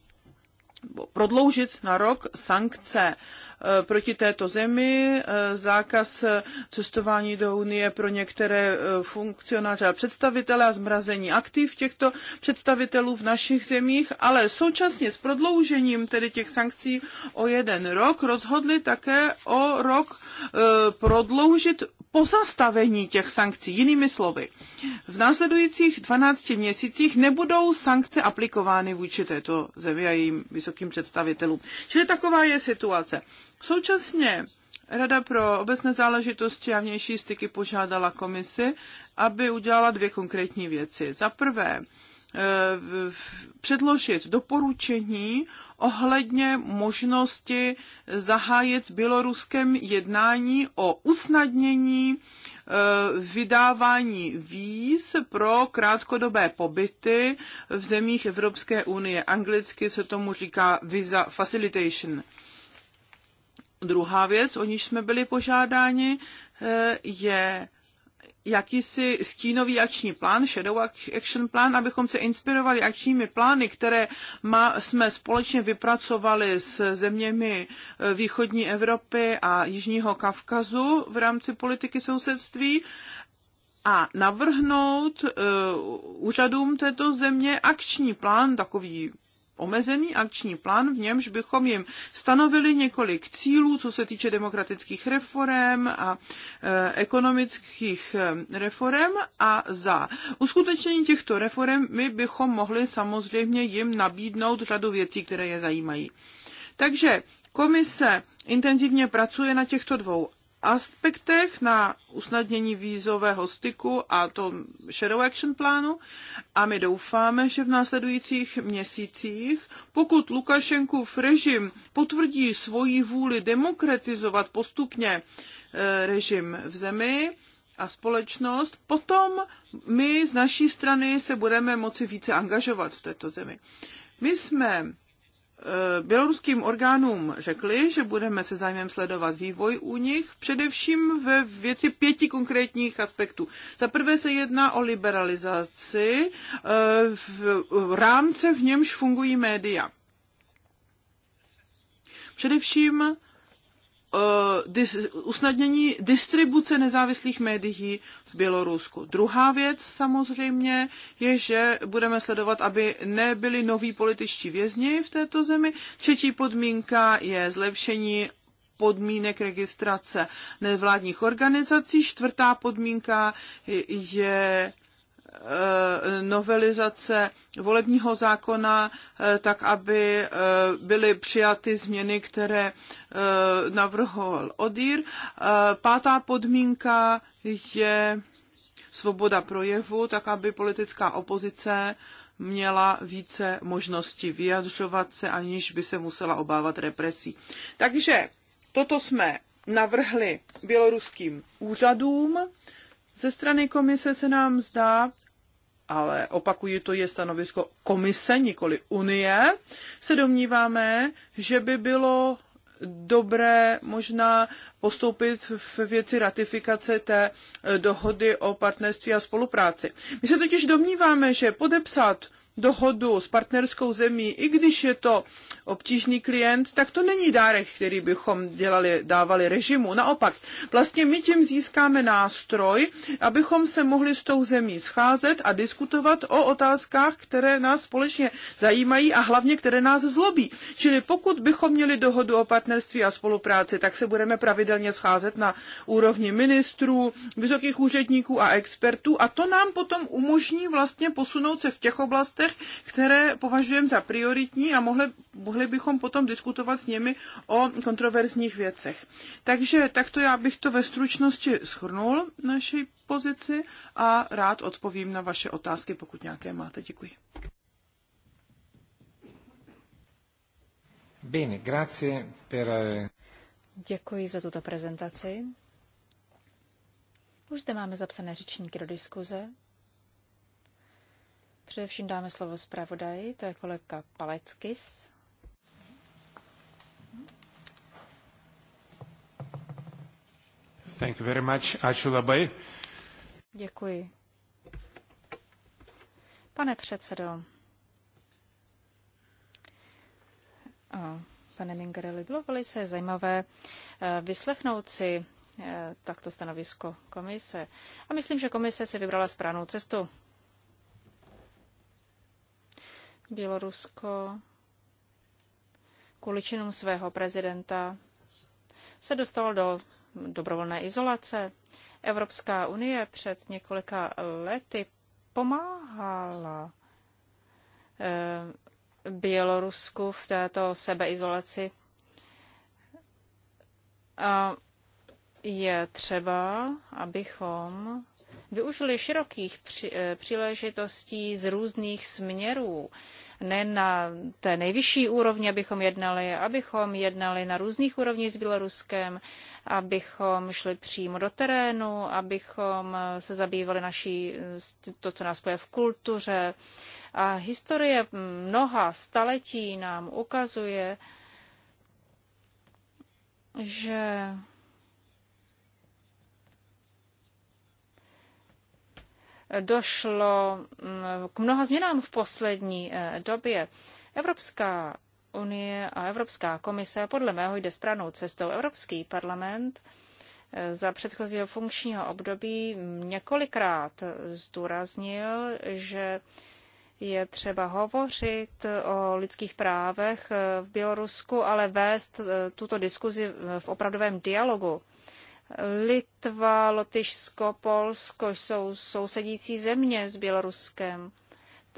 nebo prodloužit na rok sankce eh, proti této zemi, eh, zákaz eh, cestování do Unie pro některé funkcionáře a představitele a zmrazení aktiv těchto představitelů v našich zemích, ale současně s prodloužením tedy těch sankcí o jeden rok rozhodli také o rok prodloužit pozastavení těch sankcí. Jinými slovy, v následujících 12 měsících nebudou sankce aplikovány vůči této zemi a jejím vysokým představitelům. Čili taková je situace. Současně Rada pro obecné záležitosti a vnější styky požádala komisi, aby udělala dvě konkrétní věci. Za prvé, eh, předložit doporučení ohledně možnosti zahájet s Běloruskem jednání o usnadnění e, vydávání víz pro krátkodobé pobyty v zemích Evropské unie. Anglicky se tomu říká visa facilitation. Druhá věc, o níž jsme byli požádáni, e, je jakýsi stínový akční plán, shadow action plán, abychom se inspirovali akčními plány, které má, jsme společně vypracovali s zeměmi e, východní Evropy a Jižního Kavkazu v rámci politiky sousedství a navrhnout uh, úřadům této země akční plán, takový omezený akční plán, v němž bychom jim stanovili několik cílů, co se týče demokratických reform a e, ekonomických e, reform a za uskutečnění těchto reform my bychom mohli samozřejmě jim nabídnout řadu věcí, které je zajímají. Takže Komise intenzivně pracuje na těchto dvou aspektech na usnadnění vízového styku a to Shadow Action plánu a my doufáme, že v následujících měsících, pokud Lukašenkův režim potvrdí svoji vůli demokratizovat postupně e, režim v zemi, a společnost, potom my z naší strany se budeme moci více angažovat v této zemi. My jsme Eh, běloruským orgánům řekli, že budeme se zájmem sledovat vývoj u nich, především ve věci pěti konkrétních aspektů. Za prvé se jedná o liberalizaci eh, v rámce, v němž fungují média. Především Eh, dis, usnadnění distribuce nezávislých médií v Bělorusku. Druhá věc samozřejmě je, že budeme sledovat, aby nebyli noví političtí vězni v této zemi. Třetí podmínka je zlepšení podmínek registrace nevládních organizací. Čtvrtá podmínka je Eh, novelizace volebního zákona, eh, tak aby eh, byly přijaty změny, které navrhoval Odír. Pátá podmínka je svoboda projevu, tak aby politická opozice měla více možností vyjadřovat se, aniž by se musela obávat represí. Takže toto jsme navrhli běloruským úřadům. Ze strany komise se nám zdá, ale opakuju, to je stanovisko komise, nikoli unie, se domníváme, že by bylo dobré možná postoupit v věci ratifikace té eh, dohody o partnerství a spolupráci. My se totiž domníváme, že podepsat dohodu s partnerskou zemí, i když je to obtížný klient, tak to není dárek, který bychom dělali, dávali režimu. Naopak, vlastně my tím získáme nástroj, abychom se mohli s tou zemí scházet a diskutovat o otázkách, které nás společně zajímají a hlavně, které nás zlobí. Čili pokud bychom měli dohodu o partnerství a spolupráci, tak se budeme pravidelně scházet na úrovni ministrů, vysokých úředníků a expertů a to nám potom umožní vlastně posunout se v těch oblastech, věcech, které považujeme za prioritní a mohli, mohli bychom potom diskutovat s nimi o kontroverzních věcech. Takže takto já bych to ve stručnosti schrnul naší pozici a rád odpovím na vaše otázky, pokud nějaké máte. Děkuji. Bene, grazie per... Eh, Děkuji za tuto prezentaci. Už zde máme zapsané řečníky do diskuze. Především dáme slovo zpravodaji, to je kolega Paleckis. Thank you very much. Ačiū labai. Děkuji. Pane předsedo, a, pane Mingarelli, bylo velice zajímavé e, vyslechnout si e, takto stanovisko komise. A myslím, že komise si vybrala správnou cestu. Bělorusko kvůli činům svého prezidenta se dostalo do dobrovolné izolace. Evropská unie před několika lety pomáhala eh, Bělorusku v této sebeizolaci. A je třeba, abychom využili širokých při, eh, příležitostí z různých směrů. Ne na té nejvyšší úrovni, abychom jednali, abychom jednali na různých úrovních s Běloruskem, abychom šli přímo do terénu, abychom eh, se zabývali naší, eh, to, co nás poje v kultuře. A historie mm, mnoha staletí nám ukazuje, že došlo mm, k mnoha změnám v poslední eh, době. Evropská unie a Evropská komise podle mého jde správnou cestou. Evropský parlament eh, za předchozího funkčního období několikrát zdůraznil, že je třeba hovořit o lidských právech eh, v Bělorusku, ale vést tuto diskuzi v opravdovém dialogu. Litva, Lotyšsko, Polsko jsou sousedící země s Běloruskem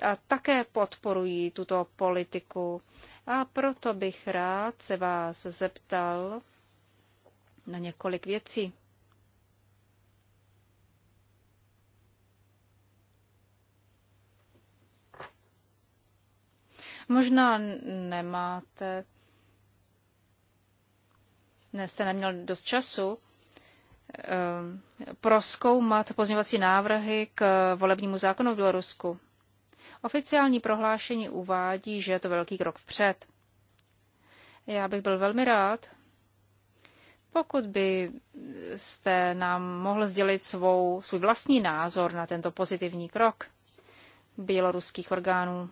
a také podporují tuto politiku. A proto bych rád se vás zeptal na několik věcí. Možná nemáte, ne, jste neměl dost času, Eh, proskoumat pozměňovací návrhy k volebnímu zákonu v Bělorusku. Oficiální prohlášení uvádí, že je to velký krok vpřed. Já bych byl velmi rád, pokud byste nám mohl sdělit svou, svůj vlastní názor na tento pozitivní krok běloruských orgánů.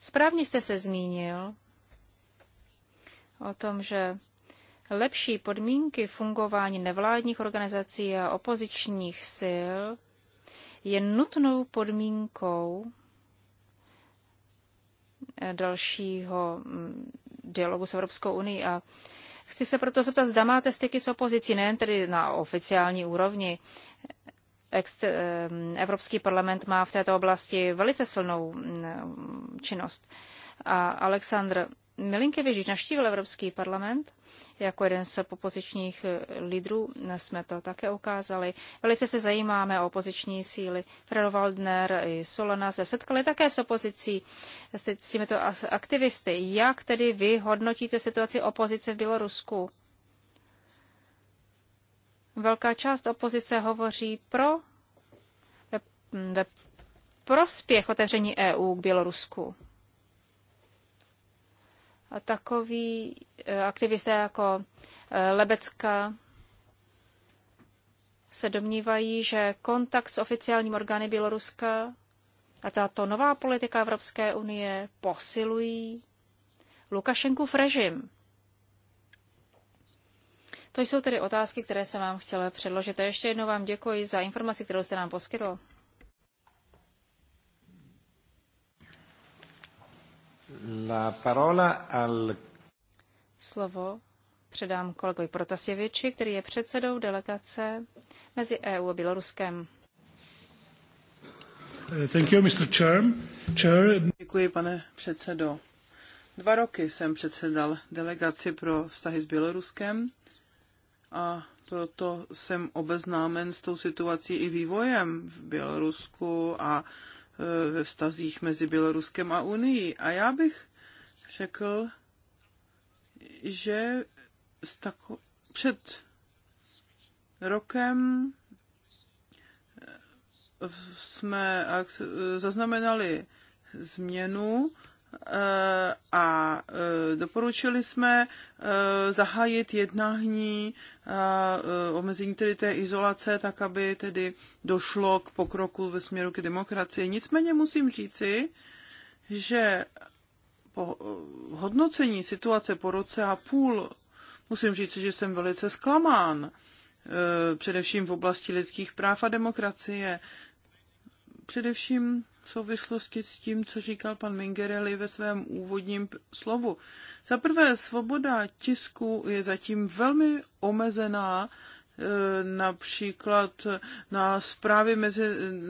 Správně jste se zmínil o tom, že lepší podmínky fungování nevládních organizací a opozičních sil je nutnou podmínkou eh, dalšího mm, dialogu s Evropskou unii. A chci se proto zeptat, zda máte styky s opozicí, nejen tedy na oficiální úrovni. Eh, Evropský parlament má v této oblasti velice silnou mm, činnost. A Aleksandr Milinkevič navštívil Evropský parlament, jako jeden z opozičních lídrů jsme to také ukázali. Velice se zajímáme o opoziční síly. Frero Waldner i Solana se setkali také s opozicí, s těmito aktivisty. Jak tedy vy hodnotíte situaci opozice v Bělorusku? Velká část opozice hovoří pro ve prospěch otevření EU k Bělorusku. A takový e, aktivisté jako e, Lebecka se domnívají, že kontakt s oficiálním orgány Běloruska a tato nová politika Evropské unie posilují Lukašenkův režim. To jsou tedy otázky, které jsem vám chtěla předložit. A ještě jednou vám děkuji za informaci, kterou jste nám poskytl. La parola al... Slovo předám kolegovi Protasěviči, který je předsedou delegace mezi EU a Běloruskem. Eh, thank you, Mr. Chair. Chair. Děkuji, pane předsedo. Dva roky jsem předsedal delegaci pro vztahy s Běloruskem a proto jsem obeznámen s tou situací i vývojem v Bělorusku a Eh, ve vztazích mezi Běloruskem a Unii. A já bych řekl, že s tako- před rokem eh, jsme zaznamenali změnu Eh, a eh, doporučili jsme eh, zahájit jednání a omezení tedy té izolace, tak aby tedy došlo k pokroku ve směru k demokracii. Nicméně musím říci, že po hodnocení situace po roce a půl musím říct, že jsem velice zklamán, především v oblasti lidských práv a demokracie především v souvislosti s tím, co říkal pan Mingerelli ve svém úvodním slovu. Za prvé, svoboda tisku je zatím velmi omezená Eh, například na zprávy mezi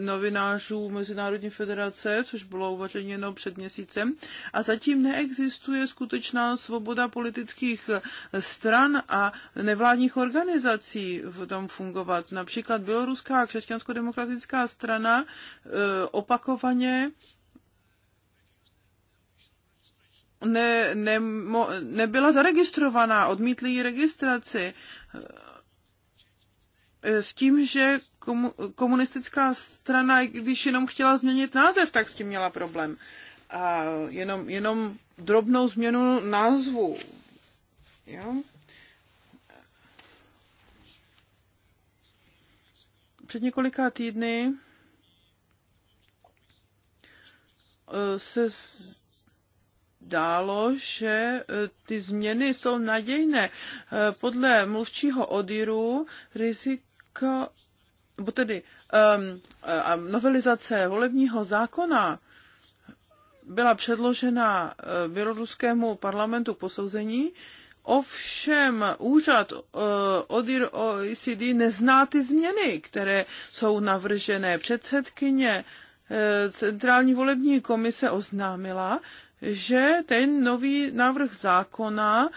novinářů Mezinárodní federace, což bylo uvařeněno před měsícem. A zatím neexistuje skutečná svoboda politických stran a nevládních organizací v tom fungovat. Například Běloruská křesťansko-demokratická strana eh, opakovaně ne, ne, nebyla zaregistrovaná, odmítli ji registraci s tím, že komunistická strana, když jenom chtěla změnit název, tak s tím měla problém. A jenom, jenom drobnou změnu názvu. Jo? Před několika týdny eh, se zdálo, že eh, ty změny jsou nadějné. Eh, podle mluvčího odíru rizik k, nebo tedy um, novelizace volebního zákona byla předložena eh, běloruskému parlamentu k posouzení, Ovšem úřad eh, od OECD nezná ty změny, které jsou navržené. Předsedkyně eh, Centrální volební komise oznámila, že ten nový návrh zákona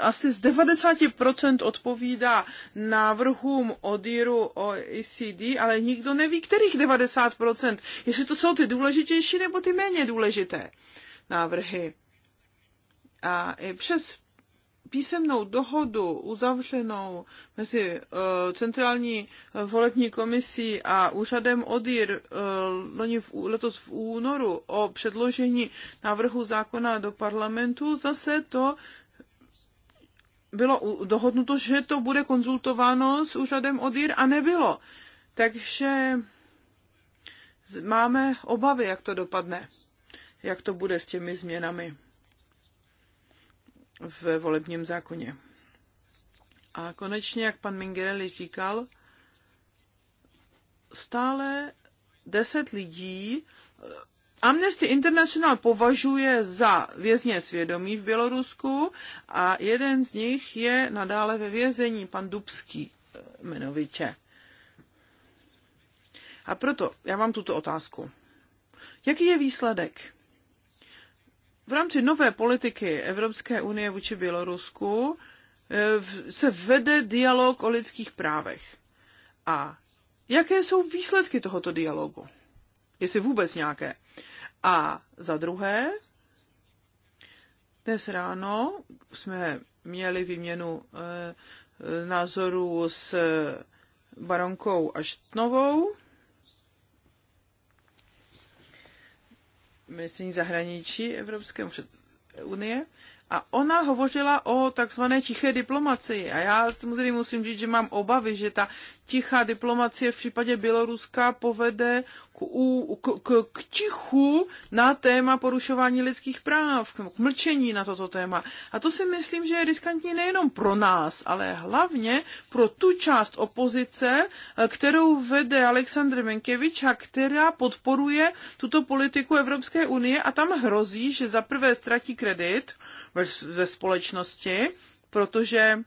asi z 90% odpovídá návrhům odíru OECD, ale nikdo neví, kterých 90%, jestli to jsou ty důležitější nebo ty méně důležité návrhy. A i přes písemnou dohodu uzavřenou mezi eh, centrální eh, volební komisí a úřadem ODIR eh, letos v únoru o předložení návrhu zákona do parlamentu, zase to bylo dohodnuto, že to bude konzultováno s úřadem ODIR a nebylo. Takže máme obavy, jak to dopadne, jak to bude s těmi změnami ve volebním zákoně. A konečně, jak pan Mingerelli říkal, stále deset lidí eh, Amnesty International považuje za vězně svědomí v Bělorusku a jeden z nich je nadále ve vězení, pan Dubský eh, jmenoviče. A proto já vám tuto otázku. Jaký je výsledek? V rámci nové politiky Evropské unie vůči Bělorusku eh, se vede dialog o lidských právech. A jaké jsou výsledky tohoto dialogu? Jestli vůbec nějaké. A za druhé, dnes ráno jsme měli výměnu eh, eh, názorů s baronkou Aštnovou ministrní zahraničí Evropské unie a ona hovořila o takzvané tiché diplomacii. A já samozřejmě musím říct, že mám obavy, že ta tichá diplomacie v případě Běloruska povede k, k, k, k tichu na téma porušování lidských práv, k, k mlčení na toto téma. A to si myslím, že je riskantní nejenom pro nás, ale hlavně pro tu část opozice, eh, kterou vede Aleksandr a která podporuje tuto politiku Evropské unie a tam hrozí, že zaprvé ztratí kredit ve, ve společnosti, protože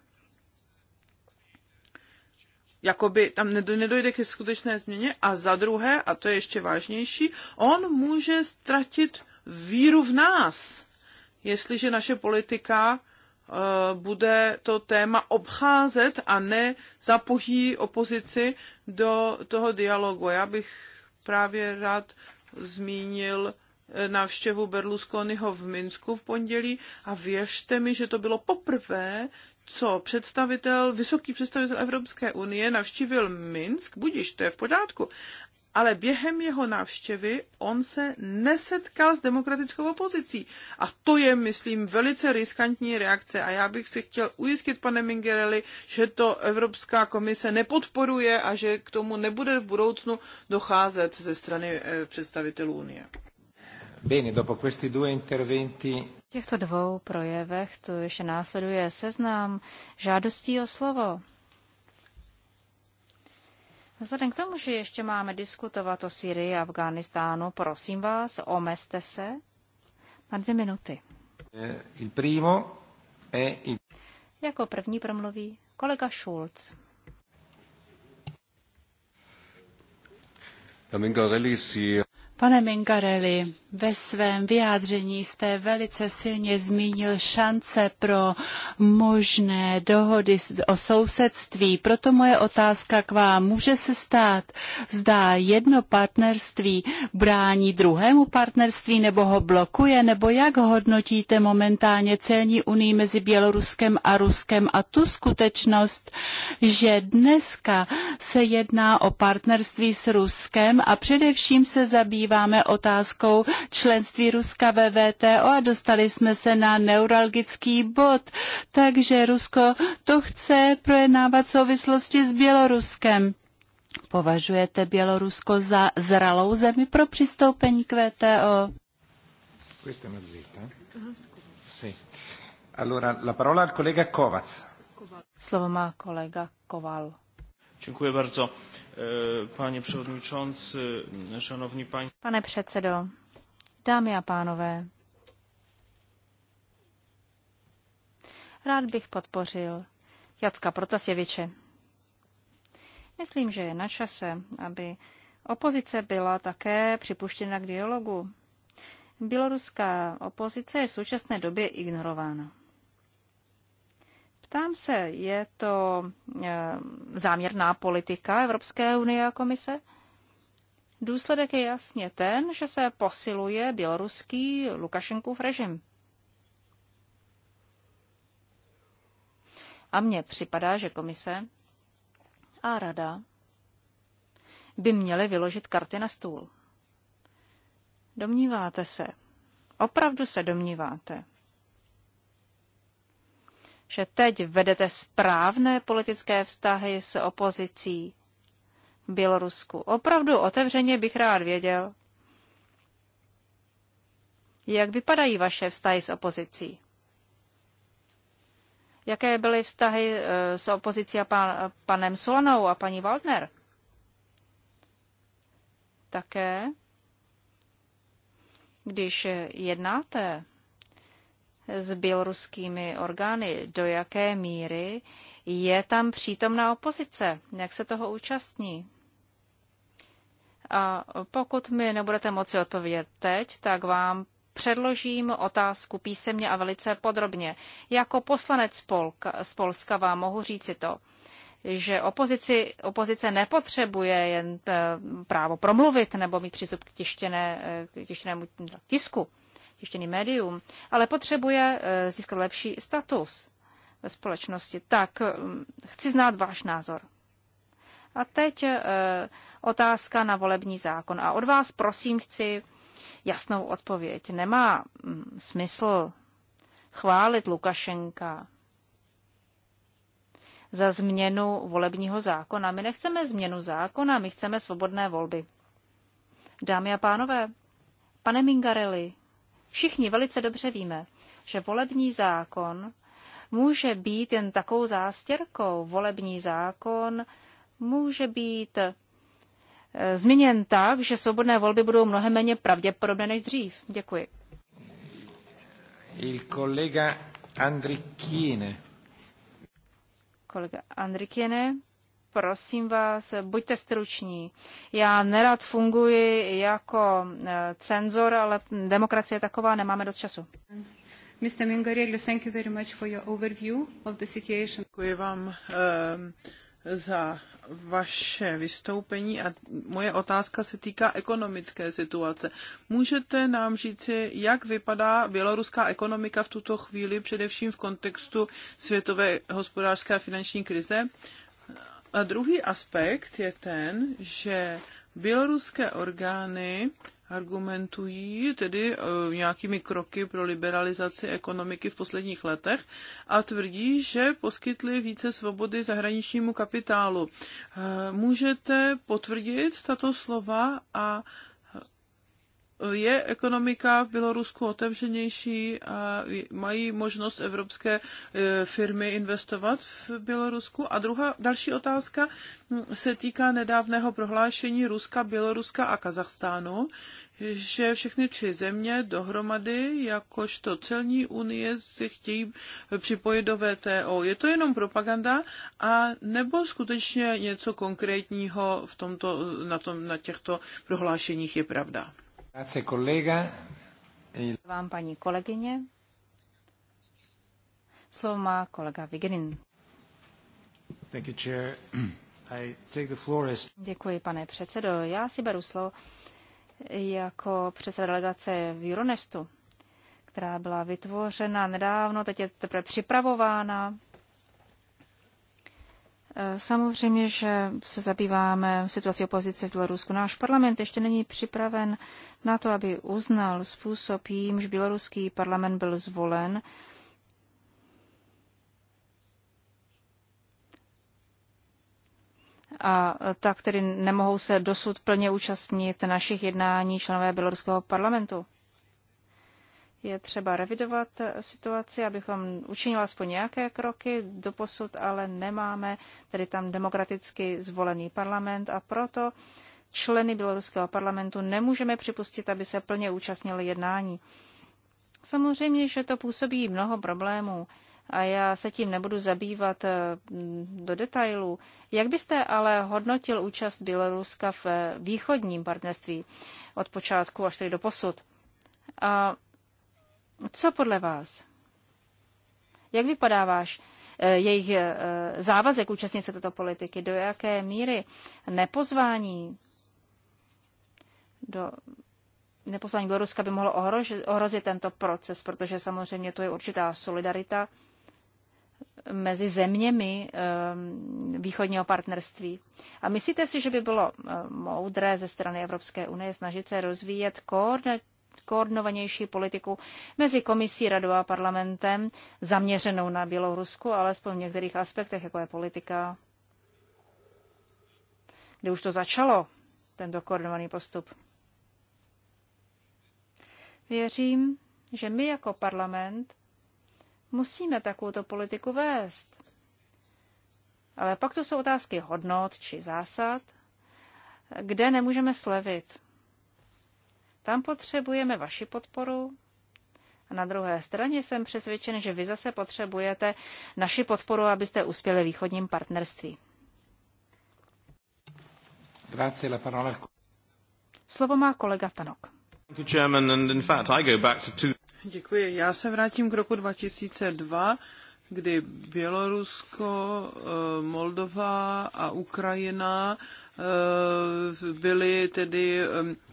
jakoby tam nedojde ke skutečné změně a za druhé, a to je ještě vážnější, on může ztratit víru v nás, jestliže naše politika eh, bude to téma obcházet a ne zapojí opozici do toho dialogu. Já bych právě rád zmínil eh, návštěvu Berlusconiho v Minsku v pondělí a věřte mi, že to bylo poprvé, co představitel, vysoký představitel Evropské unie navštívil Minsk, budíš, to je v pořádku, ale během jeho návštěvy on se nesetkal s demokratickou opozicí. A to je, myslím, velice riskantní reakce a já bych si chtěl ujistit, pane Mingerelli, že to Evropská komise nepodporuje a že k tomu nebude v budoucnu docházet ze strany eh, představitelů Unie. V těchto dvou projevech tu ještě následuje seznam žádostí o slovo. Vzhledem k tomu, že ještě máme diskutovat o Syrii a Afghánistánu, prosím vás, omezte se na dvě minuty. Eh, il primo è il... Jako první promluví kolega Schulz. Pane Mingarelli, ve svém vyjádření jste velice silně zmínil šance pro možné dohody o sousedství. Proto moje otázka k vám. Může se stát, zdá jedno partnerství brání druhému partnerství nebo ho blokuje, nebo jak hodnotíte momentálně celní unii mezi Běloruskem a Ruskem a tu skutečnost, že dneska se jedná o partnerství s Ruskem a především se zabýváme otázkou členství Ruska ve VTO a dostali jsme se na neuralgický bod. Takže Rusko to chce projednávat v souvislosti s Běloruskem. Považujete Bělorusko za zralou zemi pro přistoupení k VTO? Allora, la parola al collega Kovac. Slovo má kolega Koval. Dziękuję bardzo. E, panie przewodniczący, szanowni państwo. Pane předsedo, Dámy a pánové, rád bych podpořil Jacka Protasěviče. Myslím, že je na čase, aby opozice byla také připuštěna k dialogu. Běloruská opozice je v současné době ignorována. Ptám se, je to eh, záměrná politika Evropské unie a komise? Důsledek je jasně ten, že se posiluje běloruský Lukašenkův režim. A mně připadá, že komise a rada by měly vyložit karty na stůl. Domníváte se, opravdu se domníváte, že teď vedete správné politické vztahy s opozicí, Bělorusku. Opravdu otevřeně bych rád věděl, jak vypadají vaše vztahy s opozicí. Jaké byly vztahy eh, s opozicí a pan, panem Solanou a paní Waldner? Také, když jednáte s běloruskými orgány, do jaké míry je tam přítomná opozice, jak se toho účastní. A pokud mi nebudete moci odpovědět teď, tak vám předložím otázku písemně a velice podrobně. Jako poslanec Polka, z Polska vám mohu říci to, že opozici, opozice nepotřebuje jen e, právo promluvit nebo mít přístup k, tištěné, e, k tištěnému tisku, tištěným médium, ale potřebuje e, získat lepší status ve společnosti. Tak chci znát váš názor. A teď eh, otázka na volební zákon. A od vás prosím chci jasnou odpověď. Nemá mm, smysl chválit Lukašenka za změnu volebního zákona. My nechceme změnu zákona, my chceme svobodné volby. Dámy a pánové, pane Mingarelli, všichni velice dobře víme, že volební zákon může být jen takovou zástěrkou. Volební zákon může být eh, změněn tak, že svobodné volby budou mnohem méně pravděpodobné než dřív. Děkuji. Il kolega Andrikine. Kolega Andrikine, prosím vás, buďte struční. Já nerad funguji jako eh, cenzor, ale demokracie je taková, nemáme dost času. Mr. Mingarelli, thank you very much for your overview of the situation. Děkuji vám eh, za vaše vystoupení a moje otázka se týká ekonomické situace. Můžete nám říci, jak vypadá běloruská ekonomika v tuto chvíli, především v kontextu světové hospodářské a finanční krize? A druhý aspekt je ten, že běloruské orgány argumentují tedy eh, nějakými kroky pro liberalizaci ekonomiky v posledních letech a tvrdí, že poskytli více svobody zahraničnímu kapitálu. Eh, můžete potvrdit tato slova a je ekonomika v Bělorusku otevřenější a mají možnost evropské e, firmy investovat v Bělorusku? A druhá, další otázka hm, se týká nedávného prohlášení Ruska, Běloruska a Kazachstánu, že všechny tři země dohromady jakožto celní unie se chtějí připojit do VTO. Je to jenom propaganda a nebo skutečně něco konkrétního v tomto, na, tom, na těchto prohlášeních je pravda? E vám paní kolegyně. Slovo má kolega Děkuji, pane předsedo. Já si beru slovo jako předseda delegace v Euronestu, která byla vytvořena nedávno, teď je teprve připravována Samozřejmě, že se zabýváme situací opozice v Bělorusku. Náš parlament ještě není připraven na to, aby uznal způsob, jímž běloruský parlament byl zvolen. A tak tedy nemohou se dosud plně účastnit našich jednání členové běloruského parlamentu je třeba revidovat situaci, abychom učinili aspoň nějaké kroky. Doposud ale nemáme tedy tam demokraticky zvolený parlament a proto členy běloruského parlamentu nemůžeme připustit, aby se plně účastnili jednání. Samozřejmě, že to působí mnoho problémů a já se tím nebudu zabývat eh, do detailů. Jak byste ale hodnotil účast Běloruska v eh, východním partnerství od počátku až tedy do posud? A co podle vás? Jak vypadá váš eh, jejich eh, závazek účastnit se této politiky? Do jaké míry nepozvání do neposlání Běloruska by mohlo ohrozit, ohrozit tento proces, protože samozřejmě to je určitá solidarita mezi zeměmi ehm, východního partnerství. A myslíte si, že by bylo eh, moudré ze strany Evropské unie snažit se rozvíjet koordinovanější politiku mezi komisí, radou a parlamentem zaměřenou na Bělorusku, alespoň v některých aspektech, jako je politika, kde už to začalo, tento koordinovaný postup. Věřím, že my jako parlament musíme takovouto politiku vést. Ale pak to jsou otázky hodnot či zásad, kde nemůžeme slevit. Tam potřebujeme vaši podporu. A na druhé straně jsem přesvědčen, že vy zase potřebujete naši podporu, abyste uspěli východním partnerství. Slovo má kolega Tanok. Děkuji. Já se vrátím k roku 2002, kdy Bělorusko, eh, Moldova a Ukrajina eh, byly tedy eh,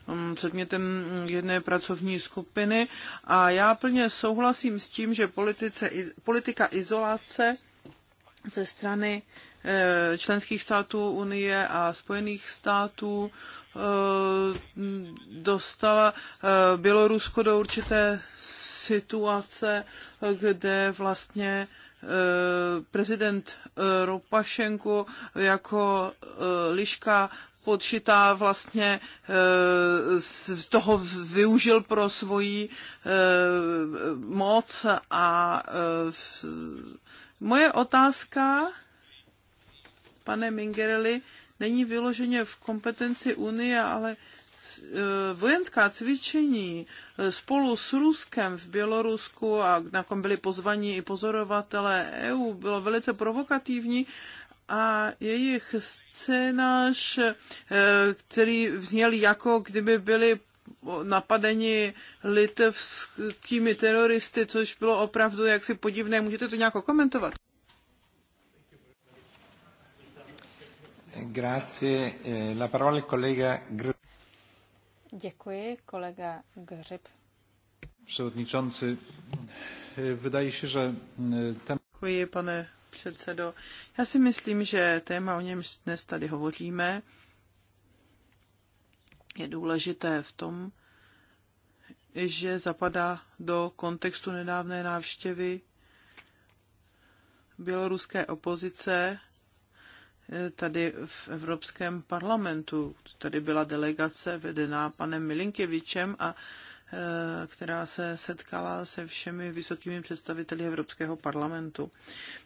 Mm, předmětem jedné pracovní skupiny a já plně souhlasím s tím, že politice, politika izolace ze strany eh, členských států Unie a Spojených států eh, dostala eh, Bělorusko do určité situace, kde vlastně prezident Ropašenko jako liška počítá vlastně eh, z toho využil pro svoji eh, moc a eh, moje otázka, pane Mingerelli, není vyloženě v kompetenci Unie, ale vojenská cvičení spolu s Ruskem v Bělorusku a na kom byli pozvaní i pozorovatelé EU, bylo velice provokativní a jejich scénář, eh, který vzněl jako kdyby byli napadeni litevskými teroristy, což bylo opravdu jaksi podivné. Můžete to nějak komentovat? Grazie. Eh, la parola kolega Gr... Děkuji, kolega Grzyb. Przewodniczący, eh, wydaje się, że... Mm, Děkuji, pane předsedo. Já si myslím, že téma, o něm dnes tady hovoříme, je důležité v tom, že zapadá do kontextu nedávné návštěvy běloruské opozice eh, tady v Evropském parlamentu. Tady byla delegace vedená panem Milinkevičem a Eh, která se setkala se všemi vysokými představiteli Evropského parlamentu.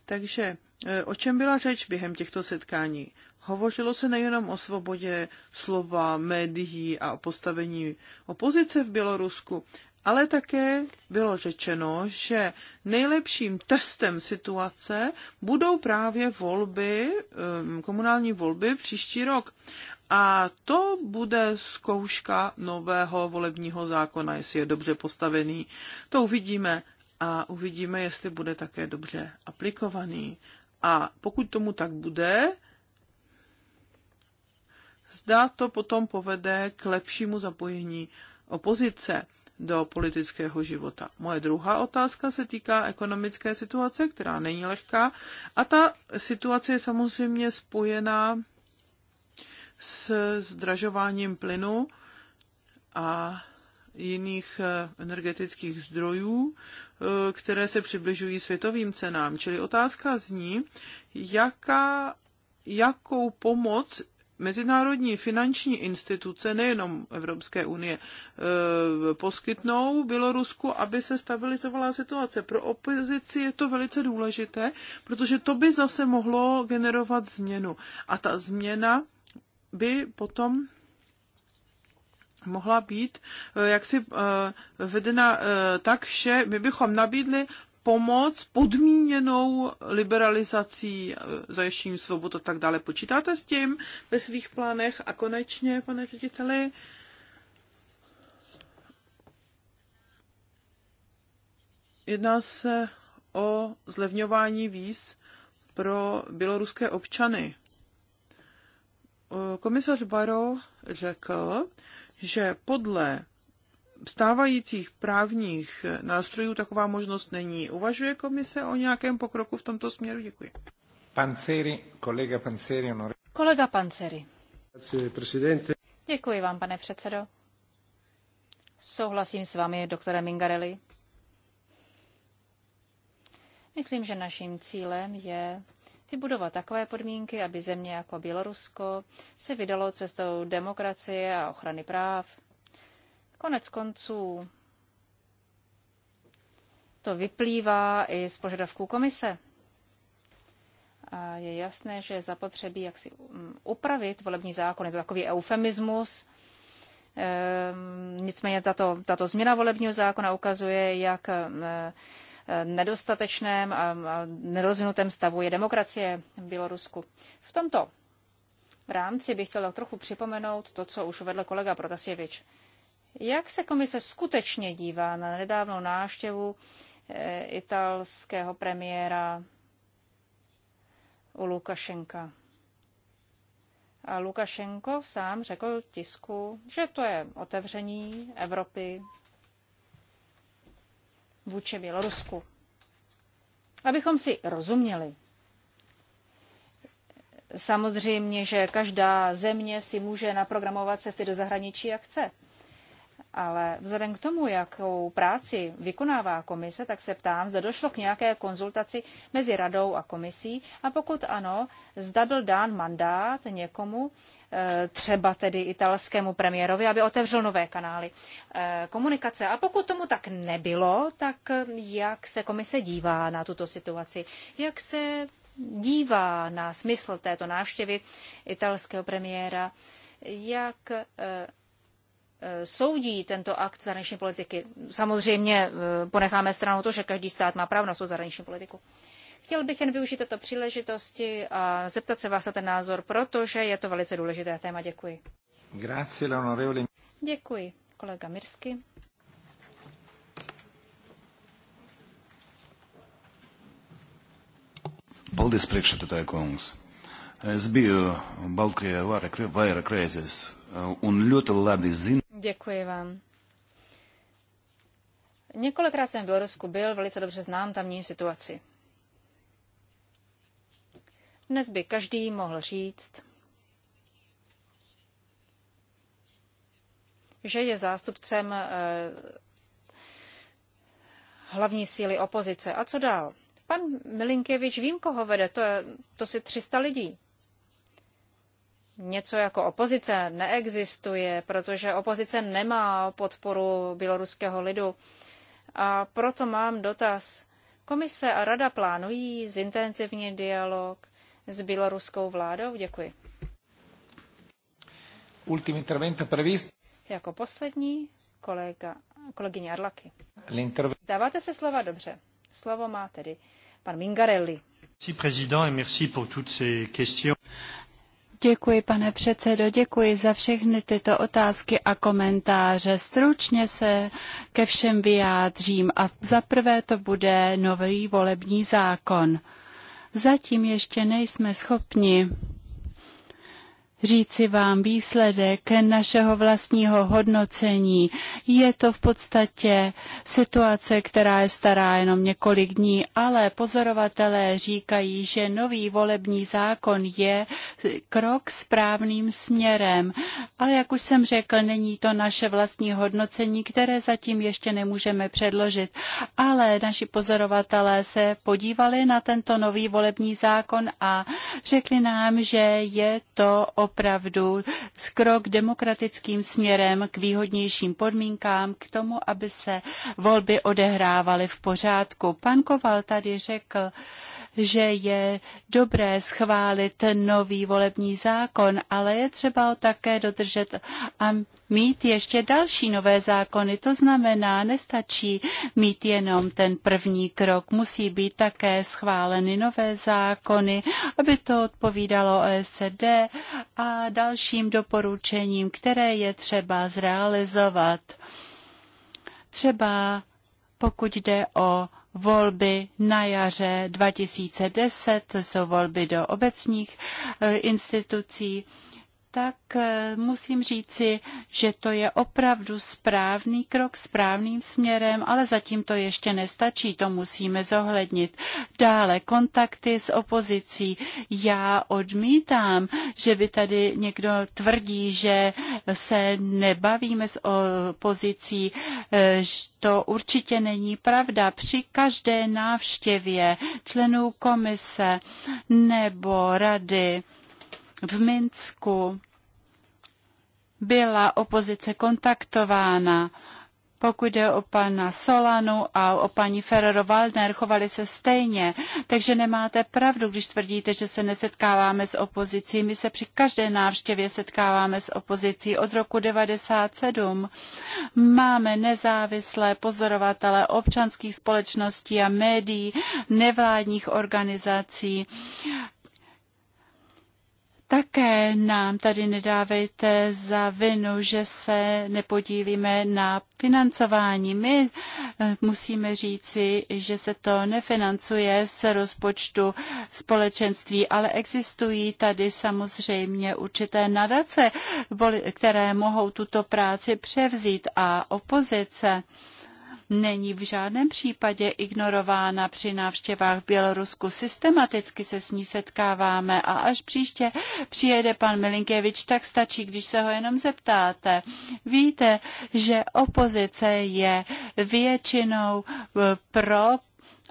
Takže eh, o čem byla řeč během těchto setkání? Hovořilo se nejenom o svobodě slova, médií a o postavení opozice v Bělorusku, ale také bylo řečeno, že nejlepším testem situace budou právě volby, eh, komunální volby příští rok. A to bude zkouška nového volebního zákona, jestli je dobře postavený. To uvidíme a uvidíme, jestli bude také dobře aplikovaný. A pokud tomu tak bude, zda to potom povede k lepšímu zapojení opozice do politického života. Moje druhá otázka se týká ekonomické situace, která není lehká a ta situace je samozřejmě spojená s zdražováním plynu a jiných eh, energetických zdrojů, eh, které se přibližují světovým cenám. Čili otázka zní, jaká, jakou pomoc mezinárodní finanční instituce, nejenom Evropské unie, eh, poskytnou Bělorusku, aby se stabilizovala situace. Pro opozici je to velice důležité, protože to by zase mohlo generovat změnu. A ta změna by potom mohla být eh, jaksi eh, vedena eh, tak, že my bychom nabídli pomoc podmíněnou liberalizací, zajištění svobod a tak dále. Počítáte s tím ve svých plánech? A konečně, pane řediteli, jedná se o zlevňování víz pro běloruské občany komisař Baro řekl, že podle stávajících právních nástrojů taková možnost není. Uvažuje komise o nějakém pokroku v tomto směru? Děkuji. Panceri, kolega Panceri, onore... Kolega Panceri. Děkuji vám, pane předsedo. Souhlasím s vámi, doktore Mingarelli. Myslím, že naším cílem je vybudovat takové podmínky, aby země jako Bělorusko se vydalo cestou demokracie a ochrany práv. Konec konců to vyplývá i z požadavků komise. A je jasné, že zapotřebí jaksi mm, upravit volební zákon. Je to takový eufemismus. Ehm, nicméně tato, tato změna volebního zákona ukazuje, jak ehm, nedostatečném a nerozvinutém stavu je demokracie v Bělorusku. V tomto rámci bych chtěla trochu připomenout to, co už uvedl kolega Protasěvič. Jak se komise skutečně dívá na nedávnou návštěvu eh, italského premiéra u Lukašenka? A Lukašenko sám řekl tisku, že to je otevření Evropy vůči Bělorusku. Abychom si rozuměli, samozřejmě, že každá země si může naprogramovat cesty do zahraničí, jak chce. Ale vzhledem k tomu, jakou práci vykonává komise, tak se ptám, zda došlo k nějaké konzultaci mezi radou a komisí a pokud ano, zda byl dán mandát někomu, eh, třeba tedy italskému premiérovi, aby otevřel nové kanály eh, komunikace. A pokud tomu tak nebylo, tak eh, jak se komise dívá na tuto situaci? Jak se dívá na smysl této návštěvy italského premiéra? Jak soudí tento akt zahraniční politiky. Samozřejmě eh, ponecháme stranou to, že každý stát má právo na svou zahraniční politiku. Chtěl bych jen využít této příležitosti a zeptat se vás na ten názor, protože je to velice důležité téma. Děkuji. Grazie, Děkuji, kolega Mirsky. Paldies priekšsēdētāja kungs. Es biju Baltkrievijā vairāk reizes Děkuji vám. Několikrát jsem v Bělorusku byl, velice dobře znám tamní situaci. Dnes by každý mohl říct, že je zástupcem eh, hlavní síly opozice. A co dál? Pan Milinkevič, vím, koho vede, to, je, to si 300 lidí něco jako opozice neexistuje, protože opozice nemá podporu běloruského lidu. A proto mám dotaz. Komise a rada plánují zintenzivní dialog s běloruskou vládou? Děkuji. Ultim intervento previst. Jako poslední kolega, kolegyně Arlaky. Zdáváte se slova dobře. Slovo má tedy pan Mingarelli. Merci, président, et merci pour toutes ces questions. Děkuji, pane předsedo, děkuji za všechny tyto otázky a komentáře. Stručně se ke všem vyjádřím a zaprvé to bude nový volební zákon. Zatím ještě nejsme schopni říci vám výsledek našeho vlastního hodnocení. Je to v podstatě situace, která je stará jenom několik dní, ale pozorovatelé říkají, že nový volební zákon je krok správným směrem. Ale jak už jsem řekl, není to naše vlastní hodnocení, které zatím ještě nemůžeme předložit. Ale naši pozorovatelé se podívali na tento nový volební zákon a řekli nám, že je to opravdu krok demokratickým směrem k výhodnějším podmínkám, k tomu, aby se volby odehrávaly v pořádku. Pan Koval tady řekl, že je dobré schválit nový volební zákon, ale je třeba ho také dodržet a mít ještě další nové zákony. To znamená, nestačí mít jenom ten první krok. Musí být také schváleny nové zákony, aby to odpovídalo OSD a dalším doporučením, které je třeba zrealizovat. Třeba pokud jde o volby na jaře 2010, to jsou volby do obecních eh, institucí tak eh, musím říci, že to je opravdu správný krok správným směrem, ale zatím to ještě nestačí, to musíme zohlednit. Dále kontakty s opozicí. Já odmítám, že by tady někdo tvrdí, že se nebavíme s opozicí. Eh, to určitě není pravda. Při každé návštěvě členů komise nebo rady v Minsku byla opozice kontaktována. Pokud jde o pana Solanu a o paní Ferrero Waldner, chovali se stejně. Takže nemáte pravdu, když tvrdíte, že se nesetkáváme s opozicí. My se při každé návštěvě setkáváme s opozicí. Od roku 1997 máme nezávislé pozorovatele občanských společností a médií, nevládních organizací. Také nám tady nedávejte za vinu, že se nepodílíme na financování. My eh, musíme říci, že se to nefinancuje z rozpočtu společenství, ale existují tady samozřejmě určité nadace, které mohou tuto práci převzít a opozice není v žádném případě ignorována při návštěvách v Bělorusku. Systematicky se s ní setkáváme a až příště přijede pan Milinkevič, tak stačí, když se ho jenom zeptáte. Víte, že opozice je většinou eh, pro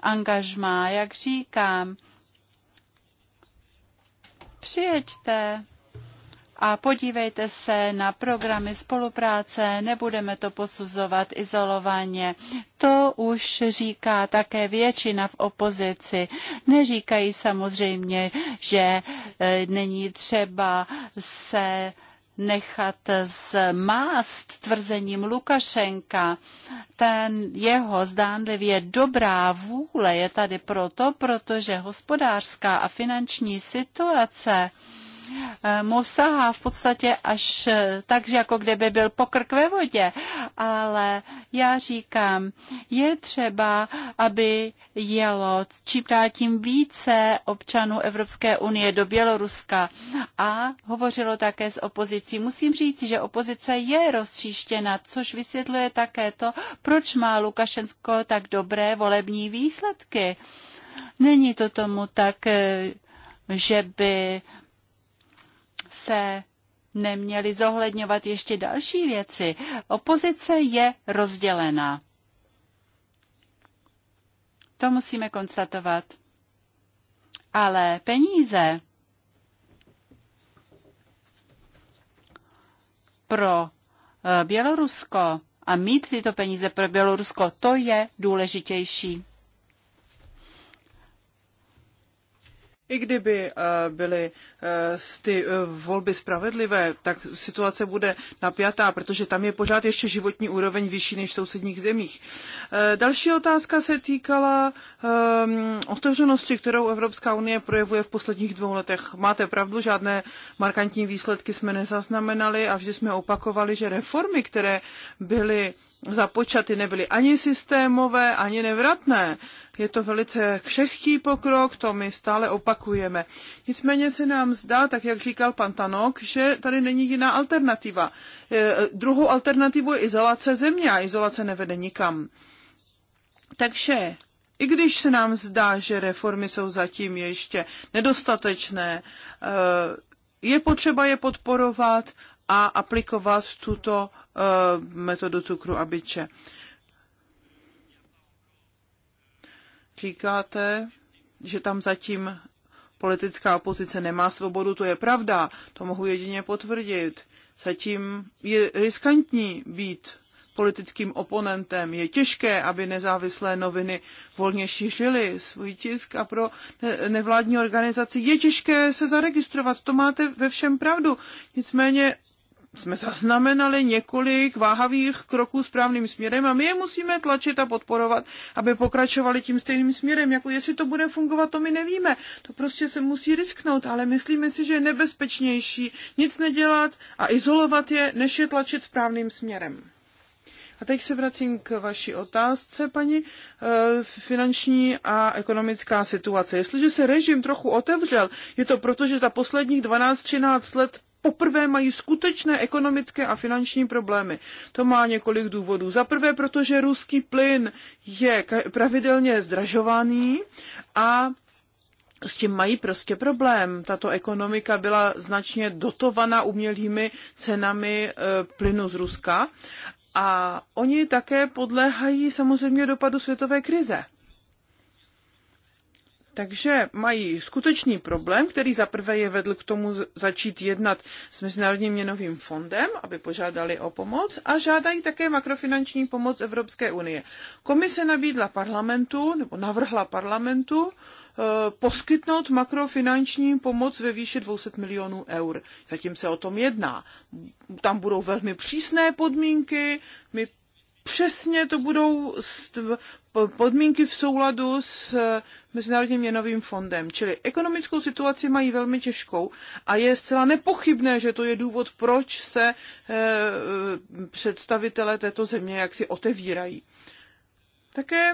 angažmá, jak říkám. Přijeďte a podívejte se na programy spolupráce, nebudeme to posuzovat izolovaně. To už říká také většina v opozici. Neříkají samozřejmě, že e, není třeba se nechat zmást tvrzením Lukašenka. Ten jeho zdánlivě dobrá vůle je tady proto, protože hospodářská a finanční situace Eh, mosahá v podstatě až eh, tak, že jako kdyby byl pokrk ve vodě. Ale já říkám, je třeba, aby jelo čím dál tím více občanů Evropské unie do Běloruska a hovořilo také s opozicí. Musím říct, že opozice je rozstříštěna, což vysvětluje také to, proč má Lukašensko tak dobré volební výsledky. Není to tomu tak, eh, že by se neměly zohledňovat ještě další věci. Opozice je rozdělená. To musíme konstatovat. Ale peníze pro eh, Bělorusko a mít tyto peníze pro Bělorusko, to je důležitější. I kdyby eh, byly eh, ty eh, volby spravedlivé, tak situace bude napjatá, protože tam je pořád ještě životní úroveň vyšší než v sousedních zemích. Další otázka se týkala otevřenosti, kterou Evropská unie projevuje v posledních dvou letech. Máte pravdu, žádné markantní výsledky jsme nezaznamenali a vždy jsme opakovali, že reformy, které byly započaty nebyly ani systémové, ani nevratné. Je to velice křehký pokrok, to my stále opakujeme. Nicméně se nám zdá, tak jak říkal pan Tanok, že tady není jiná alternativa. E, druhou alternativou je izolace země a izolace nevede nikam. Takže i když se nám zdá, že reformy jsou zatím ještě nedostatečné, e, je potřeba je podporovat a aplikovat tuto Eh, metodu cukru a byče. Říkáte, že tam zatím politická opozice nemá svobodu, to je pravda, to mohu jedině potvrdit. Zatím je riskantní být politickým oponentem. Je těžké, aby nezávislé noviny volně šířily svůj tisk a pro nevládní organizaci je těžké se zaregistrovat. To máte ve všem pravdu. Nicméně jsme zaznamenali několik váhavých kroků správným směrem a my je musíme tlačit a podporovat, aby pokračovali tím stejným směrem. Jako jestli to bude fungovat, to my nevíme. To prostě se musí risknout, ale myslíme si, že je nebezpečnější nic nedělat a izolovat je, než je tlačit správným směrem. A teď se vracím k vaší otázce, paní. Eh, finanční a ekonomická situace. Jestliže se režim trochu otevřel, je to proto, že za posledních 12-13 let poprvé mají skutečné ekonomické a finanční problémy. To má několik důvodů. Za prvé, protože ruský plyn je pravidelně zdražovaný a s tím mají prostě problém. Tato ekonomika byla značně dotovaná umělými cenami e, plynu z Ruska a oni také podléhají samozřejmě dopadu světové krize. Takže mají skutečný problém, který zaprvé je vedl k tomu začít jednat s Mezinárodním měnovým fondem, aby požádali o pomoc a žádají také makrofinanční pomoc Evropské unie. Komise nabídla parlamentu, nebo navrhla parlamentu, eh, poskytnout makrofinanční pomoc ve výši 200 milionů eur. Zatím se o tom jedná. Tam budou velmi přísné podmínky, my přesně to budou podmínky v souladu s eh, Mezinárodním měnovým fondem. Čili ekonomickou situaci mají velmi těžkou a je zcela nepochybné, že to je důvod, proč se eh, představitelé této země jaksi otevírají. Také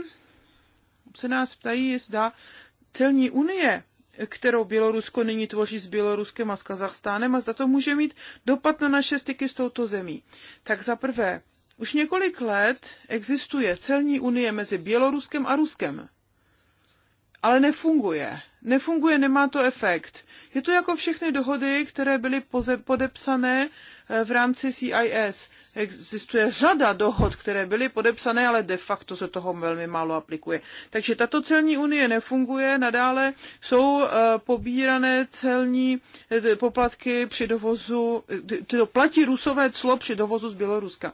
se nás ptají, zda celní unie kterou Bělorusko nyní tvoří s Běloruskem a s Kazachstánem a zda to může mít dopad na naše styky s touto zemí. Tak za prvé, už několik let existuje celní unie mezi Běloruskem a Ruskem. Ale nefunguje. Nefunguje, nemá to efekt. Je to jako všechny dohody, které byly podepsané eh, v rámci CIS. Existuje řada dohod, které byly podepsané, ale de facto se toho velmi málo aplikuje. Takže tato celní unie nefunguje, nadále jsou eh, pobírané celní eh, poplatky při dovozu, to platí rusové clo při dovozu z Běloruska.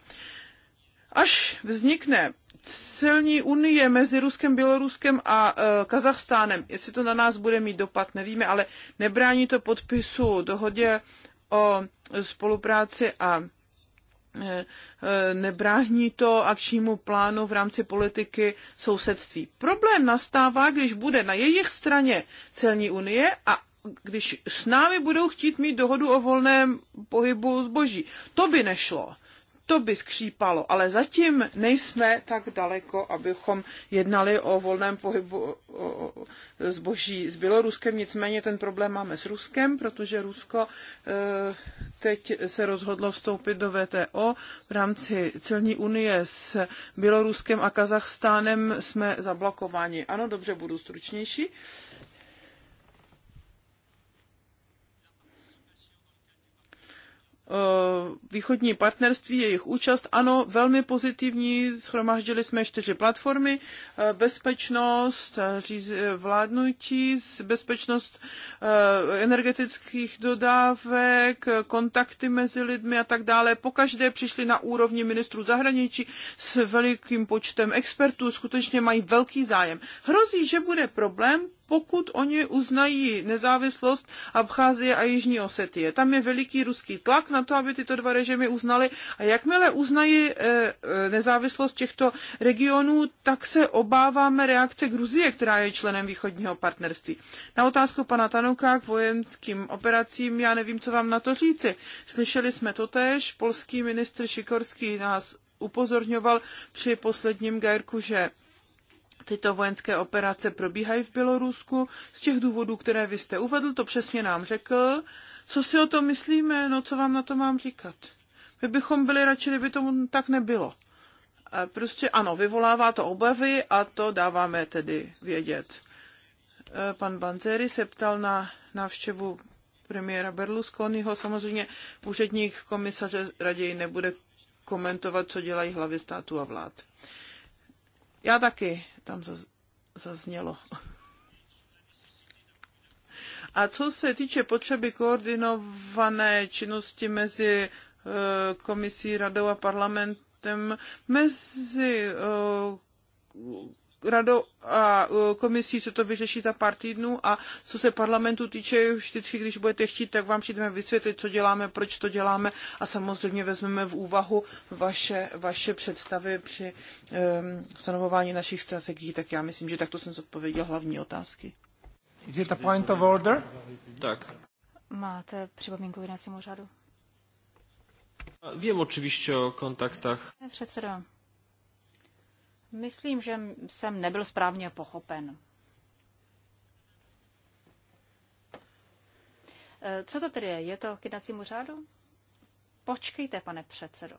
Až vznikne celní unie mezi Ruskem, Běloruskem a e, Kazachstánem, jestli to na nás bude mít dopad, nevíme, ale nebrání to podpisu dohodě o spolupráci a e, e, nebrání to akčnímu plánu v rámci politiky sousedství. Problém nastává, když bude na jejich straně celní unie a když s námi budou chtít mít dohodu o volném pohybu zboží. To by nešlo to by skřípalo, ale zatím nejsme tak daleko, abychom jednali o volném pohybu zboží s Běloruskem, nicméně ten problém máme s Ruskem, protože Rusko e, teď se rozhodlo vstoupit do VTO v rámci celní unie s Běloruskem a Kazachstánem jsme zablokováni. Ano, dobře, budu stručnější. Uh, Eh, východní partnerství, jejich účast. Ano, velmi pozitivní, schromáždili jsme čtyři platformy, eh, bezpečnost, eh, vládnutí, bezpečnost energetických dodávek, kontakty mezi lidmi a tak dále. Pokaždé přišli na úrovni ministrů zahraničí s velikým počtem expertů, skutečně mají velký zájem. Hrozí, že bude problém, pokud oni uznají nezávislost Abcházie a Jižní Osetie. Tam je veliký ruský tlak na to, aby tyto dva režimy uznali a jakmile uznají eh, eh, nezávislost těchto regionů, tak se obáváme reakce Gruzie, která je členem východního partnerství. Na otázku pana Tanuka k vojenským operacím, já nevím, co vám na to říci. Slyšeli jsme to tež, polský ministr Šikorský nás upozorňoval při posledním Gajrku, že Tyto vojenské operace probíhají v Bělorusku z těch důvodů, které vy jste uvedl, to přesně nám řekl. Co si o to myslíme, no co vám na to mám říkat? My bychom byli radši, kdyby tomu tak nebylo. A prostě ano, vyvolává to obavy a to dáváme tedy vědět. E, pan Banzeri se ptal na návštěvu premiéra Berlusconiho. Samozřejmě úředník komisaře raději nebude komentovat, co dělají hlavy států a vlád. Já taky, tam zaznělo. A co se týče potřeby koordinované činnosti mezi eh, komisí, radou a parlamentem, mezi eh, radou a e, komisí se to vyřeší za pár týdnů a co se parlamentu týče, vždycky, když budete chtít, tak vám přijdeme vysvětlit, co děláme, proč to děláme a samozřejmě vezmeme v úvahu vaše, vaše představy při um, stanovování našich strategií, tak já myslím, že takto jsem zodpověděl hlavní otázky. Is it a point of order? Tak. Máte připomínku jednacímu řádu? Vím oczywiście o kontaktach. Předsedo, Myslím, že jsem nebyl správně pochopen. E, co to tedy je? Je to k jednacímu řádu? Počkejte, pane předsedo.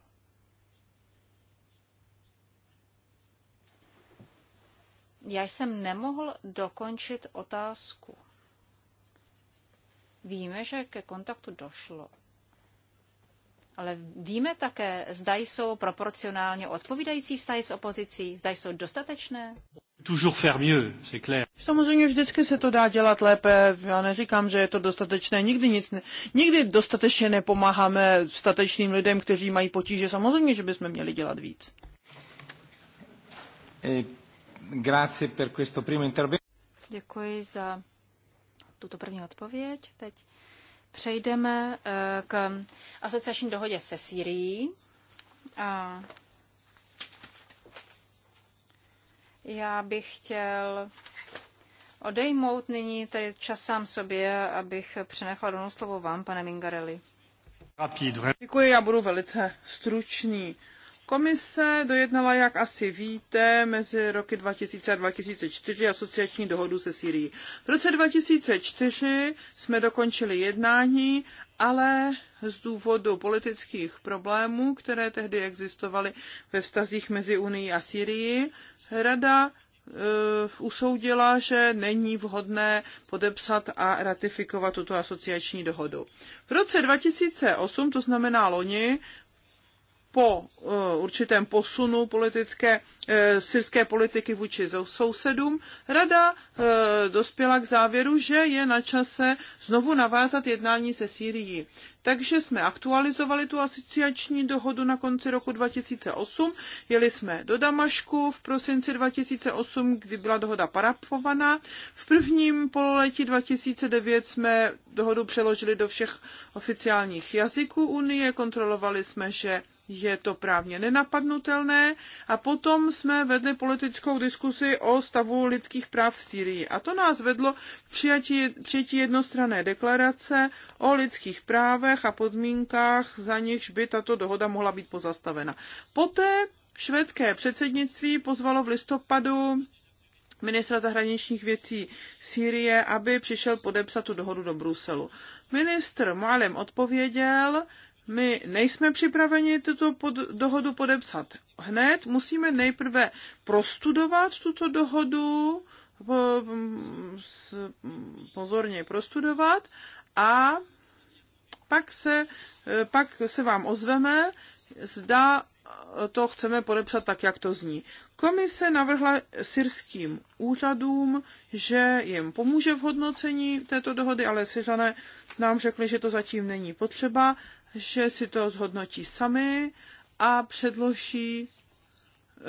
Já jsem nemohl dokončit otázku. Víme, že ke kontaktu došlo. Ale víme také, zda jsou proporcionálně odpovídající vztahy s opozicí, zda jsou dostatečné. Samozřejmě vždycky se to dá dělat lépe. Já neříkám, že je to dostatečné. Nikdy nic ne, nikdy dostatečně nepomáháme statečným lidem, kteří mají potíže. Samozřejmě, že bychom měli dělat víc. Eh, grazie per questo primo intervento. Děkuji za tuto první odpověď. Teď Přejdeme eh, k asociační dohodě se Syrií. A já bych chtěl odejmout nyní tady čas sám sobě, abych přenechal rovnou slovo vám, pane Mingarelli. Děkuji, já budu velice stručný. Komise dojednala, jak asi víte, mezi roky 2000 a 2004 asociační dohodu se Syrií. V roce 2004 jsme dokončili jednání, ale z důvodu politických problémů, které tehdy existovaly ve vztazích mezi Unii a Syrií, Rada eh, usoudila, že není vhodné podepsat a ratifikovat tuto asociační dohodu. V roce 2008, to znamená loni, po eh, určitém posunu politické, eh, syrské politiky vůči sousedům, rada eh, dospěla k závěru, že je na čase znovu navázat jednání se Sýrií. Takže jsme aktualizovali tu asociační dohodu na konci roku 2008, jeli jsme do Damašku v prosinci 2008, kdy byla dohoda parafovaná. V prvním pololetí 2009 jsme dohodu přeložili do všech oficiálních jazyků Unie, kontrolovali jsme, že je to právně nenapadnutelné a potom jsme vedli politickou diskusi o stavu lidských práv v Sýrii. A to nás vedlo přijatí, přijetí, jednostrané deklarace o lidských právech a podmínkách, za nichž by tato dohoda mohla být pozastavena. Poté švédské předsednictví pozvalo v listopadu ministra zahraničních věcí Sýrie, aby přišel podepsat tu dohodu do Bruselu. Ministr Málem odpověděl, my nejsme připraveni tuto pod, dohodu podepsat hned, musíme nejprve prostudovat tuto dohodu, pozorně prostudovat a pak se, pak se vám ozveme, zda to chceme podepsat tak, jak to zní. Komise navrhla syrským úřadům, že jim pomůže v hodnocení této dohody, ale Syřané nám řekli, že to zatím není potřeba že si to zhodnotí sami a předloží eh,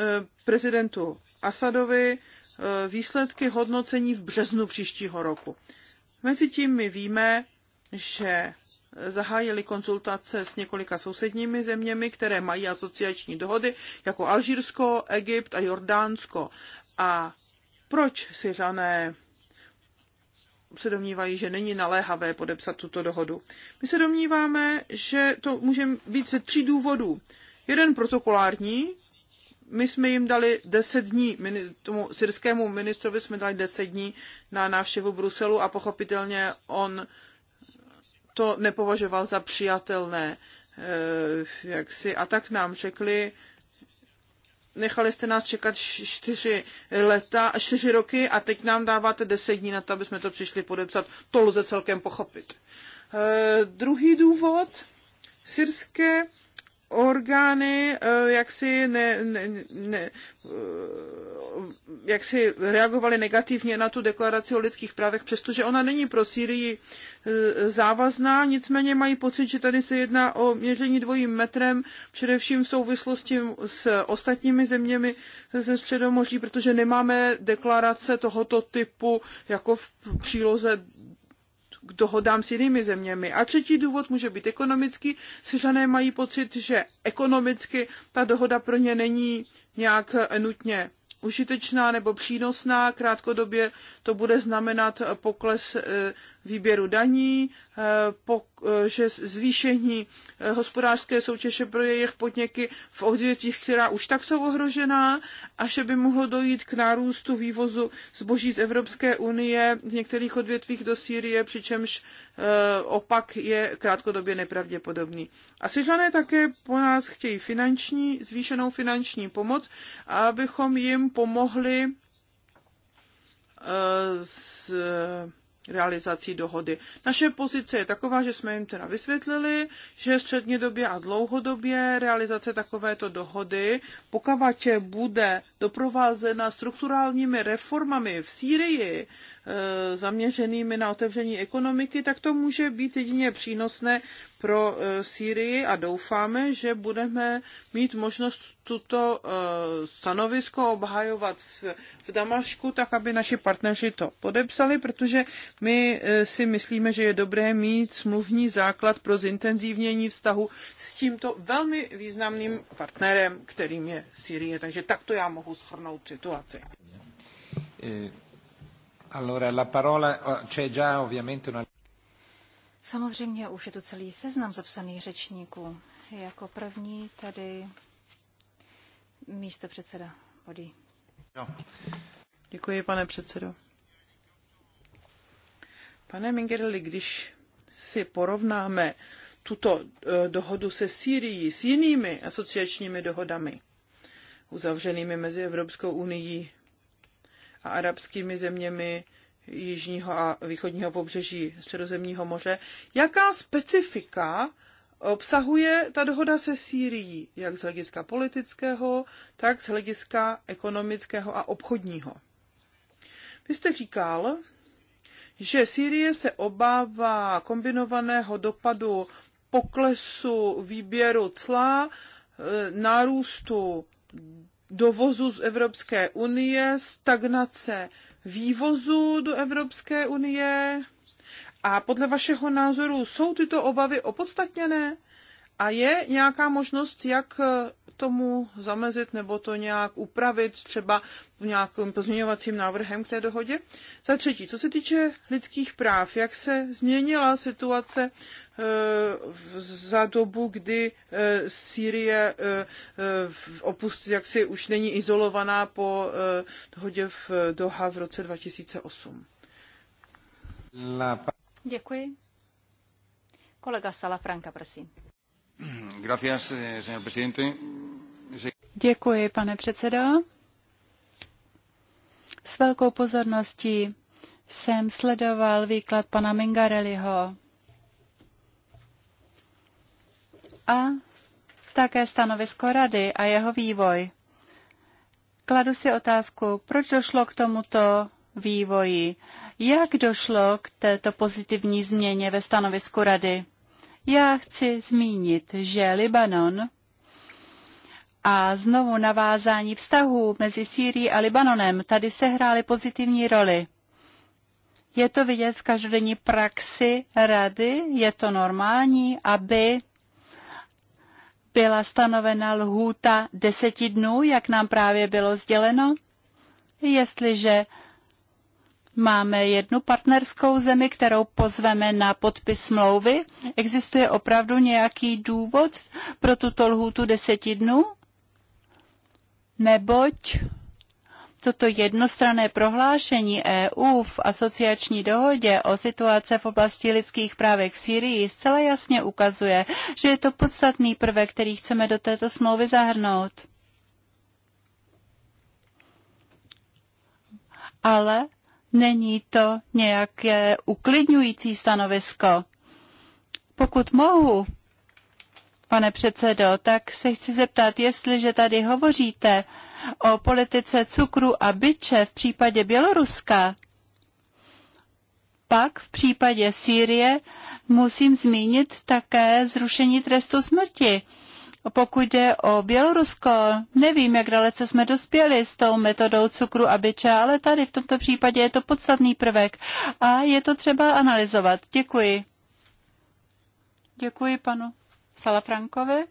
prezidentu Asadovi eh, výsledky hodnocení v březnu příštího roku. Mezitím my víme, že zahájili konzultace s několika sousedními zeměmi, které mají asociační dohody, jako Alžírsko, Egypt a Jordánsko. A proč Syřané se domnívají, že není naléhavé podepsat tuto dohodu. My se domníváme, že to může být ze tří důvodů. Jeden protokolární, my jsme jim dali deset dní, tomu syrskému ministrovi jsme dali deset dní na návštěvu Bruselu a pochopitelně on to nepovažoval za přijatelné. Eh, jak si, a tak nám řekli, nechali jste nás čekat čtyři leta, čtyři roky a teď nám dáváte deset dní na to, aby jsme to přišli podepsat. To lze celkem pochopit. E, druhý důvod, syrské orgány eh, jaksi, ne, ne, ne, eh, jaksi reagovaly negativně na tu deklaraci o lidských právech, přestože ona není pro Syrii eh, závazná, nicméně mají pocit, že tady se jedná o měření dvojím metrem, především v souvislosti s ostatními zeměmi ze Středomoří, protože nemáme deklarace tohoto typu jako v příloze k dohodám s jinými zeměmi. A třetí důvod může být ekonomický. Syřané mají pocit, že ekonomicky ta dohoda pro ně není nějak nutně užitečná nebo přínosná. Krátkodobě to bude znamenat pokles eh, výběru daní, eh, eh, že zvýšení eh, hospodářské soutěže pro jejich podniky v odvětvích, která už tak jsou ohrožená, a že by mohlo dojít k nárůstu vývozu zboží z Evropské unie v některých odvětvích do Sýrie, přičemž opak je krátkodobě nepravděpodobný. A Syřané také po nás chtějí finanční, zvýšenou finanční pomoc, abychom jim pomohli s realizací dohody. Naše pozice je taková, že jsme jim teda vysvětlili, že střednědobě a dlouhodobě realizace takovéto dohody, pokavatě bude doprovázena strukturálními reformami v Sýrii, Eh, zaměřenými na otevření ekonomiky, tak to může být jedině přínosné pro eh, Sýrii a doufáme, že budeme mít možnost tuto eh, stanovisko obhajovat v Damašku, tak aby naši partneři to podepsali, protože my si myslíme, že je dobré mít smluvní základ pro zintenzívnění vztahu s tímto velmi významným partnerem, kterým je Sýrie. Takže takto já mohu shrnout situaci. Allora, la parola eh, c'è già ovviamente una... Samozřejmě už je tu celý seznam zapsaných řečníků. Jako první tady místo předseda vody. No. Děkuji, pane předsedo. Pane Mingerli, když si porovnáme tuto eh, dohodu se Sýrií s jinými asociačními dohodami, uzavřenými mezi Evropskou unii a arabskými zeměmi jižního a východního pobřeží Středozemního moře. Jaká specifika obsahuje ta dohoda se Sýrií, jak z hlediska politického, tak z hlediska ekonomického a obchodního? Vy jste říkal, že Sýrie se obává kombinovaného dopadu poklesu výběru cla, e, nárůstu dovozu z Evropské unie, stagnace vývozu do Evropské unie. A podle vašeho názoru jsou tyto obavy opodstatněné? A je nějaká možnost, jak eh, tomu zamezit nebo to nějak upravit třeba v nějakým pozměňovacím návrhem k té dohodě? Za třetí, co se týče lidských práv, jak se změnila situace eh, za dobu, kdy eh, Sýrie opust, jak si už není izolovaná po dohodě v Doha v roce 2008? Děkuji. Kolega Sala Franka, prosím. Eh, Děkuji, pane předsedo. S velkou pozorností jsem sledoval výklad pana Mingareliho a také stanovisko rady a jeho vývoj. Kladu si otázku, proč došlo k tomuto vývoji? Jak došlo k této pozitivní změně ve stanovisku rady? Já chci zmínit, že Libanon a znovu navázání vztahů mezi Sýrií a Libanonem tady sehrály pozitivní roli. Je to vidět v každodenní praxi rady, je to normální, aby byla stanovena lhůta deseti dnů, jak nám právě bylo sděleno. Jestliže Máme jednu partnerskou zemi, kterou pozveme na podpis smlouvy. Existuje opravdu nějaký důvod pro tuto lhůtu deseti dnů? Neboť Toto jednostrané prohlášení EU v asociační dohodě o situace v oblasti lidských právek v Sýrii zcela jasně ukazuje, že je to podstatný prvek, který chceme do této smlouvy zahrnout. Ale Není to nějaké uklidňující stanovisko. Pokud mohu, pane předsedo, tak se chci zeptat, jestliže tady hovoříte o politice cukru a byče v případě Běloruska, pak v případě Sýrie musím zmínit také zrušení trestu smrti. Pokud jde o Bělorusko, nevím, jak dalece jsme dospěli s tou metodou cukru a byče, ale tady v tomto případě je to podstatný prvek a je to třeba analyzovat. Děkuji. Děkuji panu Salafrankovi.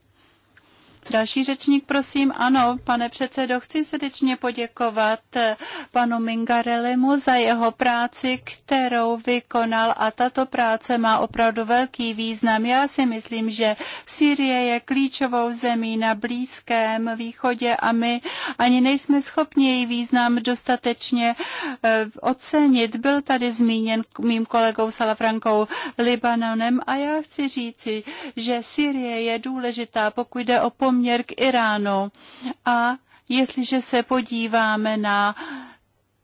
Další řečník, prosím. Ano, pane předsedo, chci srdečně poděkovat eh, panu Mingarelimu za jeho práci, kterou vykonal a tato práce má opravdu velký význam. Já si myslím, že Syrie je klíčovou zemí na Blízkém východě a my ani nejsme schopni její význam dostatečně eh, ocenit. Byl tady zmíněn mým kolegou Salafrankou Libanonem a já chci říci, že Syrie je důležitá, pokud jde o pom- poměr k Iránu. A jestliže se podíváme na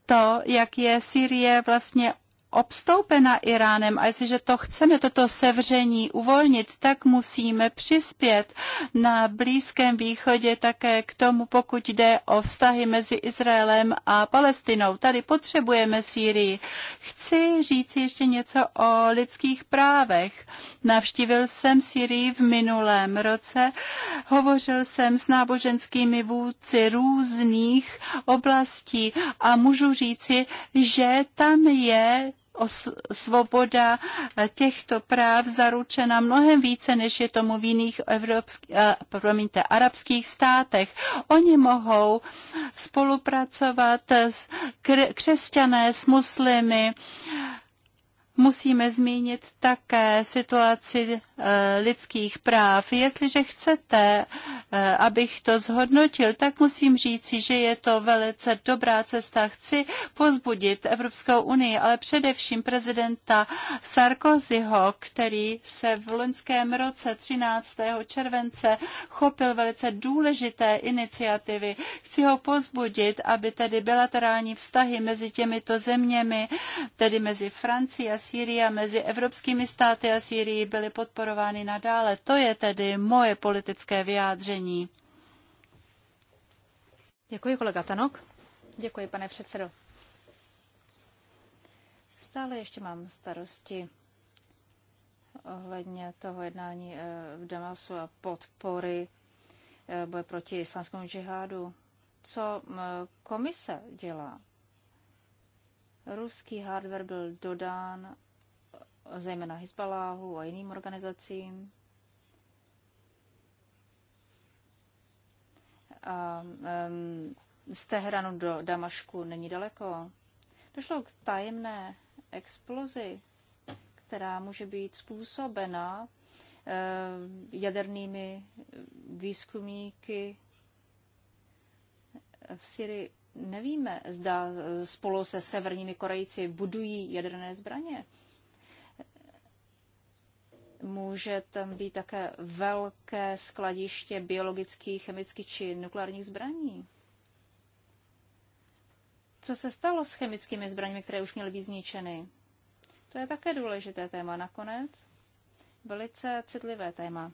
to, jak je Syrie vlastně obstoupena Iránem a jestliže to chceme, toto sevření uvolnit, tak musíme přispět na Blízkém východě také k tomu, pokud jde o vztahy mezi Izraelem a Palestinou. Tady potřebujeme Sýrii. Chci říct ještě něco o lidských právech. Navštívil jsem Sýrii v minulém roce, hovořil jsem s náboženskými vůdci různých oblastí a můžu říci, že tam je svoboda eh, těchto práv zaručena mnohem více, než je tomu v jiných evropských, eh, promiňte, arabských státech. Oni mohou spolupracovat s křesťané, s muslimy, musíme zmínit také situaci eh, lidských práv. Jestliže chcete, eh, abych to zhodnotil, tak musím říci, že je to velice dobrá cesta. Chci pozbudit Evropskou unii, ale především prezidenta Sarkozyho, který se v loňském roce 13. července chopil velice důležité iniciativy. Chci ho pozbudit, aby tedy bilaterální vztahy mezi těmito zeměmi, tedy mezi Francií a Sýrii a mezi evropskými státy a Sýrií byly podporovány nadále. To je tedy moje politické vyjádření. Děkuji, kolega Tanok. Děkuji, pane předsedo. Stále ještě mám starosti ohledně toho jednání eh, v Damasu a podpory eh, boje proti islamskému džihádu. Co eh, komise dělá? Ruský hardware byl dodán zejména Hezbaláhu a jiným organizacím. A, um, z Teheranu do Damašku není daleko. Došlo k tajemné explozi, která může být způsobena jadernými výzkumníky v Syrii nevíme, zda eh, spolu se severními Korejci budují jaderné zbraně. Může tam být také velké skladiště biologických, chemických či nukleárních zbraní. Co se stalo s chemickými zbraněmi, které už měly být zničeny? To je také důležité téma nakonec. Velice citlivé téma.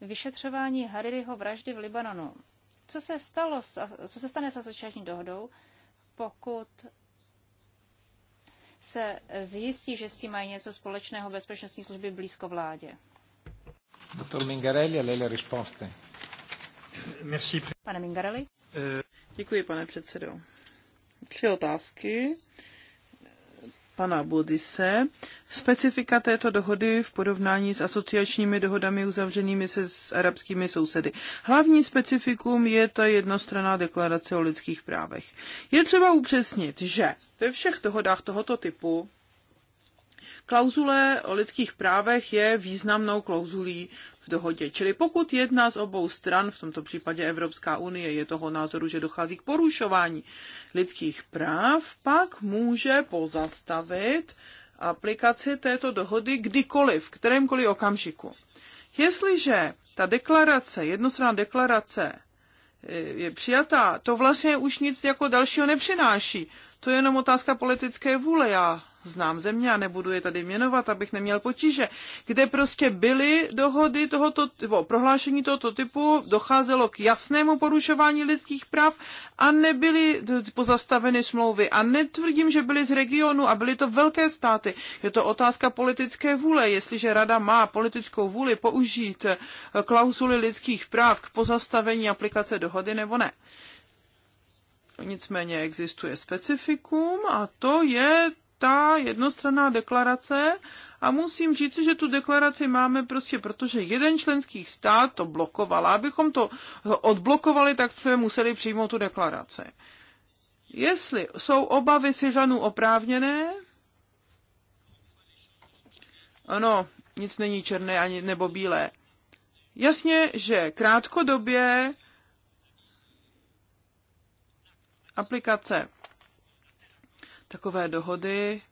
Vyšetřování Haririho vraždy v Libanonu. Co se, stalo, co se stane s asociační dohodou, pokud se zjistí, že s tím mají něco společného bezpečnostní služby blízko vládě? Doktor Mingarelli, lei le risposte. Merci. Pane Mingarelli. Děkuji, pane předsedo. Tři otázky pana Budise. Specifika této dohody v porovnání s asociačními dohodami uzavřenými se s arabskými sousedy. Hlavní specifikum je ta jednostranná deklarace o lidských právech. Je třeba upřesnit, že ve všech dohodách tohoto typu Klauzule o lidských právech je významnou klauzulí v dohodě. Čili pokud jedna z obou stran, v tomto případě Evropská unie, je toho názoru, že dochází k porušování lidských práv, pak může pozastavit aplikaci této dohody kdykoliv, v kterémkoliv okamžiku. Jestliže ta deklarace, jednostranná deklarace eh, je přijatá, to vlastně už nic jako dalšího nepřináší. To je jenom otázka politické vůle. Já znám země a nebudu je tady jmenovat, abych neměl potíže, kde prostě byly dohody tohoto, nebo prohlášení tohoto typu, docházelo k jasnému porušování lidských práv a nebyly pozastaveny smlouvy. A netvrdím, že byly z regionu a byly to velké státy. Je to otázka politické vůle. Jestliže rada má politickou vůli použít eh, klauzuly lidských práv k pozastavení aplikace dohody nebo ne. Nicméně existuje specifikum a to je ta jednostranná deklarace a musím říct, že tu deklaraci máme prostě, protože jeden členský stát to blokoval. abychom to odblokovali, tak jsme museli přijmout tu deklaraci. Jestli jsou obavy Syřanů oprávněné, ano, nic není černé ani nebo bílé. Jasně, že krátkodobě aplikace takové dohody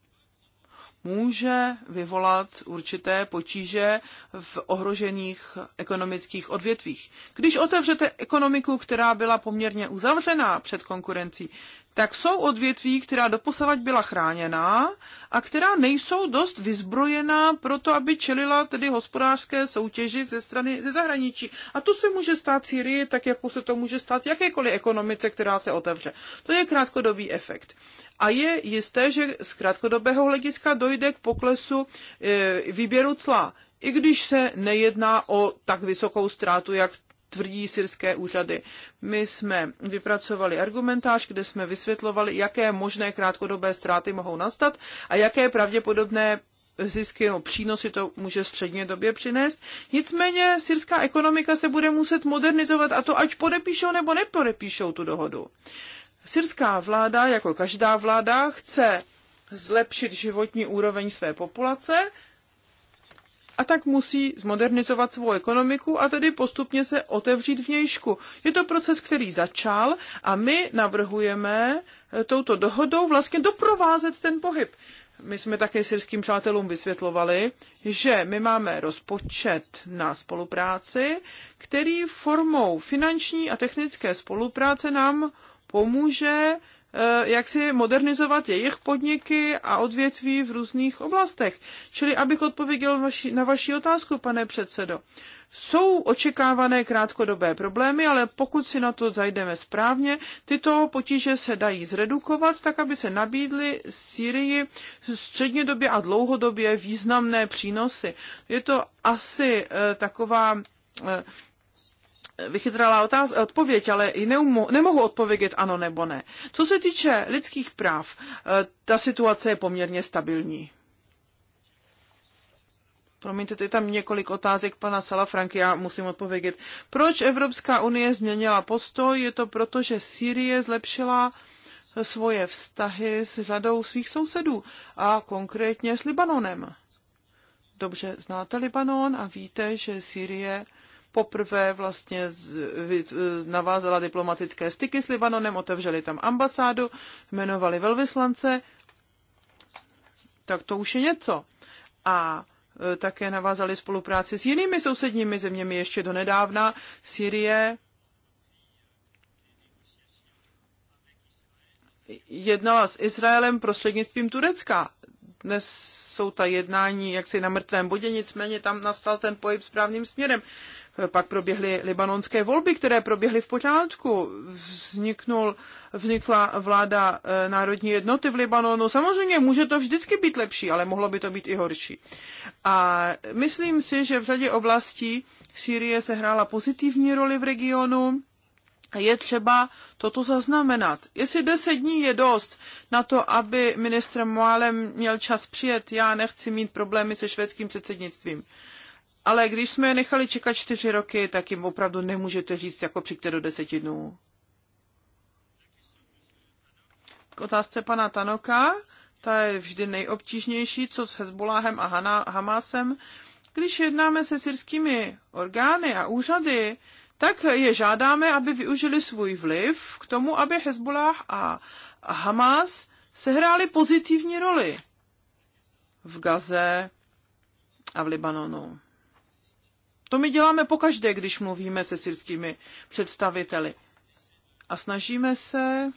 může vyvolat určité potíže v ohrožených ekonomických odvětvích. Když otevřete ekonomiku, která byla poměrně uzavřená před konkurencí, tak jsou odvětví, která doposavať byla chráněná a která nejsou dost vyzbrojená pro to, aby čelila tedy hospodářské soutěži ze strany ze zahraničí. A to se může stát Syrii, tak jako se to může stát jakékoliv ekonomice, která se otevře. To je krátkodobý efekt a je jisté, že z krátkodobého hlediska dojde k poklesu e, výběru cla, i když se nejedná o tak vysokou ztrátu, jak tvrdí syrské úřady. My jsme vypracovali argumentář, kde jsme vysvětlovali, jaké možné krátkodobé ztráty mohou nastat a jaké pravděpodobné zisky, no, přínosy to může středně době přinést. Nicméně syrská ekonomika se bude muset modernizovat a to ať podepíšou nebo nepodepíšou tu dohodu. Syrská vláda, jako každá vláda, chce zlepšit životní úroveň své populace a tak musí zmodernizovat svou ekonomiku a tedy postupně se otevřít vnějšku. Je to proces, který začal a my navrhujeme eh, touto dohodou vlastně doprovázet ten pohyb. My jsme také syrským přátelům vysvětlovali, že my máme rozpočet na spolupráci, který formou finanční a technické spolupráce nám pomůže eh, jak si modernizovat jejich podniky a odvětví v různých oblastech. Čili abych odpověděl vaši, na vaši otázku, pane předsedo. Jsou očekávané krátkodobé problémy, ale pokud si na to zajdeme správně, tyto potíže se dají zredukovat, tak aby se nabídly Syrii střednědobě a dlouhodobě významné přínosy. Je to asi eh, taková eh, vychytralá otáz, odpověď, ale i neumo, nemohu odpovědět ano nebo ne. Co se týče lidských práv, eh, ta situace je poměrně stabilní. Promiňte, je tam několik otázek pana Franky, já musím odpovědět. Proč Evropská unie změnila postoj? Je to proto, že Sýrie zlepšila svoje vztahy s řadou svých sousedů a konkrétně s Libanonem. Dobře znáte Libanon a víte, že Sýrie poprvé vlastně eh, navázala diplomatické styky s Libanonem, otevřeli tam ambasádu, jmenovali velvyslance, tak to už je něco. A eh, také navázali spolupráci s jinými sousedními zeměmi ještě do nedávna, Syrie, jednala s Izraelem prostřednictvím Turecka. Dnes jsou ta jednání jaksi na mrtvém bodě, nicméně tam nastal ten pohyb správným směrem. Pak proběhly libanonské volby, které proběhly v pořádku. Vzniknul, vznikla vláda eh, národní jednoty v Libanonu. Samozřejmě může to vždycky být lepší, ale mohlo by to být i horší. A myslím si, že v řadě oblastí Sýrie hrála pozitivní roli v regionu. A je třeba toto zaznamenat. Jestli deset dní je dost na to, aby ministr Moalem měl čas přijet, já nechci mít problémy se švédským předsednictvím. Ale když jsme je nechali čekat čtyři roky, tak jim opravdu nemůžete říct, jako přijďte do deseti dnů. K otázce pana Tanoka, ta je vždy nejobtížnější, co s Hezboláhem a Hamásem. Když jednáme se syrskými orgány a úřady, tak je žádáme, aby využili svůj vliv k tomu, aby Hezbollah a Hamas sehráli pozitivní roli v Gaze a v Libanonu. To my děláme pokaždé, když mluvíme se syrskými představiteli. A snažíme se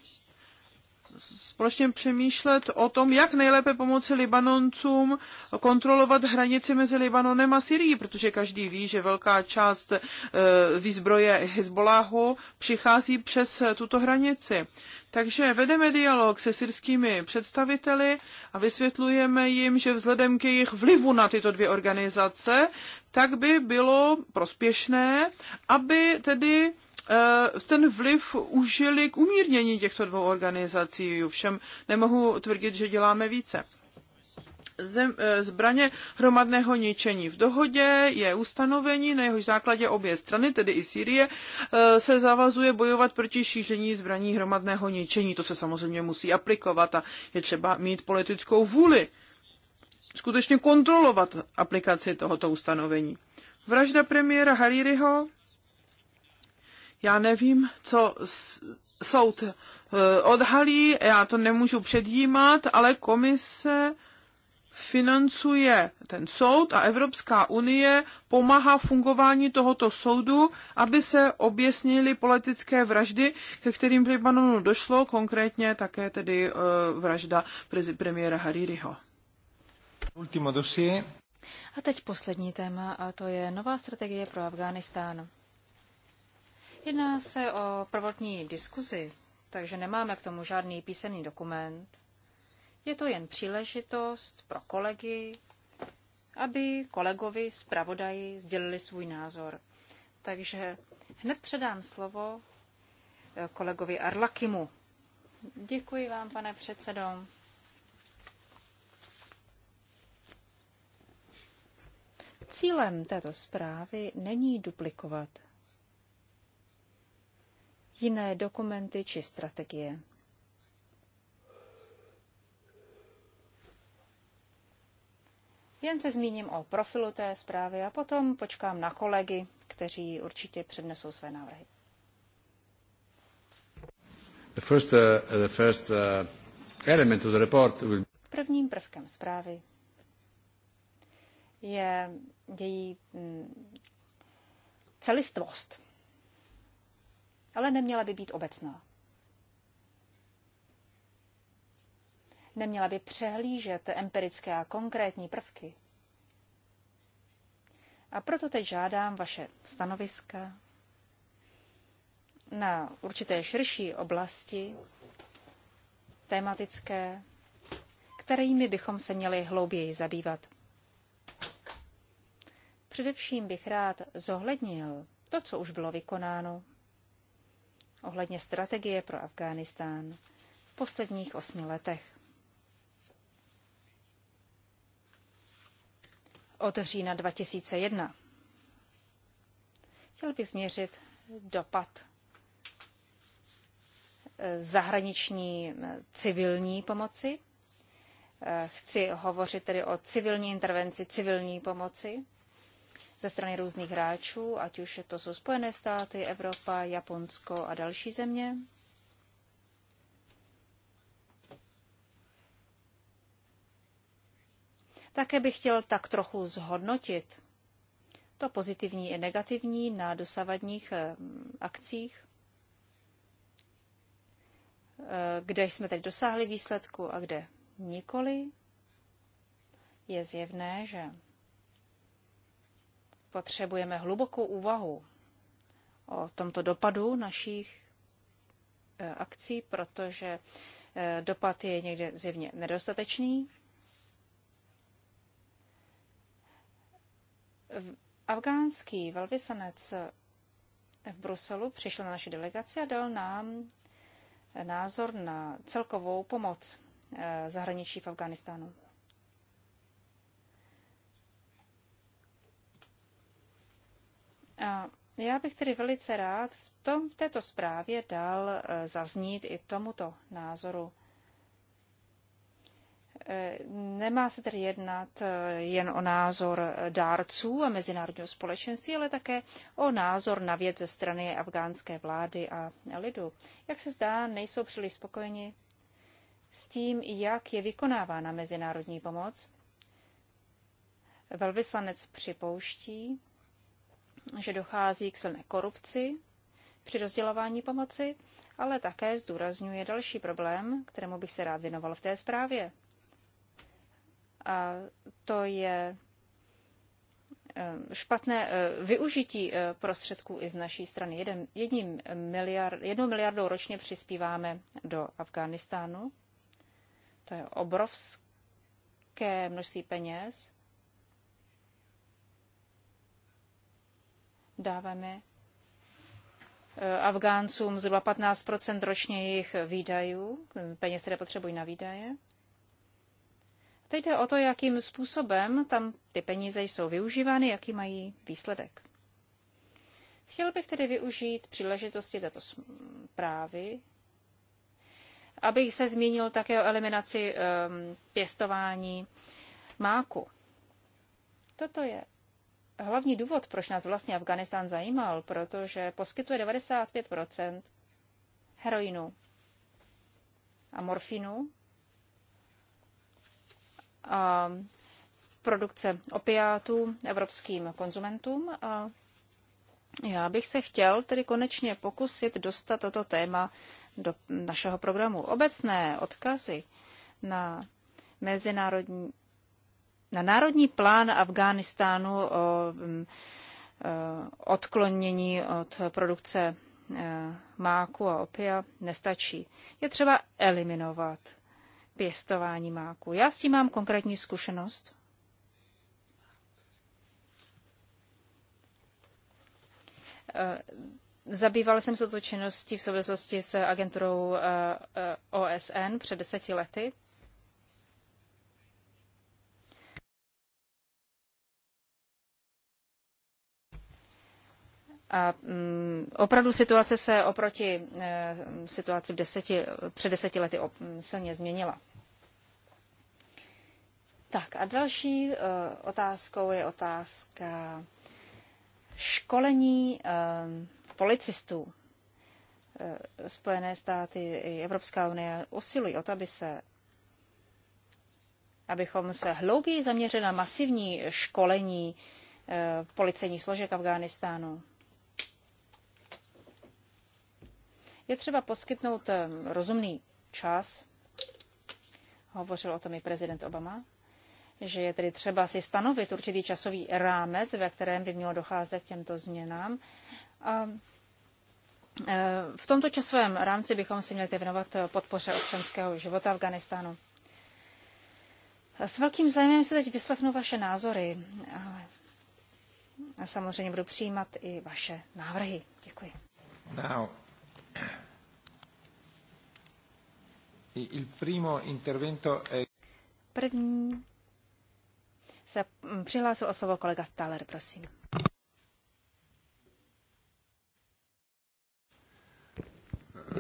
společně přemýšlet o tom, jak nejlépe pomoci Libanoncům kontrolovat hranici mezi Libanonem a Syrií, protože každý ví, že velká část eh, výzbroje Hezboláhu přichází přes tuto hranici. Takže vedeme dialog se syrskými představiteli a vysvětlujeme jim, že vzhledem k jejich vlivu na tyto dvě organizace tak by bylo prospěšné, aby tedy eh, ten vliv užili k umírnění těchto dvou organizací. Všem nemohu tvrdit, že děláme více zem, eh, zbraně hromadného ničení. V dohodě je ustanovení, na jehož základě obě strany, tedy i Sýrie, eh, se zavazuje bojovat proti šíření zbraní hromadného ničení. To se samozřejmě musí aplikovat a je třeba mít politickou vůli skutečně kontrolovat aplikaci tohoto ustanovení. Vražda premiéra Haririho, já nevím, co soud eh, odhalí, já to nemůžu předjímat, ale komise financuje ten soud a Evropská unie pomáhá fungování tohoto soudu, aby se objasnily politické vraždy, ke kterým v Libanonu došlo, konkrétně také tedy eh, vražda premiéra Haririho. Ultimo A teď poslední téma, a to je nová strategie pro Afghánistán. Jedná se o prvotní diskuzi, takže nemáme k tomu žádný písemný dokument. Je to jen příležitost pro kolegy, aby kolegovi zpravodaji sdělili svůj názor. Takže hned předám slovo eh, kolegovi Arlakimu. Děkuji vám, pane předsedo. Cílem této zprávy není duplikovat jiné dokumenty či strategie. Jen se zmíním o profilu té zprávy a potom počkám na kolegy, kteří určitě přednesou své návrhy. The first, uh, the first, uh, element of the report will... Prvním prvkem zprávy je její mm, celistvost, ale neměla by být obecná. Neměla by přehlížet empirické a konkrétní prvky. A proto teď žádám vaše stanoviska na určité širší oblasti tematické, kterými bychom se měli hlouběji zabývat. Především bych rád zohlednil to, co už bylo vykonáno ohledně strategie pro Afghánistán v posledních osmi letech. Od října 2001. Chtěl bych změřit dopad eh, zahraniční eh, civilní pomoci. Eh, chci hovořit tedy o civilní intervenci, civilní pomoci ze strany různých hráčů, ať už to jsou Spojené státy, Evropa, Japonsko a další země. Také bych chtěl tak trochu zhodnotit to pozitivní i negativní na dosavadních eh, akcích, eh, kde jsme teď dosáhli výsledku a kde nikoli. Je zjevné, že Potřebujeme hlubokou úvahu o tomto dopadu našich e, akcí, protože e, dopad je někde zjevně nedostatečný. Afgánský velvyslanec v Bruselu přišel na naši delegaci a dal nám názor na celkovou pomoc e, zahraničí v Afganistánu. A já bych tedy velice rád v tom, v této zprávě dal e, zaznít i tomuto názoru. E, nemá se tedy jednat e, jen o názor dárců a mezinárodního společenství, ale také o názor na věc ze strany afgánské vlády a lidu. Jak se zdá, nejsou příliš spokojeni s tím, jak je vykonávána mezinárodní pomoc. Velvyslanec připouští, že dochází k silné korupci při rozdělování pomoci, ale také zdůrazňuje další problém, kterému bych se rád věnoval v té zprávě. A to je eh, špatné eh, využití eh, prostředků i z naší strany. Jeden, jedním miliard, jednou miliardou ročně přispíváme do Afghánistánu. To je obrovské množství peněz. Dáváme eh, Afgáncům zhruba 15 ročně jejich výdajů, peněz, které potřebují na výdaje. Teď jde o to, jakým způsobem tam ty peníze jsou využívány, jaký mají výsledek. Chtěl bych tedy využít příležitosti této zprávy, abych se zmínil také o eliminaci um, pěstování máku. Toto je hlavní důvod, proč nás vlastně Afganistán zajímal, protože poskytuje 95 heroinu a morfinu a produkce opiátů evropským konzumentům. A já bych se chtěl tedy konečně pokusit dostat toto téma do našeho programu. Obecné odkazy na mezinárodní na národní plán Afghánistánu o mm, e, odklonění od produkce e, máku a opia nestačí. Je třeba eliminovat pěstování máku. Já s tím mám konkrétní zkušenost. E, zabývala jsem se to činností v souvislosti s agenturou OSN před deseti lety A mm, opravdu situace se oproti eh, situaci v deseti, před deseti lety silně změnila. Tak a další eh, otázkou je otázka školení eh, policistů. Spojené státy i Evropská unie usilují o to, aby se abychom se hlouběji zaměřili na masivní školení policejní složek Afghánistánu. Je třeba poskytnout eh, rozumný čas, hovořil o tom i prezident Obama, že je tedy třeba si stanovit určitý časový rámec, ve kterém by mělo docházet k těmto změnám. A eh, v tomto časovém rámci bychom si měli věnovat eh, podpoře občanského života Afganistánu. S velkým zájmem se teď vyslechnu vaše názory, ale samozřejmě budu přijímat i vaše návrhy. Děkuji. Now, První se mm, přihlásil o slovo kolega Thaler, prosím.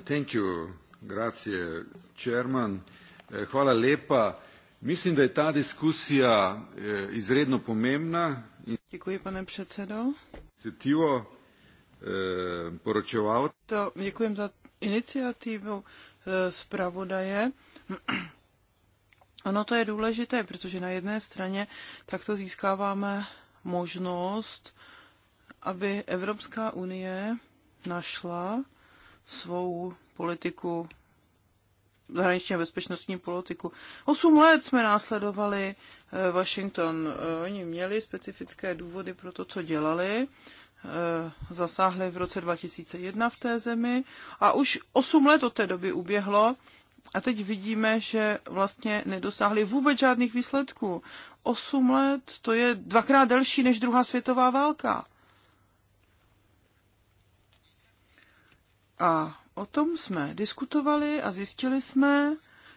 Thank you. Grazie, chairman. Eh, hvala lepa. Myslím, že je ta diskusia eh, izredno pomembna. Děkuji, pane předsedo. Iniciativo Děkuji eh, To, děkujem za iniciativu eh, zpravodaje. Ano, to je důležité, protože na jedné straně takto získáváme možnost, aby Evropská unie našla svou politiku, zahraničně bezpečnostní politiku. Osm let jsme následovali eh, Washington. Oni měli specifické důvody pro to, co dělali Eh, zasáhly v roce 2001 v té zemi a už 8 let od té doby uběhlo a teď vidíme, že vlastně nedosáhli vůbec žádných výsledků. 8 let to je dvakrát delší než druhá světová válka. A o tom jsme diskutovali a zjistili jsme,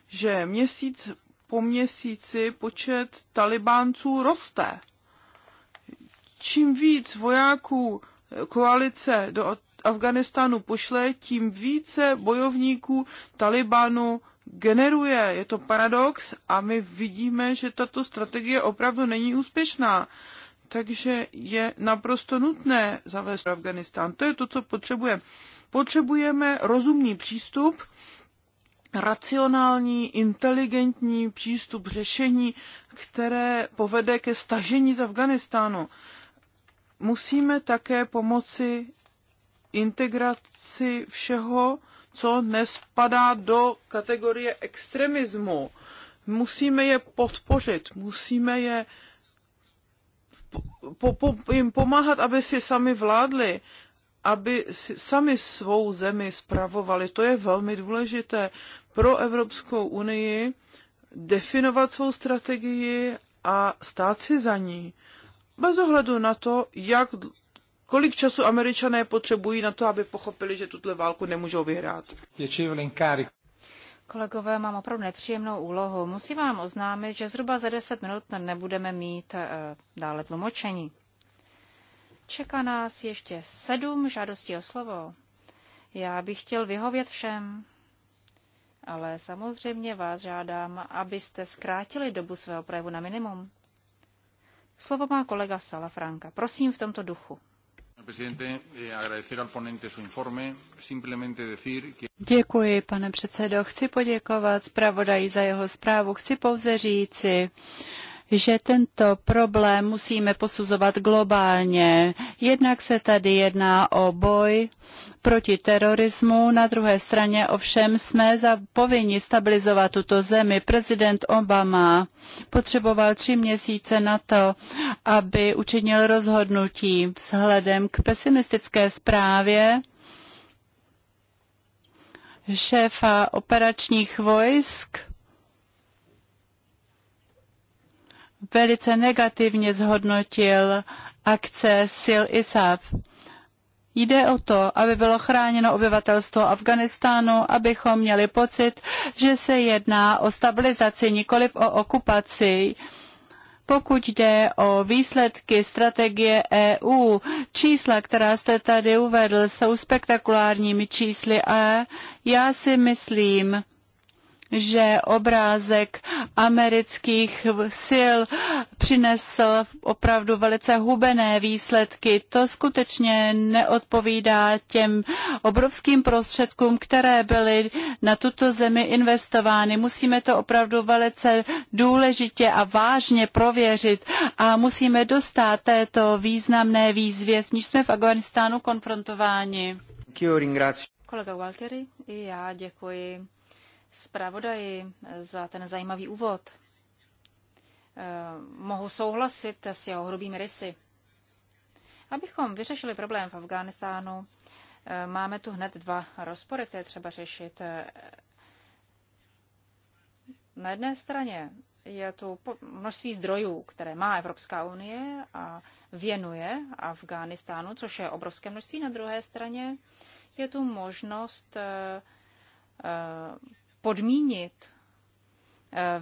že měsíc po měsíci počet talibánců roste čím víc vojáků koalice do Afganistánu pošle, tím více bojovníků Talibanu generuje. Je to paradox a my vidíme, že tato strategie opravdu není úspěšná. Takže je naprosto nutné zavést Afganistán. To je to, co potřebujeme. Potřebujeme rozumný přístup, racionální, inteligentní přístup řešení, které povede ke stažení z Afganistánu musíme také pomoci integraci všeho, co nespadá do kategorie extremismu. Musíme je podpořit, musíme je po, po, jim pomáhat, aby si sami vládli, aby si sami svou zemi spravovali. To je velmi důležité pro Evropskou unii definovat svou strategii a stát si za ní bez ohledu na to, jak, kolik času američané potřebují na to, aby pochopili, že tuto válku nemůžou vyhrát. Kolegové, mám opravdu nepříjemnou úlohu. Musím vám oznámit, že zhruba za 10 minut nebudeme mít e, dále tlumočení. Čeká nás ještě sedm žádostí o slovo. Já bych chtěl vyhovět všem, ale samozřejmě vás žádám, abyste zkrátili dobu svého projevu na minimum. Slovo má kolega Salafranka. Prosím v tomto duchu. Eh, Děkuji, pane předsedo. Chci poděkovat zpravodaji za jeho zprávu. Chci pouze říci, že tento problém musíme posuzovat globálně. Jednak se tady jedná o boj proti terorismu. Na druhé straně ovšem jsme za povinni stabilizovat tuto zemi. Prezident Obama potřeboval tři měsíce na to, aby učinil rozhodnutí vzhledem k pesimistické zprávě šéfa operačních vojsk velice negativně zhodnotil akce sil ISAF. Jde o to, aby bylo chráněno obyvatelstvo Afganistánu, abychom měli pocit, že se jedná o stabilizaci, nikoliv o okupaci. Pokud jde o výsledky strategie EU, čísla, která jste tady uvedl, jsou spektakulárními čísly a já si myslím, že obrázek amerických sil přinesl opravdu velice hubené výsledky. To skutečně neodpovídá těm obrovským prostředkům, které byly na tuto zemi investovány. Musíme to opravdu velice důležitě a vážně prověřit a musíme dostat této významné výzvě, s níž jsme v Afganistánu konfrontováni. Kolega Walteri, i já děkuji zpravodaji za ten zajímavý úvod. E, mohu souhlasit s jeho hrubými rysy. Abychom vyřešili problém v Afghánistánu, e, máme tu hned dva rozpory, které třeba řešit. E, na jedné straně je tu množství zdrojů, které má Evropská unie a věnuje Afghánistánu, což je obrovské množství. Na druhé straně je tu možnost podmínit eh,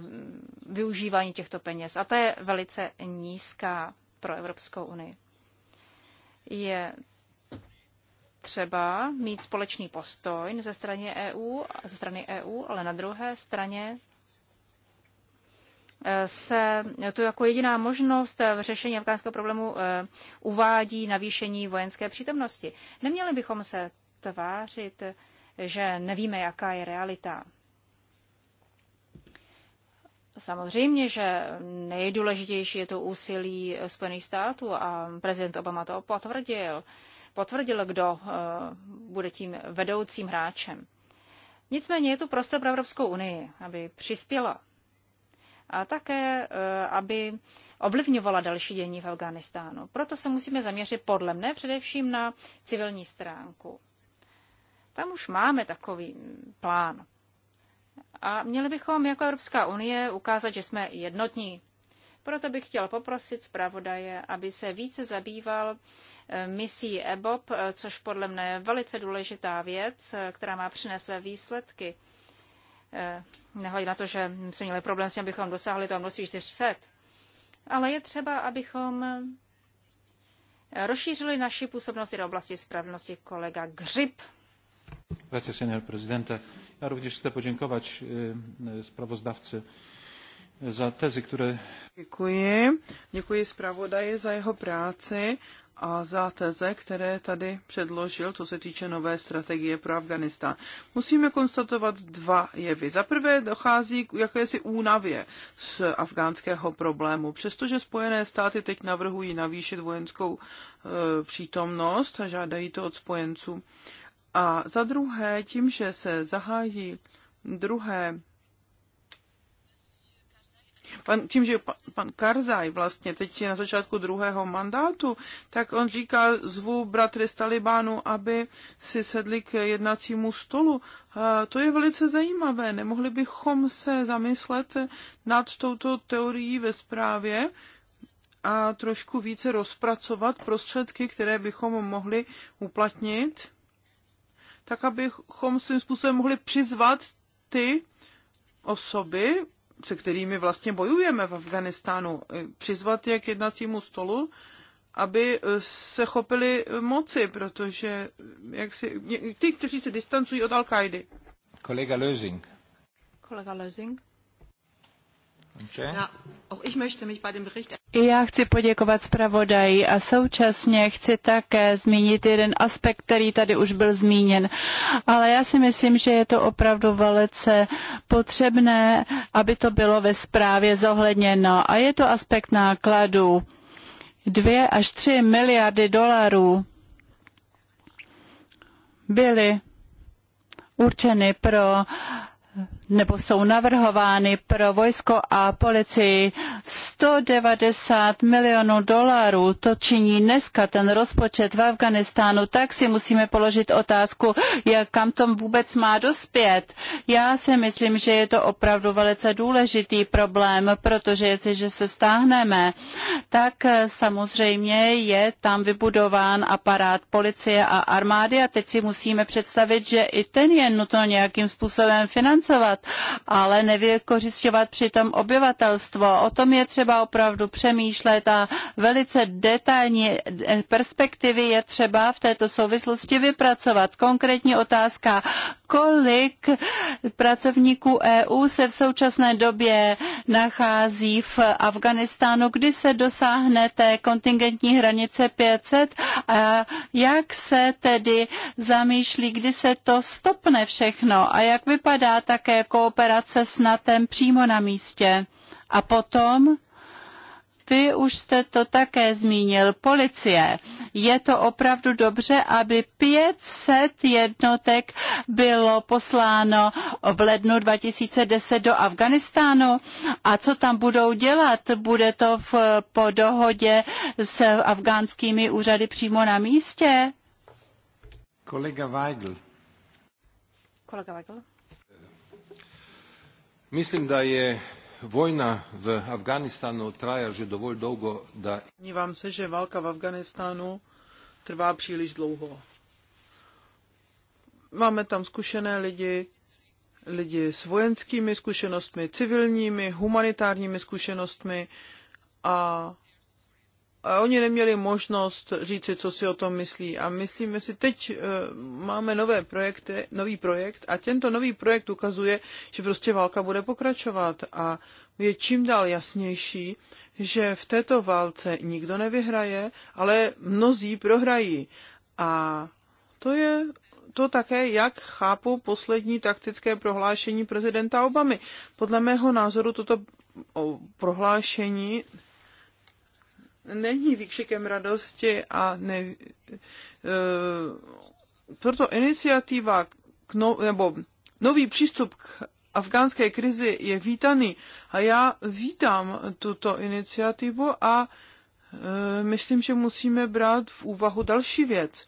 využívání těchto peněz. A ta je velice nízká pro Evropskou unii. Je třeba mít společný postoj ze strany EU, ze strany EU, ale na druhé straně eh, se to jako jediná možnost eh, v řešení afgánského problému uvádí navýšení vojenské přítomnosti. Neměli bychom se tvářit, že nevíme, jaká je realita. Samozřejmě, že nejdůležitější je to úsilí Spojených států a prezident Obama to potvrdil. Potvrdil, kdo eh, bude tím vedoucím hráčem. Nicméně je tu prostor pro Evropskou unii, aby přispěla a také, eh, aby ovlivňovala další dění v Afganistánu. Proto se musíme zaměřit podle mne především na civilní stránku. Tam už máme takový plán a měli bychom jako Evropská unie ukázat, že jsme jednotní. Proto bych chtěl poprosit zpravodaje, aby se více zabýval eh, misí EBOB, eh, což podle mne je velice důležitá věc, eh, která má přinést své výsledky. Nehledě na to, že jsme měli problém s tím, abychom dosáhli toho množství 400. Ale je třeba, abychom rozšířili naši působnosti do oblasti spravedlnosti kolega Grip Grazie, senior prezidente. Ja również chcę podziękować sprawozdawcy za tezy, které... Děkuji. Děkuji zpravodaji za jeho práci a za teze, které tady předložil, co se týče nové strategie pro Afganistan. Musíme konstatovat dva jevy. Za prvé dochází k jakési únavě z afgánského problému. Přestože Spojené státy teď navrhují navýšit vojenskou e, přítomnost a žádají to od spojenců, a za druhé, tím, že se zahájí druhé pan, tím, že pan, pan Karzaj vlastně teď je na začátku druhého mandátu, tak on říká, zvu bratry z Talibánu, aby si sedli k jednacímu stolu. A to je velice zajímavé. Nemohli bychom se zamyslet nad touto teorií ve zprávě a trošku více rozpracovat prostředky, které bychom mohli uplatnit tak abychom svým způsobem mohli přizvat ty osoby, se kterými vlastně bojujeme v Afganistánu, eh, přizvat je k jednacímu stolu, aby eh, se chopili moci, protože eh, jak si, ty, kteří se distancují od al kaidy Kolega Lösing. Kolega Lösing. I já chci poděkovat zpravodaji a současně chci také zmínit jeden aspekt, který tady už byl zmíněn. Ale já si myslím, že je to opravdu velice potřebné, aby to bylo ve zprávě zohledněno. A je to aspekt nákladů. 2 až 3 miliardy dolarů byly určeny pro nebo jsou navrhovány pro vojsko a policii 190 milionů dolarů. To činí dneska ten rozpočet v Afganistánu. Tak si musíme položit otázku, jak, kam to vůbec má dospět. Já si myslím, že je to opravdu velice důležitý problém, protože jestliže se stáhneme, tak eh, samozřejmě je tam vybudován aparát policie a armády a teď si musíme představit, že i ten je nutno nějakým způsobem financovat ale nevykořišťovat přitom obyvatelstvo. O tom je třeba opravdu přemýšlet a velice detailní perspektivy je třeba v této souvislosti vypracovat. Konkrétní otázka, kolik pracovníků EU se v současné době nachází v Afganistánu, kdy se dosáhne té kontingentní hranice 500 a jak se tedy zamýšlí, kdy se to stopne všechno a jak vypadá také kooperace s NATO přímo na místě. A potom vy už jste to také zmínil. Policie. Je to opravdu dobře, aby 500 jednotek bylo posláno v lednu 2010 do Afganistánu. A co tam budou dělat? Bude to v, po dohodě s afgánskými úřady přímo na místě? Kolega Weigl. Kolega Weigl. Myslím, da je vojna v traja že dovolj dlouho, da... se, že válka v Afganistánu trvá příliš dlouho. Máme tam zkušené lidi, lidi s vojenskými zkušenostmi, civilními, humanitárními zkušenostmi a a oni neměli možnost říci, co si o tom myslí. A myslíme si, teď eh, máme nové projekty, nový projekt a tento nový projekt ukazuje, že prostě válka bude pokračovat a je čím dál jasnější, že v této válce nikdo nevyhraje, ale mnozí prohrají. A to je to také, jak chápu poslední taktické prohlášení prezidenta Obamy. Podle mého názoru toto prohlášení není výkřikem radosti a ne, e, proto iniciativa k no, nebo nový přístup k afgánské krizi je vítaný a já vítám tuto iniciativu a e, myslím, že musíme brát v úvahu další věc.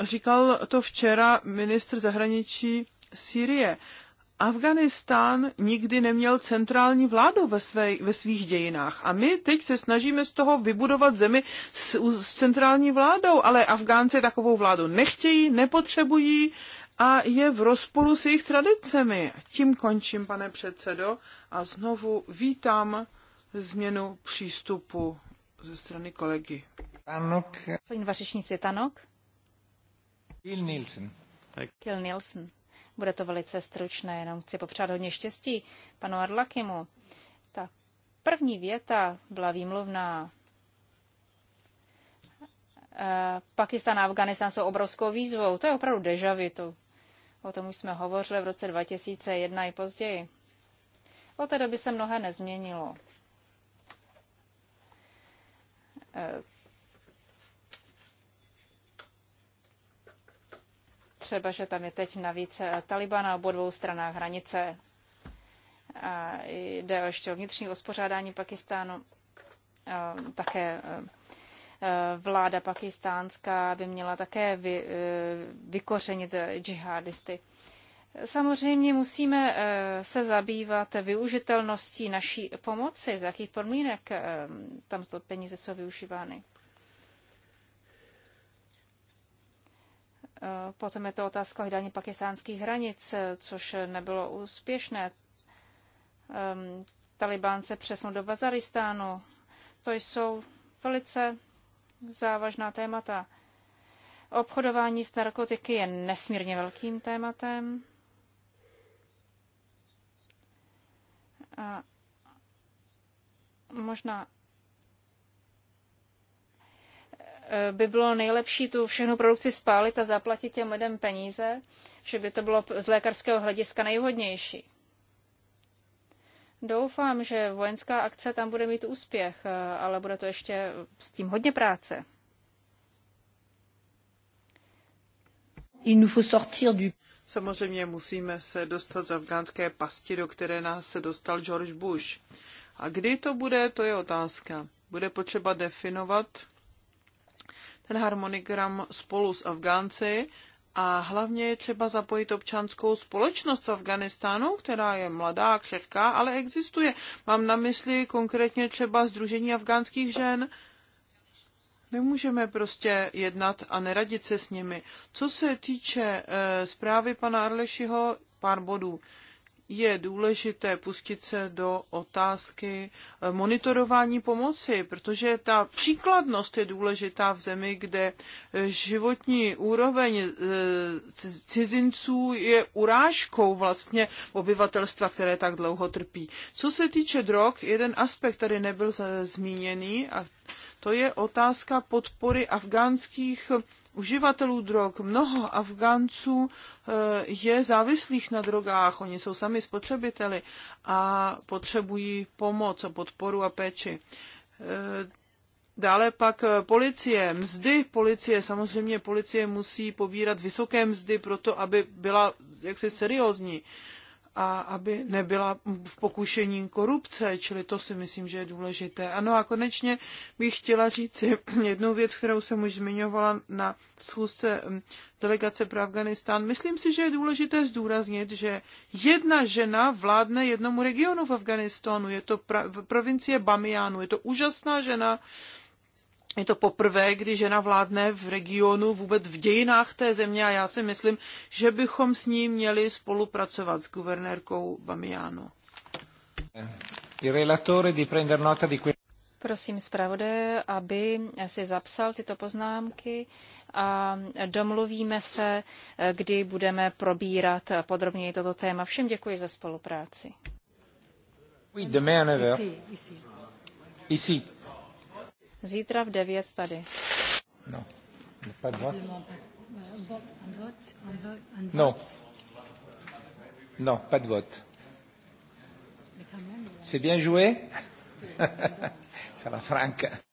Říkal to včera ministr zahraničí Sýrie. Afganistán nikdy neměl centrální vládu ve, své, ve svých dějinách a my teď se snažíme z toho vybudovat zemi s, s centrální vládou, ale Afgánci takovou vládu nechtějí, nepotřebují a je v rozporu s jejich tradicemi. Tím končím, pane předsedo, a znovu vítám změnu přístupu ze strany kolegy. Tanok. Vařešní Tanok. Kill Nielsen. Kill Nielsen. Bude to velice stručné, jenom chci popřát hodně štěstí panu Arlakimu. Ta první věta byla výmluvná. Eh, Pakistan a Afganistán jsou obrovskou výzvou. To je opravdu To, O tom už jsme hovořili v roce 2001 i později. Od té doby se mnohé nezměnilo. Eh, třeba, že tam je teď navíc eh, Taliban na obou dvou stranách hranice. A jde ještě o vnitřní uspořádání Pakistánu. Také eh, eh, vláda pakistánská by měla také vy, vykořenit džihadisty. Samozřejmě musíme se zabývat využitelností naší pomoci, z jakých podmínek tam to peníze jsou využívány. Eh, potom je to otázka hledání pakistánských hranic, eh, což nebylo úspěšné. Ehm, Talibán se přesunul do Bazaristánu. To jsou velice závažná témata. Obchodování s narkotiky je nesmírně velkým tématem. A možná by bylo nejlepší tu všechnu produkci spálit a zaplatit těm lidem peníze, že by to bylo z lékařského hlediska nejvhodnější. Doufám, že vojenská akce tam bude mít úspěch, ale bude to ještě s tím hodně práce. Samozřejmě musíme se dostat z afgánské pasti, do které nás se dostal George Bush. A kdy to bude, to je otázka. Bude potřeba definovat ten harmonogram spolu s Afgánci a hlavně je třeba zapojit občanskou společnost v Afganistánu, která je mladá, křehká, ale existuje. Mám na mysli konkrétně třeba Združení afgánských žen. Nemůžeme prostě jednat a neradit se s nimi. Co se týče e, zprávy pana Arlešiho, pár bodů. E, je důležité pustit se do otázky eh, monitorování pomoci, protože ta příkladnost je důležitá v zemi, kde eh, životní úroveň eh, cizinců je urážkou vlastně obyvatelstva, které tak dlouho trpí. Co se týče drog, jeden aspekt tady nebyl zmíněný a to je otázka podpory afgánských uživatelů drog. Mnoho Afgánců eh, je závislých na drogách, oni jsou sami spotřebiteli a potřebují pomoc a podporu a péči. Eh, dále pak eh, policie, mzdy policie, samozřejmě policie musí pobírat vysoké mzdy proto, aby byla jaksi seriózní a aby nebyla v pokušení korupce, čili to si myslím, že je důležité. Ano a konečně bych chtěla říct jednu věc, kterou jsem už zmiňovala na schůzce mm, delegace pro Afganistán. Myslím si, že je důležité zdůraznit, že jedna žena vládne jednomu regionu v Afganistánu. Je to pra- provincie Bamiánu. Je to úžasná žena, je to poprvé, kdy žena vládne v regionu vůbec v dějinách té země a já si myslím, že bychom s ní měli spolupracovat s guvernérkou Bamiano. Eh, Prosím zpravodaje, aby si zapsal tyto poznámky a domluvíme se, eh, kdy budeme probírat podrobněji toto téma. Všem děkuji za spolupráci. Oui, demain Zítra v 9 tady. No. No. No, pas de vote. Euh, C'est bien joué Ça va, Franck.